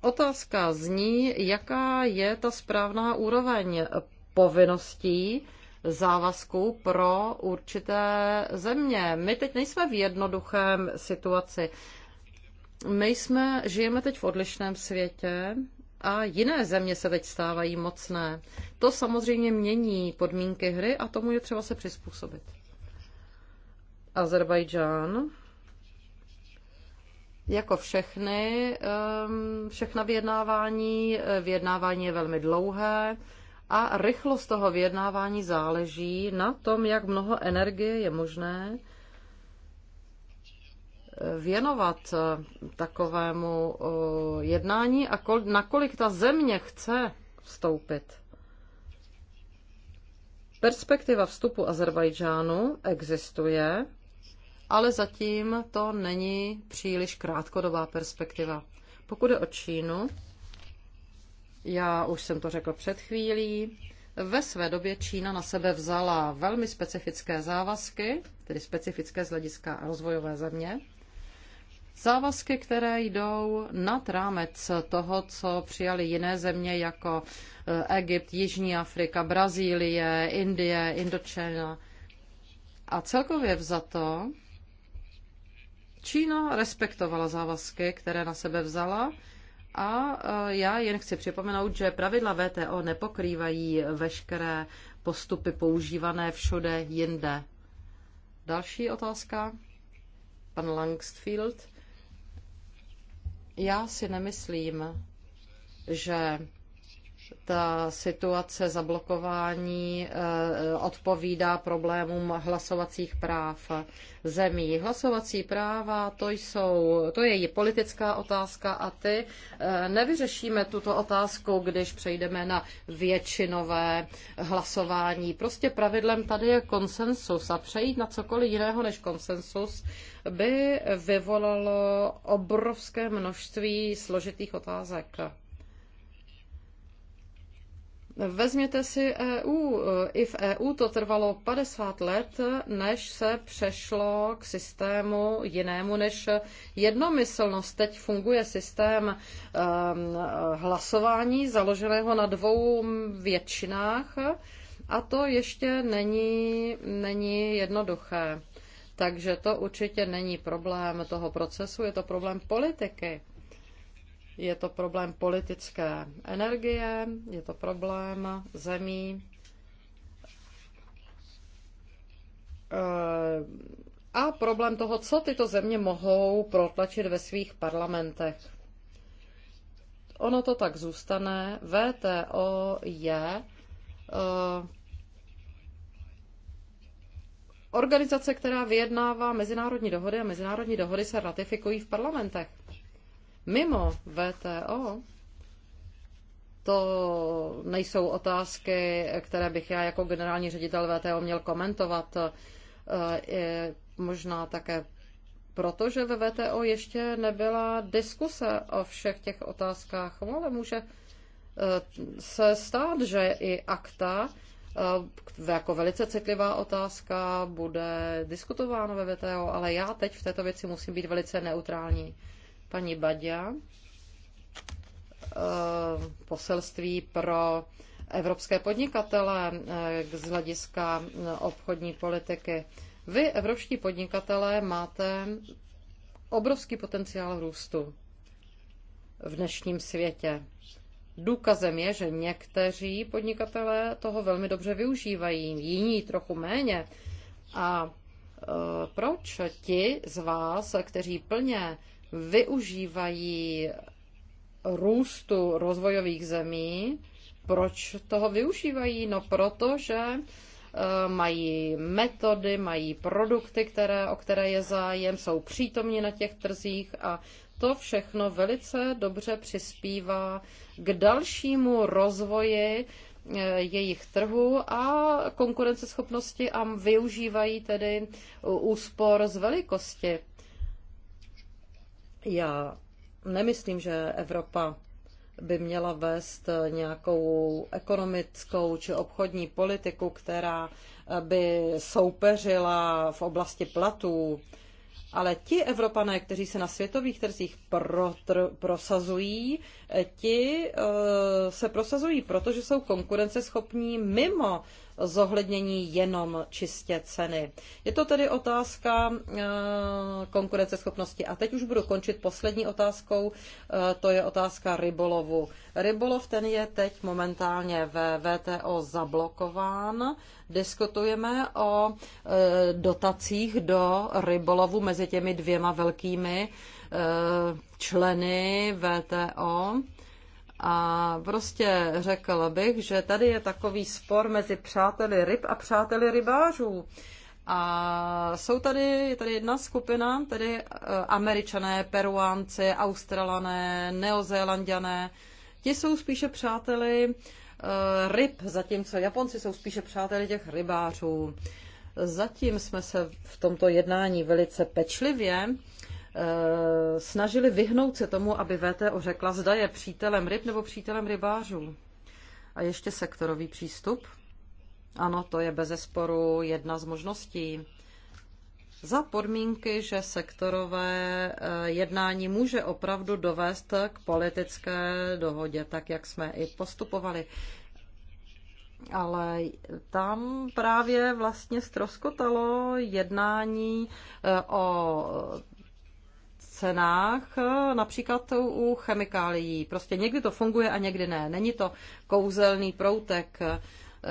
Otázka zní, jaká je ta správná úroveň povinností závazků pro určité země. My teď nejsme v jednoduchém situaci. My jsme, žijeme teď v odlišném světě, a jiné země se teď stávají mocné. To samozřejmě mění podmínky hry a tomu je třeba se přizpůsobit. Azerbajdžán jako všechny, ehm, všechna vyjednávání, eh, vyjednávání je velmi dlouhé a rychlost toho vyjednávání záleží na tom, jak mnoho energie je možné věnovat eh, takovému eh, jednání a nakolik ta země chce vstoupit. Perspektiva vstupu Azerbajdžánu existuje, ale zatím to není příliš krátkodobá perspektiva. Pokud je o Čínu, já už jsem to řekl před chvílí, ve své době Čína na sebe vzala velmi specifické závazky, tedy specifické z hlediska rozvojové země, závazky, které jdou nad rámec toho, co přijali jiné země jako eh, Egypt, Jižní Afrika, Brazílie, Indie, Indočina. A celkově vzato Čína respektovala závazky, které na sebe vzala a eh, já jen chci připomenout, že pravidla VTO nepokrývají veškeré postupy používané všude jinde. Další otázka. Pan Langstfield. Já si nemyslím, že ta situace zablokování eh, odpovídá problémům hlasovacích práv zemí. Hlasovací práva, to, jsou, to je politická otázka a ty eh, nevyřešíme tuto otázku, když přejdeme na většinové hlasování. Prostě pravidlem tady je konsensus a přejít na cokoliv jiného než konsensus by vyvolalo obrovské množství složitých otázek. Vezměte si EU. I v EU to trvalo 50 let, než se přešlo k systému jinému než jednomyslnost. Teď funguje systém ehm, hlasování založeného na dvou většinách a to ještě není, není jednoduché. Takže to určitě není problém toho procesu, je to problém politiky. Je to problém politické energie, je to problém zemí. Eh, a problém toho, co tyto země mohou protlačit ve svých parlamentech. Ono to tak zůstane. VTO je eh, organizace, která vyjednává mezinárodní dohody a mezinárodní dohody se ratifikují v parlamentech. Mimo VTO to nejsou otázky, které bych já jako generální ředitel VTO měl komentovat. Je e, možná také proto, že ve VTO ještě nebyla diskuse o všech těch otázkách, no, ale může e, se stát, že i akta e, jako velice citlivá otázka bude diskutována ve VTO, ale já teď v této věci musím být velice neutrální paní Badia, eh, poselství pro evropské podnikatele eh, z hlediska eh, obchodní politiky. Vy, evropští podnikatelé, máte obrovský potenciál růstu v dnešním světě. Důkazem je, že někteří podnikatelé toho velmi dobře využívají, jiní trochu méně. A proč ti z vás, kteří plně využívají růstu rozvojových zemí. Proč toho využívají? No proto, že eh, mají metody, mají produkty, které, o které je zájem, jsou přítomní na těch trzích a to všechno velice dobře přispívá k dalšímu rozvoji eh, jejich trhu a konkurenceschopnosti a využívají tedy úspor z velikosti. Já nemyslím, že Evropa by měla vést nějakou ekonomickou či obchodní politiku, která by soupeřila v oblasti platů. Ale ti Evropané, kteří se na světových trzích protr- prosazují, ti eh, se prosazují, protože jsou konkurenceschopní mimo zohlednění jenom čistě ceny. Je to tedy otázka eh, konkurenceschopnosti. A teď už budu končit poslední otázkou, eh, to je otázka rybolovu. Rybolov ten je teď momentálně ve VTO zablokován. Diskutujeme o eh, dotacích do rybolovu mezi těmi dvěma velkými členy VTO a prostě řekla bych, že tady je takový spor mezi přáteli ryb a přáteli rybářů. A jsou tady, je tady jedna skupina, tedy eh, američané, peruánci, australané, neozélanděné. Ti jsou spíše přáteli eh, ryb, zatímco Japonci jsou spíše přáteli těch rybářů. Zatím jsme se v tomto jednání velice pečlivě Eh, snažili vyhnout se tomu, aby VTO řekla, zda je přítelem ryb nebo přítelem rybářů. A ještě sektorový přístup. Ano, to je bezesporu jedna z možností. Za podmínky, že sektorové eh, jednání může opravdu dovést k politické dohodě, tak jak jsme i postupovali. Ale tam právě vlastně stroskotalo jednání eh, o cenách, například u chemikálií. Prostě někdy to funguje a někdy ne. Není to kouzelný proutek,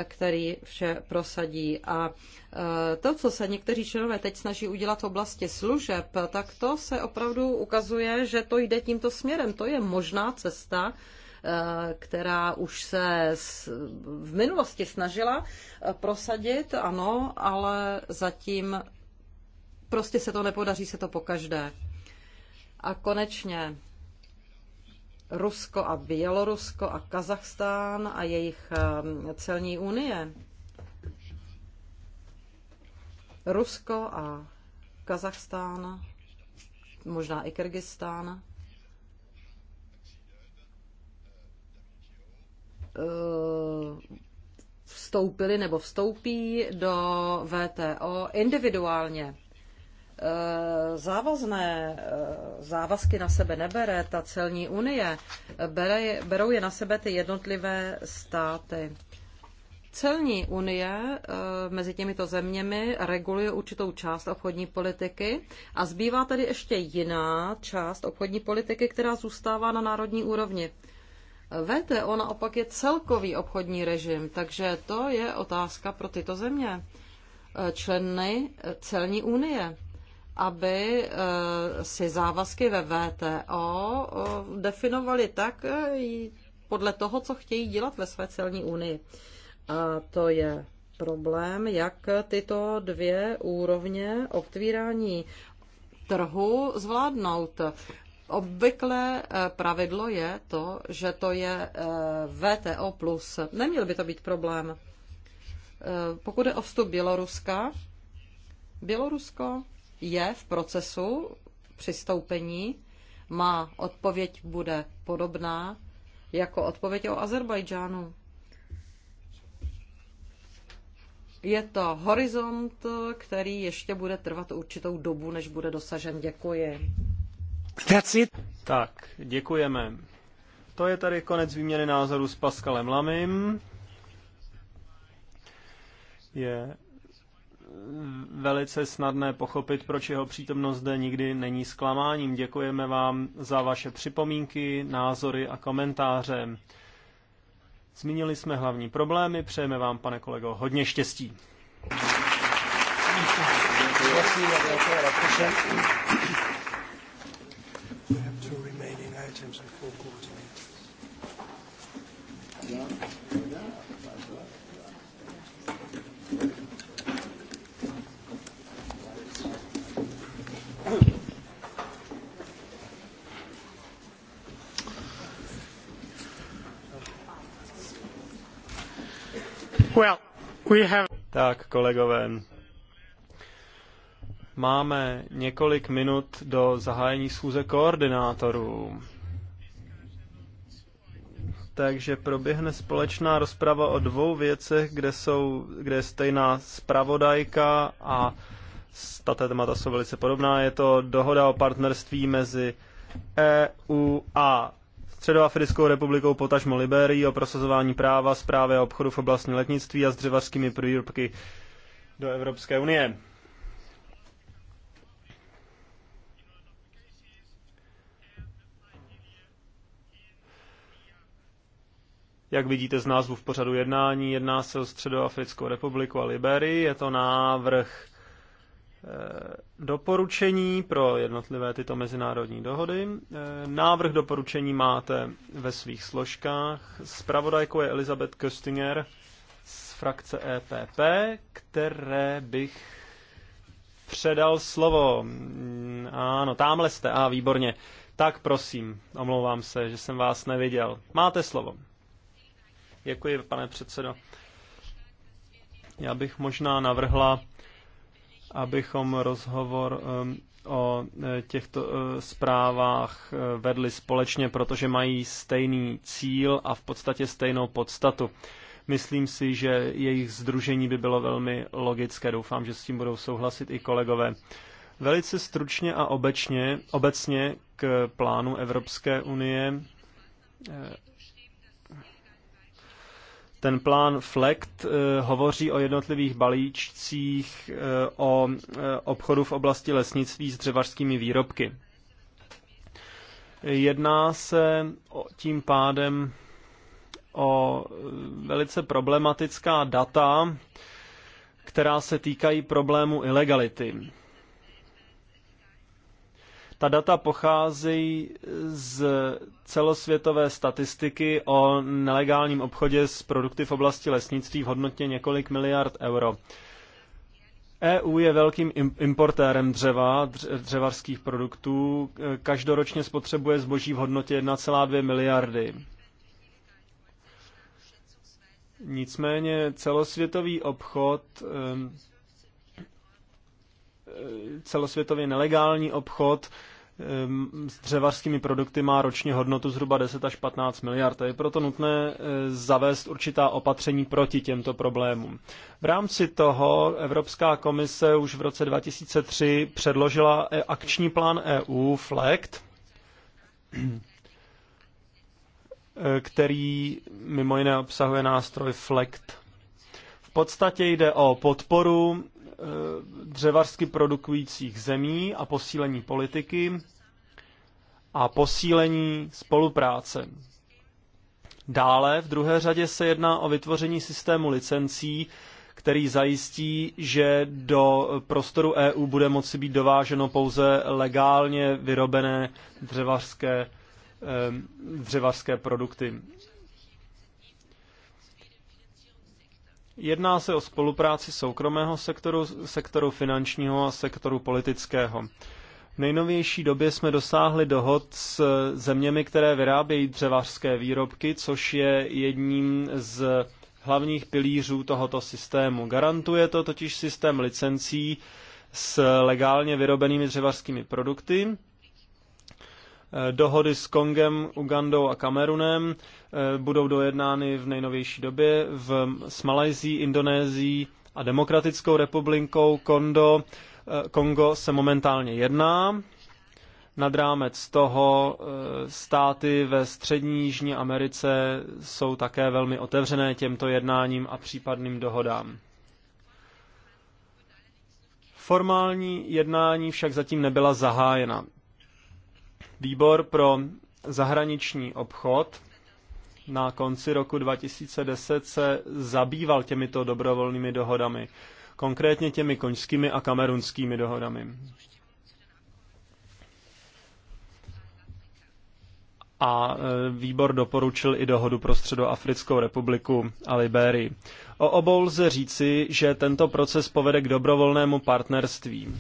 který vše prosadí. A e, to, co se někteří členové teď snaží udělat v oblasti služeb, tak to se opravdu ukazuje, že to jde tímto směrem. To je možná cesta, e, která už se v minulosti snažila e, prosadit, ano, ale zatím prostě se to nepodaří, se to pokaždé. A konečně Rusko a Bělorusko a Kazachstán a jejich ehm, celní unie. Rusko a Kazachstán, možná i Kyrgyzstán. Ehm, vstoupili nebo vstoupí do VTO individuálně. Eh, závazné eh, závazky na sebe nebere ta celní unie, bere, berou je na sebe ty jednotlivé státy. Celní unie eh, mezi těmito zeměmi reguluje určitou část obchodní politiky a zbývá tady ještě jiná část obchodní politiky, která zůstává na národní úrovni. VTO naopak je celkový obchodní režim, takže to je otázka pro tyto země, členy celní unie aby eh, si závazky ve VTO eh, definovali tak eh, podle toho, co chtějí dělat ve své celní unii. A to je problém, jak tyto dvě úrovně otvírání trhu zvládnout. Obvykle pravidlo je to, že to je VTO+. Neměl by to být problém. Pokud je o vstup Běloruska, Bělorusko je v procesu přistoupení. Má odpověď bude podobná jako odpověď o Azerbajdžánu. Je to horizont, který ještě bude trvat určitou dobu, než bude dosažen. Děkuji. That's it. Tak, děkujeme. To je tady konec výměny názoru s Paskalem Lamim. Je velice snadné pochopit, proč jeho přítomnost zde nikdy není zklamáním. Děkujeme vám za vaše připomínky, názory a komentáře. Zmínili jsme hlavní problémy, přejeme vám, pane kolego, hodně štěstí. Yeah. Tak, kolegové, máme několik minut do zahájení schůze koordinátorů. Takže proběhne společná rozprava o dvou věcech, kde, jsou, kde je stejná zpravodajka a ta témata jsou velice podobná. Je to dohoda o partnerství mezi EU a Středoafrickou republikou potažmo Liberii o prosazování práva, zprávy a obchodu v oblasti letnictví a s dřevařskými výrobky do Evropské unie. Jak vidíte z názvu v pořadu jednání, jedná se o Středoafrickou republiku a Liberii. Je to návrh Eh, doporučení pro jednotlivé tyto mezinárodní dohody. Eh, návrh doporučení máte ve svých složkách. Spravodajkou je Elizabeth Köstinger z frakce EPP, které bych předal slovo. Ano, mm, tamhle jste. A, výborně. Tak prosím, omlouvám se, že jsem vás neviděl. Máte slovo. Děkuji, pane předsedo. Já bych možná navrhla, abychom rozhovor o e, těchto e, zprávách e, vedli společně, protože mají stejný cíl a v podstatě stejnou podstatu. Myslím si, že jejich združení by bylo velmi logické. Doufám, že s tím budou souhlasit i kolegové. Velice stručně a obecně, obecně k plánu Evropské unie ten plán FLECT eh, hovoří o jednotlivých balíčcích eh, o eh, obchodu v oblasti lesnictví s dřevařskými výrobky. Jedná se tím pádem o velice problematická data, která se týkají problému ilegality. Ta data pocházejí z celosvětové statistiky o nelegálním obchodě s produkty v oblasti lesnictví v hodnotě několik miliard euro. EU je velkým importérem dřeva, dřevarských produktů. Každoročně spotřebuje zboží v hodnotě 1,2 miliardy. Nicméně celosvětový obchod, celosvětově nelegální obchod Ehm, s dřevařskými produkty má roční hodnotu zhruba 10 až 15 miliard a je proto nutné eh, zavést určitá opatření proti těmto problémům. V rámci toho Evropská komise už v roce 2003 předložila eh, akční plán EU FLECT, eh, který mimo jiné obsahuje nástroj FLECT. V podstatě jde o podporu Eh, dřevařsky produkujících zemí a posílení politiky a posílení spolupráce. Dále v druhé řadě se jedná o vytvoření systému licencí, který zajistí, že do prostoru EU bude moci být dováženo pouze legálně vyrobené dřevařské, eh, dřevařské produkty. Jedná se o spolupráci soukromého sektoru, sektoru finančního a sektoru politického. V nejnovější době jsme dosáhli dohod s zeměmi, které vyrábějí dřevařské výrobky, což je jedním z hlavních pilířů tohoto systému. Garantuje to totiž systém licencí s legálně vyrobenými dřevařskými produkty, Eh, dohody s Kongem, Ugandou a Kamerunem eh, budou dojednány v nejnovější době v, s Malajzí, Indonésií a Demokratickou republikou Kondo, eh, Kongo se momentálně jedná. Nad rámec toho státy ve střední Jižní Americe jsou také velmi otevřené těmto jednáním a případným dohodám. Formální jednání však zatím nebyla zahájena. Výbor pro zahraniční obchod na konci roku 2010 se zabýval těmito dobrovolnými dohodami, konkrétně těmi koňskými a kamerunskými dohodami. a e, výbor doporučil i dohodu pro Středoafrickou republiku a Libérii. O obou lze říci, že tento proces povede k dobrovolnému partnerství.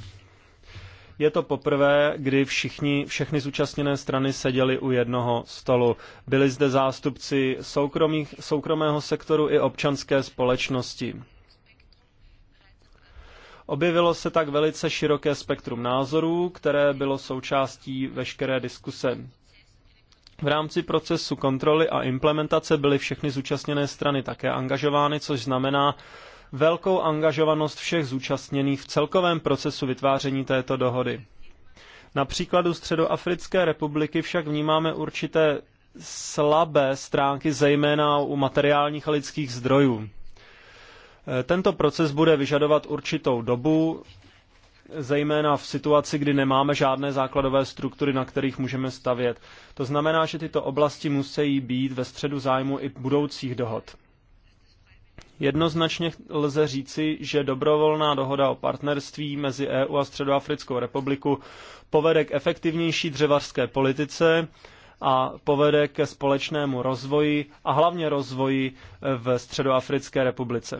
Je to poprvé, kdy všichni, všechny zúčastněné strany seděly u jednoho stolu. Byli zde zástupci soukromých, soukromého sektoru i občanské společnosti. Objevilo se tak velice široké spektrum názorů, které bylo součástí veškeré diskuse. V rámci procesu kontroly a implementace byly všechny zúčastněné strany také angažovány, což znamená, velkou angažovanost všech zúčastněných v celkovém procesu vytváření této dohody. Na příkladu Středoafrické republiky však vnímáme určité slabé stránky, zejména u materiálních a lidských zdrojů. E, tento proces bude vyžadovat určitou dobu, zejména v situaci, kdy nemáme žádné základové struktury, na kterých můžeme stavět. To znamená, že tyto oblasti musí být ve středu zájmu i budoucích dohod. Jednoznačně lze říci, že dobrovolná dohoda o partnerství mezi EU a Středoafrickou republiku povede k efektivnější dřevařské politice a povede ke společnému rozvoji a hlavně rozvoji v Středoafrické republice.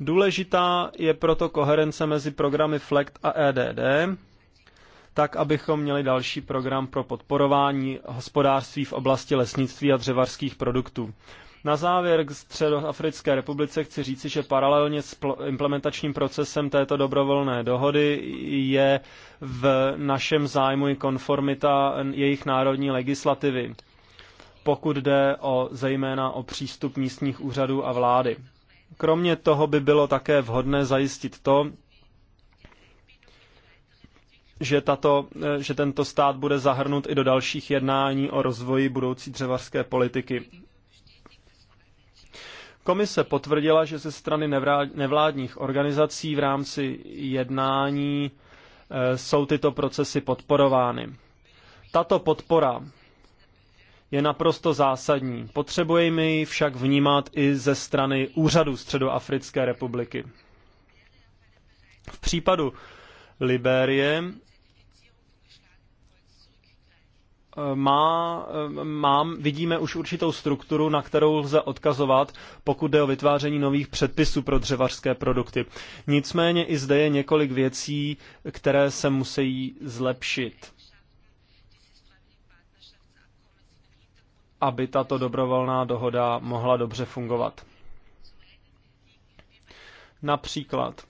Důležitá je proto koherence mezi programy FLECT a EDD, tak abychom měli další program pro podporování hospodářství v oblasti lesnictví a dřevařských produktů. Na závěr k Středoafrické republice chci říci, že paralelně s implementačním procesem této dobrovolné dohody je v našem zájmu i konformita jejich národní legislativy, pokud jde o zejména o přístup místních úřadů a vlády. Kromě toho by bylo také vhodné zajistit to, že, tato, že tento stát bude zahrnut i do dalších jednání o rozvoji budoucí dřevařské politiky Komise potvrdila, že ze strany nevládních organizací v rámci jednání eh, jsou tyto procesy podporovány. Tato podpora je naprosto zásadní. Potřebujeme ji však vnímat i ze strany úřadu Středoafrické republiky. V případu Liberie má, mám, vidíme už určitou strukturu, na kterou lze odkazovat, pokud jde o vytváření nových předpisů pro dřevařské produkty. Nicméně i zde je několik věcí, které se musí zlepšit. aby tato dobrovolná dohoda mohla dobře fungovat. Například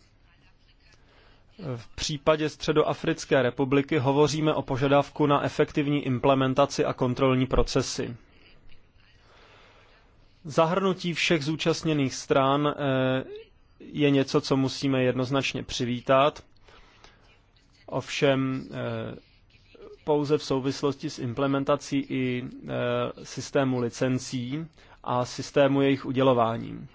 v případě Středoafrické republiky hovoříme o požadavku na efektivní implementaci a kontrolní procesy. Zahrnutí všech zúčastněných stran eh, je něco, co musíme jednoznačně přivítat. Ovšem eh, pouze v souvislosti s implementací i eh, systému licencí a systému jejich udělování.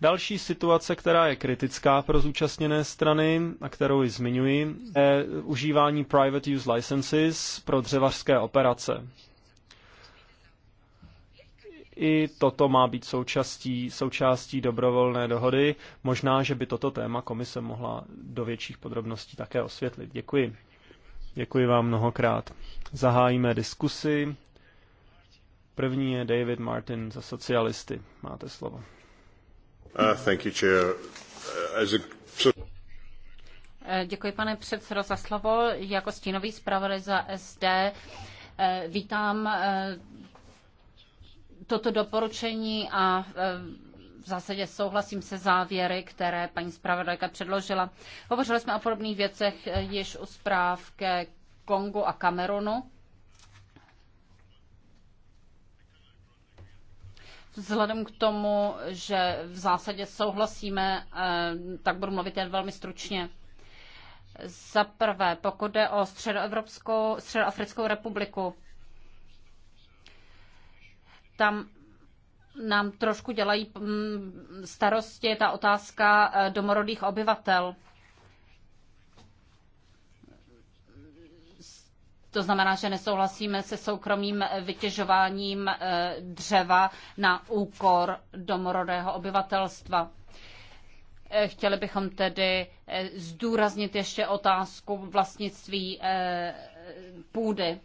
Další situace, která je kritická pro zúčastněné strany a kterou ji zmiňuji, je užívání private use licenses pro dřevařské operace. I toto má být součástí, součástí dobrovolné dohody. Možná, že by toto téma komise mohla do větších podrobností také osvětlit. Děkuji. Děkuji vám mnohokrát. Zahájíme diskusi. První je David Martin za socialisty. Máte slovo. Uh, uh, eh, pane předsedo, za slovo. Jako stínový zpravodaj za SD eh, vítám eh, toto doporučení a v zásadě souhlasím se závěry, které paní zpravodajka předložila. Hovořili jsme o podobných věcech již u zpráv ke Kongu a Kamerunu. Vzhledem k tomu, že v zásadě souhlasíme, eh, tak budu mluvit jen velmi stručně. Za prvé, pokud jde o Středoevropskou, Středoafrickou republiku, tam nám trošku dělají mm, starosti ta otázka eh, domorodých obyvatel. To znamená, že nesouhlasíme se soukromým vytěžováním eh, dřeva na úkor domorodého obyvatelstva. Eh, chtěli bychom tedy eh, zdůraznit ještě otázku vlastnictví půdy.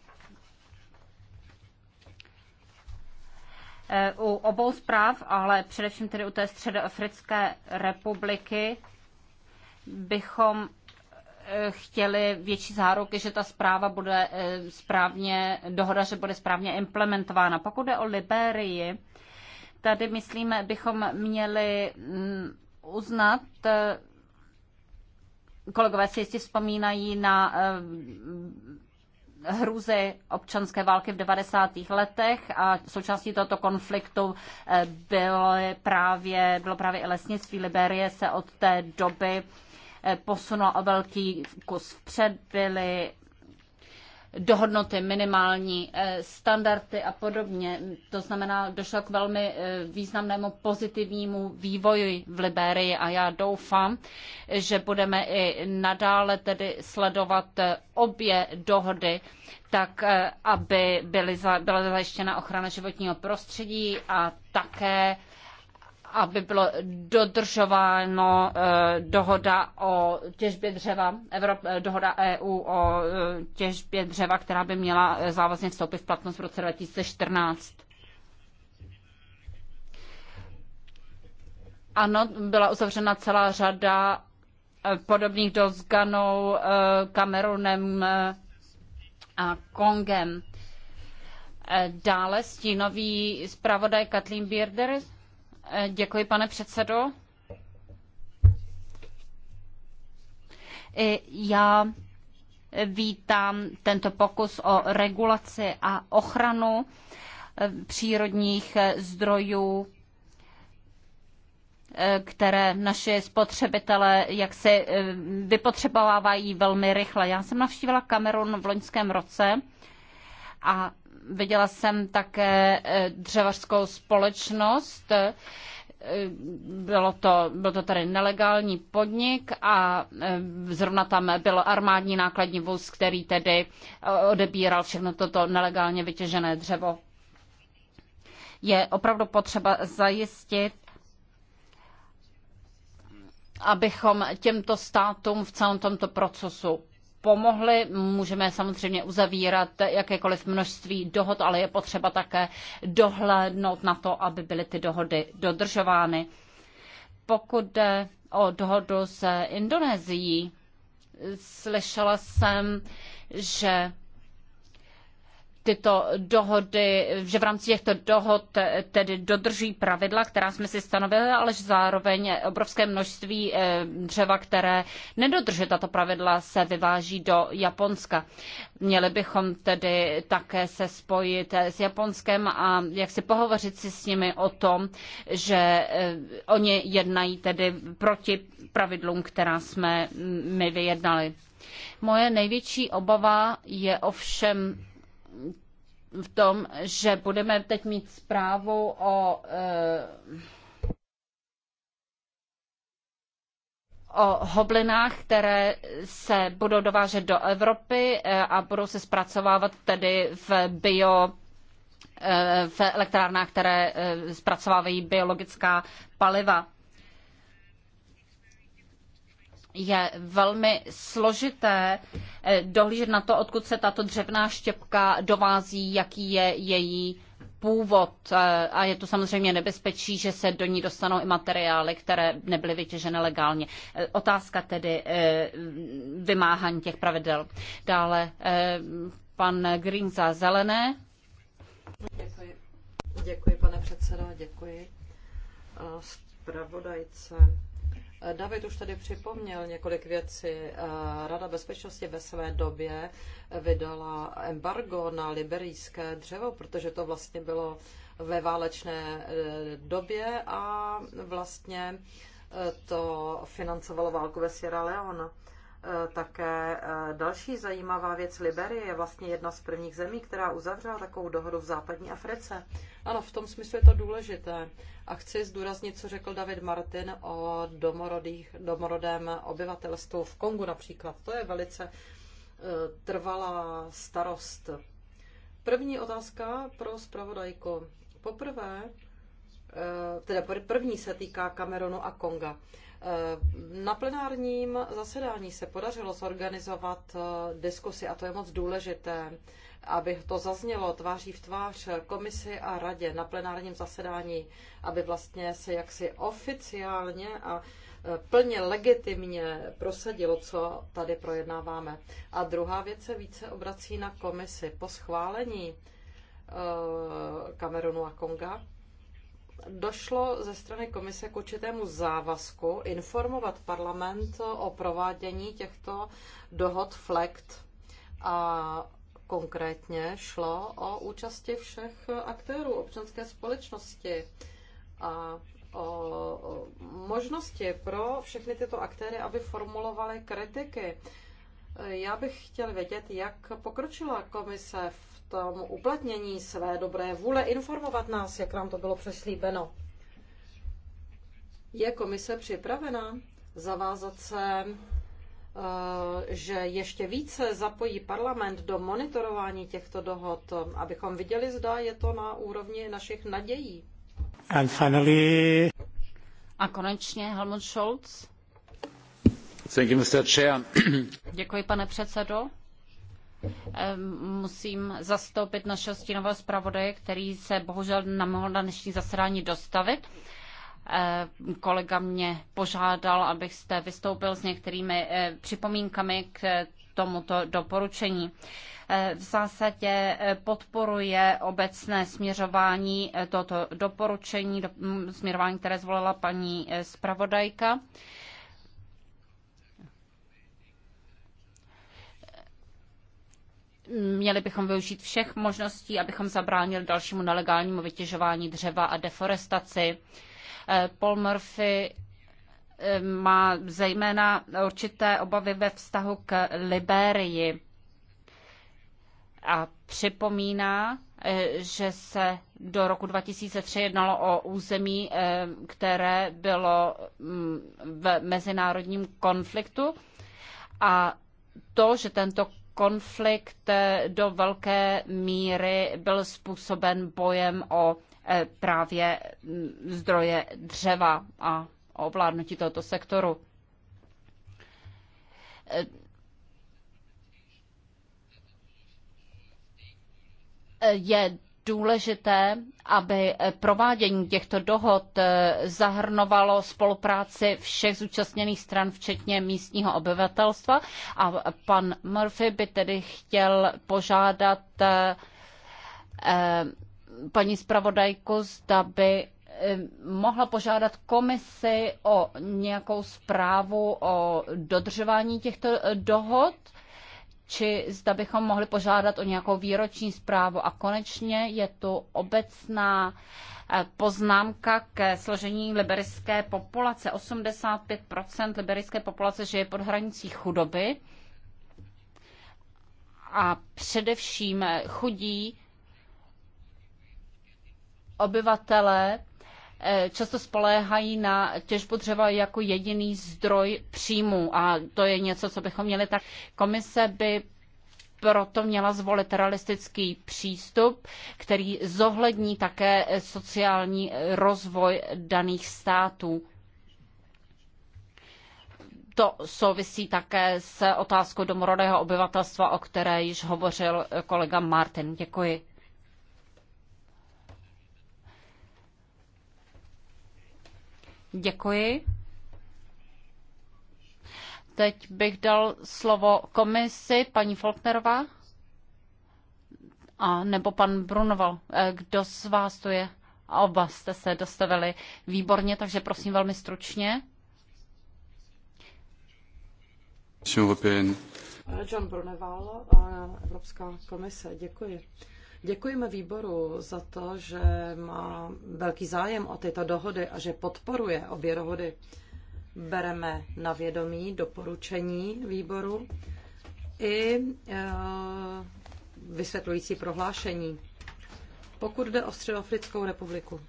U obou zpráv, ale především tedy u té Středoafrické republiky, bychom chtěli větší záruky, že ta zpráva bude eh, správně, dohoda, že bude správně implementována. Pokud jde o Liberii, tady myslíme, bychom měli mm, uznat, eh, kolegové si jistě vzpomínají na eh, hrůzy občanské války v 90. letech a součástí tohoto konfliktu bylo právě, bylo právě i lesnictví. Liberie se od té doby Eh, posunula o velký kus vpřed, byly dohodnuty minimální eh, standardy a podobně. To znamená, došlo k velmi eh, významnému pozitivnímu vývoji v Liberii a já doufám, že budeme i nadále tedy sledovat obě dohody, tak aby byly, byla zajištěna ochrana životního prostředí a také aby bylo dodržováno eh, dohoda o těžbě dřeva, Evrop, eh, dohoda EU o eh, těžbě dřeva, která by měla závazně vstoupit v platnost v roce 2014. Ano, byla uzavřena celá řada podobných do s Ganou, Kamerunem a Kongem. Dále stínový zpravodaj Katlin Bierder Eh, děkuji, pane předsedo. Já vítám tento pokus o regulaci a ochranu eh, přírodních eh, zdrojů, které naši spotřebitelé jak se vypotřebovávají velmi rychle. Já jsem navštívila Kamerun v loňském roce a Viděla jsem také eh, dřevařskou společnost. Eh, bylo to, byl to tady nelegální podnik a eh, zrovna tam byl armádní nákladní vůz, který tedy odebíral všechno toto nelegálně vytěžené dřevo. Je opravdu potřeba zajistit, abychom těmto státům v celém tomto procesu pomohli. Můžeme samozřejmě uzavírat jakékoliv množství dohod, ale je potřeba také dohlédnout na to, aby byly ty dohody dodržovány. Pokud jde o dohodu s Indonésií, slyšela jsem, že tyto dohody, že v rámci těchto dohod tedy dodrží pravidla, která jsme si stanovili, ale že zároveň obrovské množství eh, dřeva, které nedodržuje tato pravidla, se vyváží do Japonska. Měli bychom tedy také se spojit eh, s Japonskem a jak si pohovořit si s nimi o tom, že eh, oni jednají tedy proti pravidlům, která jsme mm, my vyjednali. Moje největší obava je ovšem v tom, že budeme teď mít zprávu o, eh, o hoblinách, které se budou dovážet do Evropy eh, a budou se zpracovávat tedy v bio eh, v elektrárnách, které zpracovávají biologická paliva je velmi složité eh, dohlížet na to, odkud se tato dřevná štěpka dovází, jaký je její původ eh, a je to samozřejmě nebezpečí, že se do ní dostanou i materiály, které nebyly vytěžené legálně. Eh, otázka tedy vymáhání těch pravidel. Dále pan Green za zelené. Děkuji. Děkuji, pane předsedo, děkuji. Spravodajce David už tady připomněl několik věcí. Eh, Rada bezpečnosti ve své době vydala embargo na liberijské dřevo, protože to vlastně bylo ve válečné eh, době a vlastně eh, to financovalo válku ve Sierra Leone. Eh, také eh, další zajímavá věc. Liberie je vlastně jedna z prvních zemí, která uzavřela takovou dohodu v západní Africe. Ano, v tom smyslu je to důležité. A chci zdůraznit, co řekl David Martin o domorodých, domorodém obyvatelstvu v Kongu například. To je velice eh, trvalá starost. První otázka pro zpravodajku. Poprvé, teda první se týká Kamerunu a Konga. Eh, na plenárním zasedání se podařilo zorganizovat eh, diskusy a to je moc důležité, aby to zaznělo tváří v tvář komisi a radě na plenárním zasedání, aby vlastně se jaksi oficiálně a eh, plně legitimně prosadilo, co tady projednáváme. A druhá věc se více obrací na komisi. Po schválení Kamerunu a Konga došlo ze strany komise k určitému závazku informovat parlament o provádění těchto dohod FLECT a konkrétně šlo o účasti všech aktérů občanské společnosti a o možnosti pro všechny tyto aktéry, aby formulovali kritiky. Já bych chtěl vědět, jak pokročila komise v tom uplatnění své dobré vůle informovat nás, jak nám to bylo přeslíbeno. Je komise připravena zavázat se, eh, že ještě více zapojí parlament do monitorování těchto dohod, abychom viděli, zda je to na úrovni našich nadějí. And finally... A konečně Helmut Scholz. Thank you, Mr. Chair. Děkuji, pane předsedo musím zastoupit našeho stínového zpravodaje, který se bohužel nemohl na dnešní zasedání dostavit. Kolega mě požádal, abych jste vystoupil s některými eh, připomínkami k tomuto doporučení. Eh, v zásadě eh, podporuje obecné směřování toto doporučení, mm, směřování, které zvolila paní zpravodajka. Měli bychom využít všech možností, abychom zabránili dalšímu nelegálnímu vytěžování dřeva a deforestaci. Eh, Paul Murphy eh, má zejména určité obavy ve vztahu k Liberii a připomíná, eh, že se do roku 2003 jednalo o území, které bylo mm, v mezinárodním konfliktu a to, že tento konflikt eh, do velké míry byl způsoben bojem o eh, právě mm, zdroje dřeva a o ovládnutí tohoto sektoru. Eh, je důležité, aby eh, provádění těchto dohod eh, zahrnovalo spolupráci všech zúčastněných stran, včetně místního obyvatelstva. A pan Murphy by tedy chtěl požádat eh, paní zpravodajku, zda by mohla požádat komisi o nějakou zprávu o dodržování těchto dohod či zda bychom mohli požádat o nějakou výroční zprávu. A konečně je tu obecná eh, poznámka ke složení liberické populace. 85 liberické populace žije pod hranicí chudoby a především chudí obyvatelé Eh, často spoléhají na těžbu dřeva jako jediný zdroj příjmu a to je něco, co bychom měli tak. Komise by proto měla zvolit realistický přístup, který zohlední také sociální rozvoj daných států. To souvisí také s otázkou domorodého obyvatelstva, o které již hovořil kolega Martin. Děkuji. Děkuji. Teď bych dal slovo komisi, paní Folknerová. A nebo pan Brunoval. Eh, kdo z vás tu je? A oba jste se dostavili výborně, takže prosím velmi stručně. John Brunoval, eh, Evropská komise, děkuji. Děkujeme výboru za to, že má velký zájem o tyto dohody a že podporuje obě dohody. Bereme na vědomí doporučení výboru i e, vysvětlující prohlášení. Pokud jde o Středoafrickou republiku.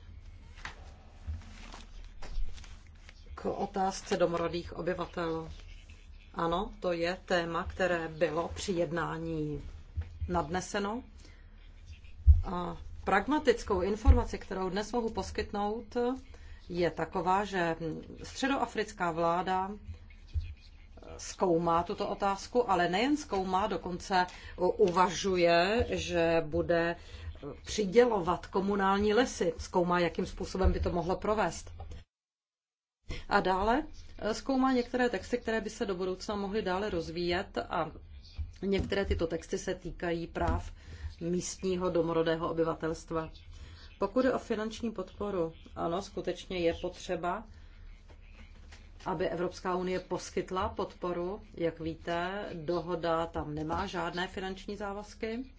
K otázce domorodých obyvatel. Ano, to je téma, které bylo při jednání nadneseno pragmatickou informaci, kterou dnes mohu poskytnout, je taková, že středoafrická vláda zkoumá tuto otázku, ale nejen zkoumá, dokonce uvažuje, že bude přidělovat komunální lesy. Zkoumá, jakým způsobem by to mohlo provést. A dále zkoumá některé texty, které by se do budoucna mohly dále rozvíjet a některé tyto texty se týkají práv místního domorodého obyvatelstva. Pokud je o finanční podporu, ano, skutečně je potřeba, aby Evropská unie poskytla podporu. Jak víte, dohoda tam nemá žádné finanční závazky.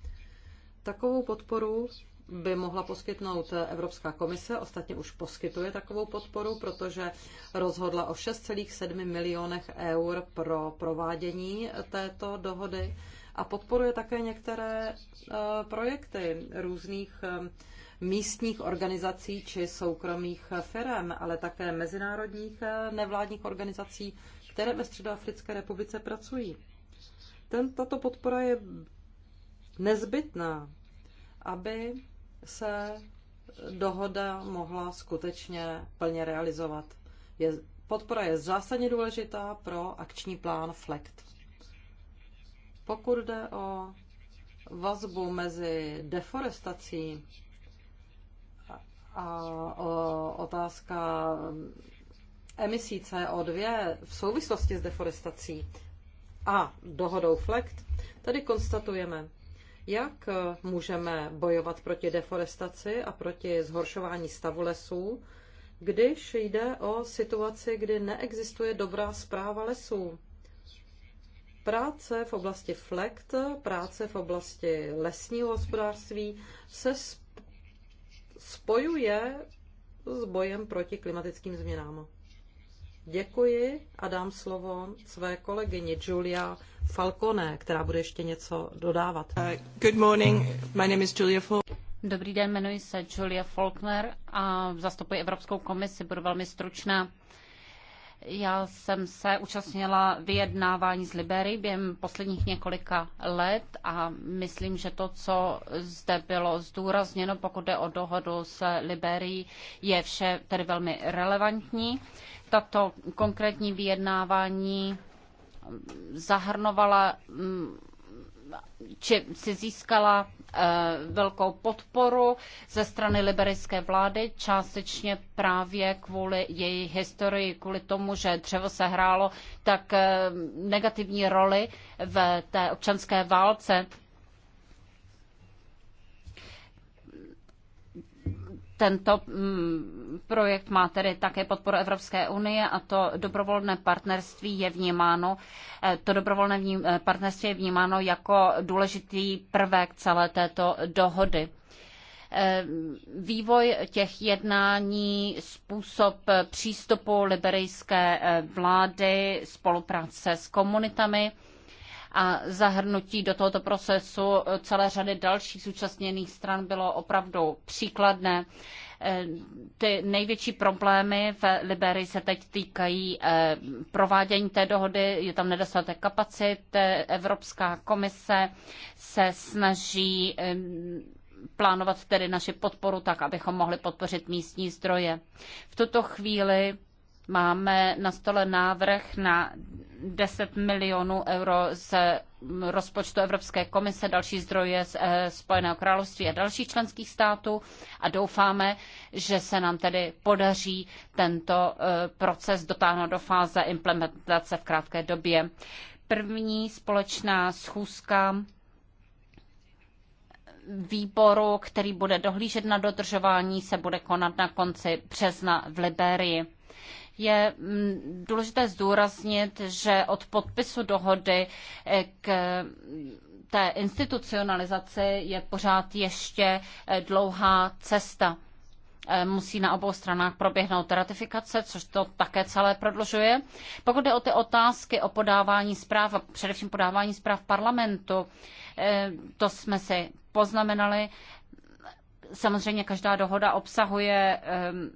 Takovou podporu by mohla poskytnout Evropská komise, ostatně už poskytuje takovou podporu, protože rozhodla o 6,7 milionech eur pro provádění této dohody a podporuje také některé e, projekty různých e, místních organizací či soukromých firm, ale také mezinárodních e, nevládních organizací, které ve Středoafrické republice pracují. tato podpora je nezbytná, aby se dohoda mohla skutečně plně realizovat. Je, podpora je zásadně důležitá pro akční plán FLECT. Pokud jde o vazbu mezi deforestací a otázka emisí CO2 v souvislosti s deforestací a dohodou FLECT, tady konstatujeme, jak můžeme bojovat proti deforestaci a proti zhoršování stavu lesů, když jde o situaci, kdy neexistuje dobrá zpráva lesů. Práce v oblasti flekt, práce v oblasti lesního hospodářství se spojuje s bojem proti klimatickým změnám. Děkuji a dám slovo své kolegyni Julia Falcone, která bude ještě něco dodávat. Uh, good morning, my name is Julia Falcone. Dobrý den, jmenuji se Julia Faulkner a zastupuji Evropskou komisi, budu velmi stručná. Já jsem se účastnila vyjednávání z Libery během posledních několika let a myslím, že to, co zde bylo zdůrazněno, pokud jde o dohodu s Liberií, je vše tedy velmi relevantní. Tato konkrétní vyjednávání mm, zahrnovala mm, či si získala Eh, velkou podporu ze strany liberické vlády, částečně právě kvůli její historii, kvůli tomu, že dřevo se hrálo tak eh, negativní roli v té občanské válce Tento mm, projekt má tedy také podporu Evropské unie a to dobrovolné partnerství je vnímáno, eh, to dobrovolné eh, partnerství je vnímáno jako důležitý prvek celé této dohody eh, vývoj těch jednání, způsob přístupu liberijské vlády, spolupráce s komunitami a zahrnutí do tohoto procesu celé řady dalších zúčastněných stran bylo opravdu příkladné. Eh, ty největší problémy v Liberii se teď týkají eh, provádění té dohody, je tam nedostatek kapacit, eh, Evropská komise se snaží plánovat tedy naši podporu tak, abychom mohli podpořit místní zdroje. V tuto chvíli Máme na stole návrh na 10 milionů euro z rozpočtu Evropské komise, další zdroje z eh, Spojeného království a dalších členských států a doufáme, že se nám tedy podaří tento eh, proces dotáhnout do fáze implementace v krátké době. První společná schůzka výboru, který bude dohlížet na dodržování, se bude konat na konci března v Liberii je mm, důležité zdůraznit, že od podpisu dohody eh, k mm, té institucionalizaci je pořád ještě eh, dlouhá cesta. Eh, musí na obou stranách proběhnout ratifikace, což to také celé prodlužuje. Pokud jde o ty otázky o podávání zpráv, a především podávání zpráv parlamentu, to jsme si poznamenali. Samozřejmě každá dohoda obsahuje ehm,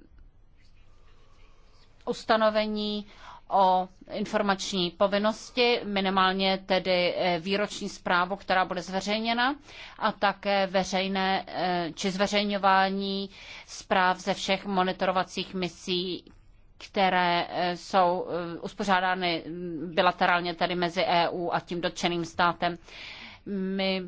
ustanovení o informační povinnosti, minimálně tedy eh, výroční zprávu, která bude zveřejněna, a také veřejné eh, či zveřejňování zpráv ze všech monitorovacích misí, které eh, jsou uspořádány bilaterálně tedy mezi EU a tím dotčeným státem. My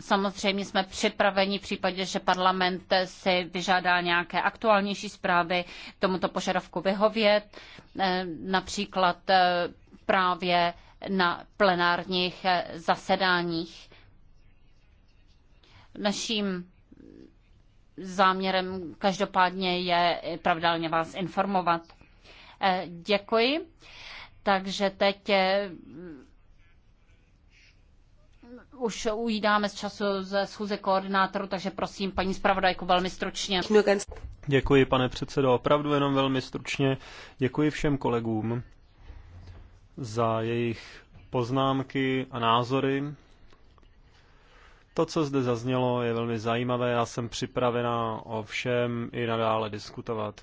samozřejmě jsme připraveni v případě, že parlament si vyžádá nějaké aktuálnější zprávy tomuto požadavku vyhovět, eh, například eh, právě na plenárních eh, zasedáních. Naším záměrem každopádně je pravidelně vás informovat. Děkuji. Takže teď už ujídáme z času ze schůze koordinátoru, takže prosím, paní zpravodajku, velmi stručně. Děkuji, pane předsedo, opravdu jenom velmi stručně. Děkuji všem kolegům za jejich poznámky a názory. To, co zde zaznělo, je velmi zajímavé. Já jsem připravená o všem i nadále diskutovat.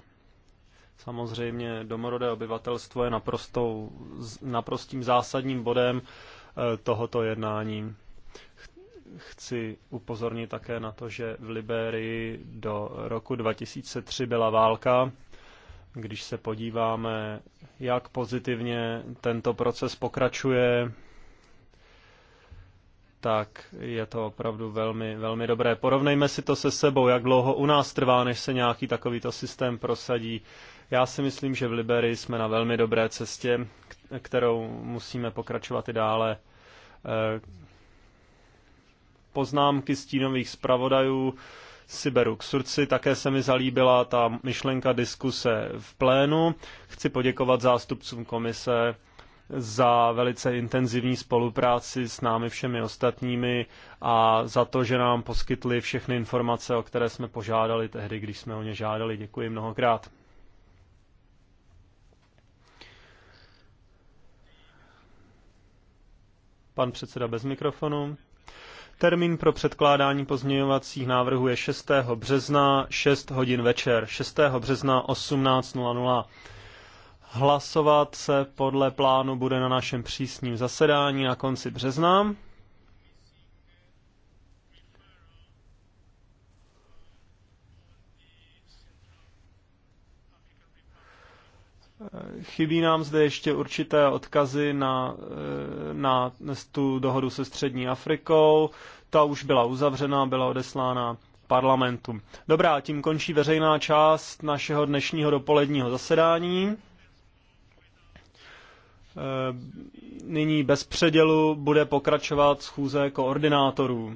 Samozřejmě domorodé obyvatelstvo je naprostou, naprostým zásadním bodem eh, tohoto jednání chci upozornit také na to, že v Liberii do roku 2003 byla válka. Když se podíváme, jak pozitivně tento proces pokračuje, tak je to opravdu velmi, velmi dobré. Porovnejme si to se sebou, jak dlouho u nás trvá, než se nějaký takovýto systém prosadí. Já si myslím, že v Liberii jsme na velmi dobré cestě, kterou musíme pokračovat i dále eh, poznámky stínových zpravodajů si beru k srdci. Také se mi zalíbila ta myšlenka diskuse v plénu. Chci poděkovat zástupcům komise za velice intenzivní spolupráci s námi všemi ostatními a za to, že nám poskytli všechny informace, o které jsme požádali tehdy, když jsme o ně žádali. Děkuji mnohokrát. Pan předseda bez mikrofonu. Termín pro předkládání pozměňovacích návrhů je 6. března 6 hodin večer. 6. března 18.00. Hlasovat se podle plánu bude na našem přísním zasedání na konci března. Chybí nám zde ještě určité odkazy na, eh, na tu dohodu se Střední Afrikou. Ta už byla uzavřena, byla odeslána parlamentu. Dobrá, tím končí veřejná část našeho dnešního dopoledního zasedání. Eh, nyní bez předělu bude pokračovat schůze koordinátorů.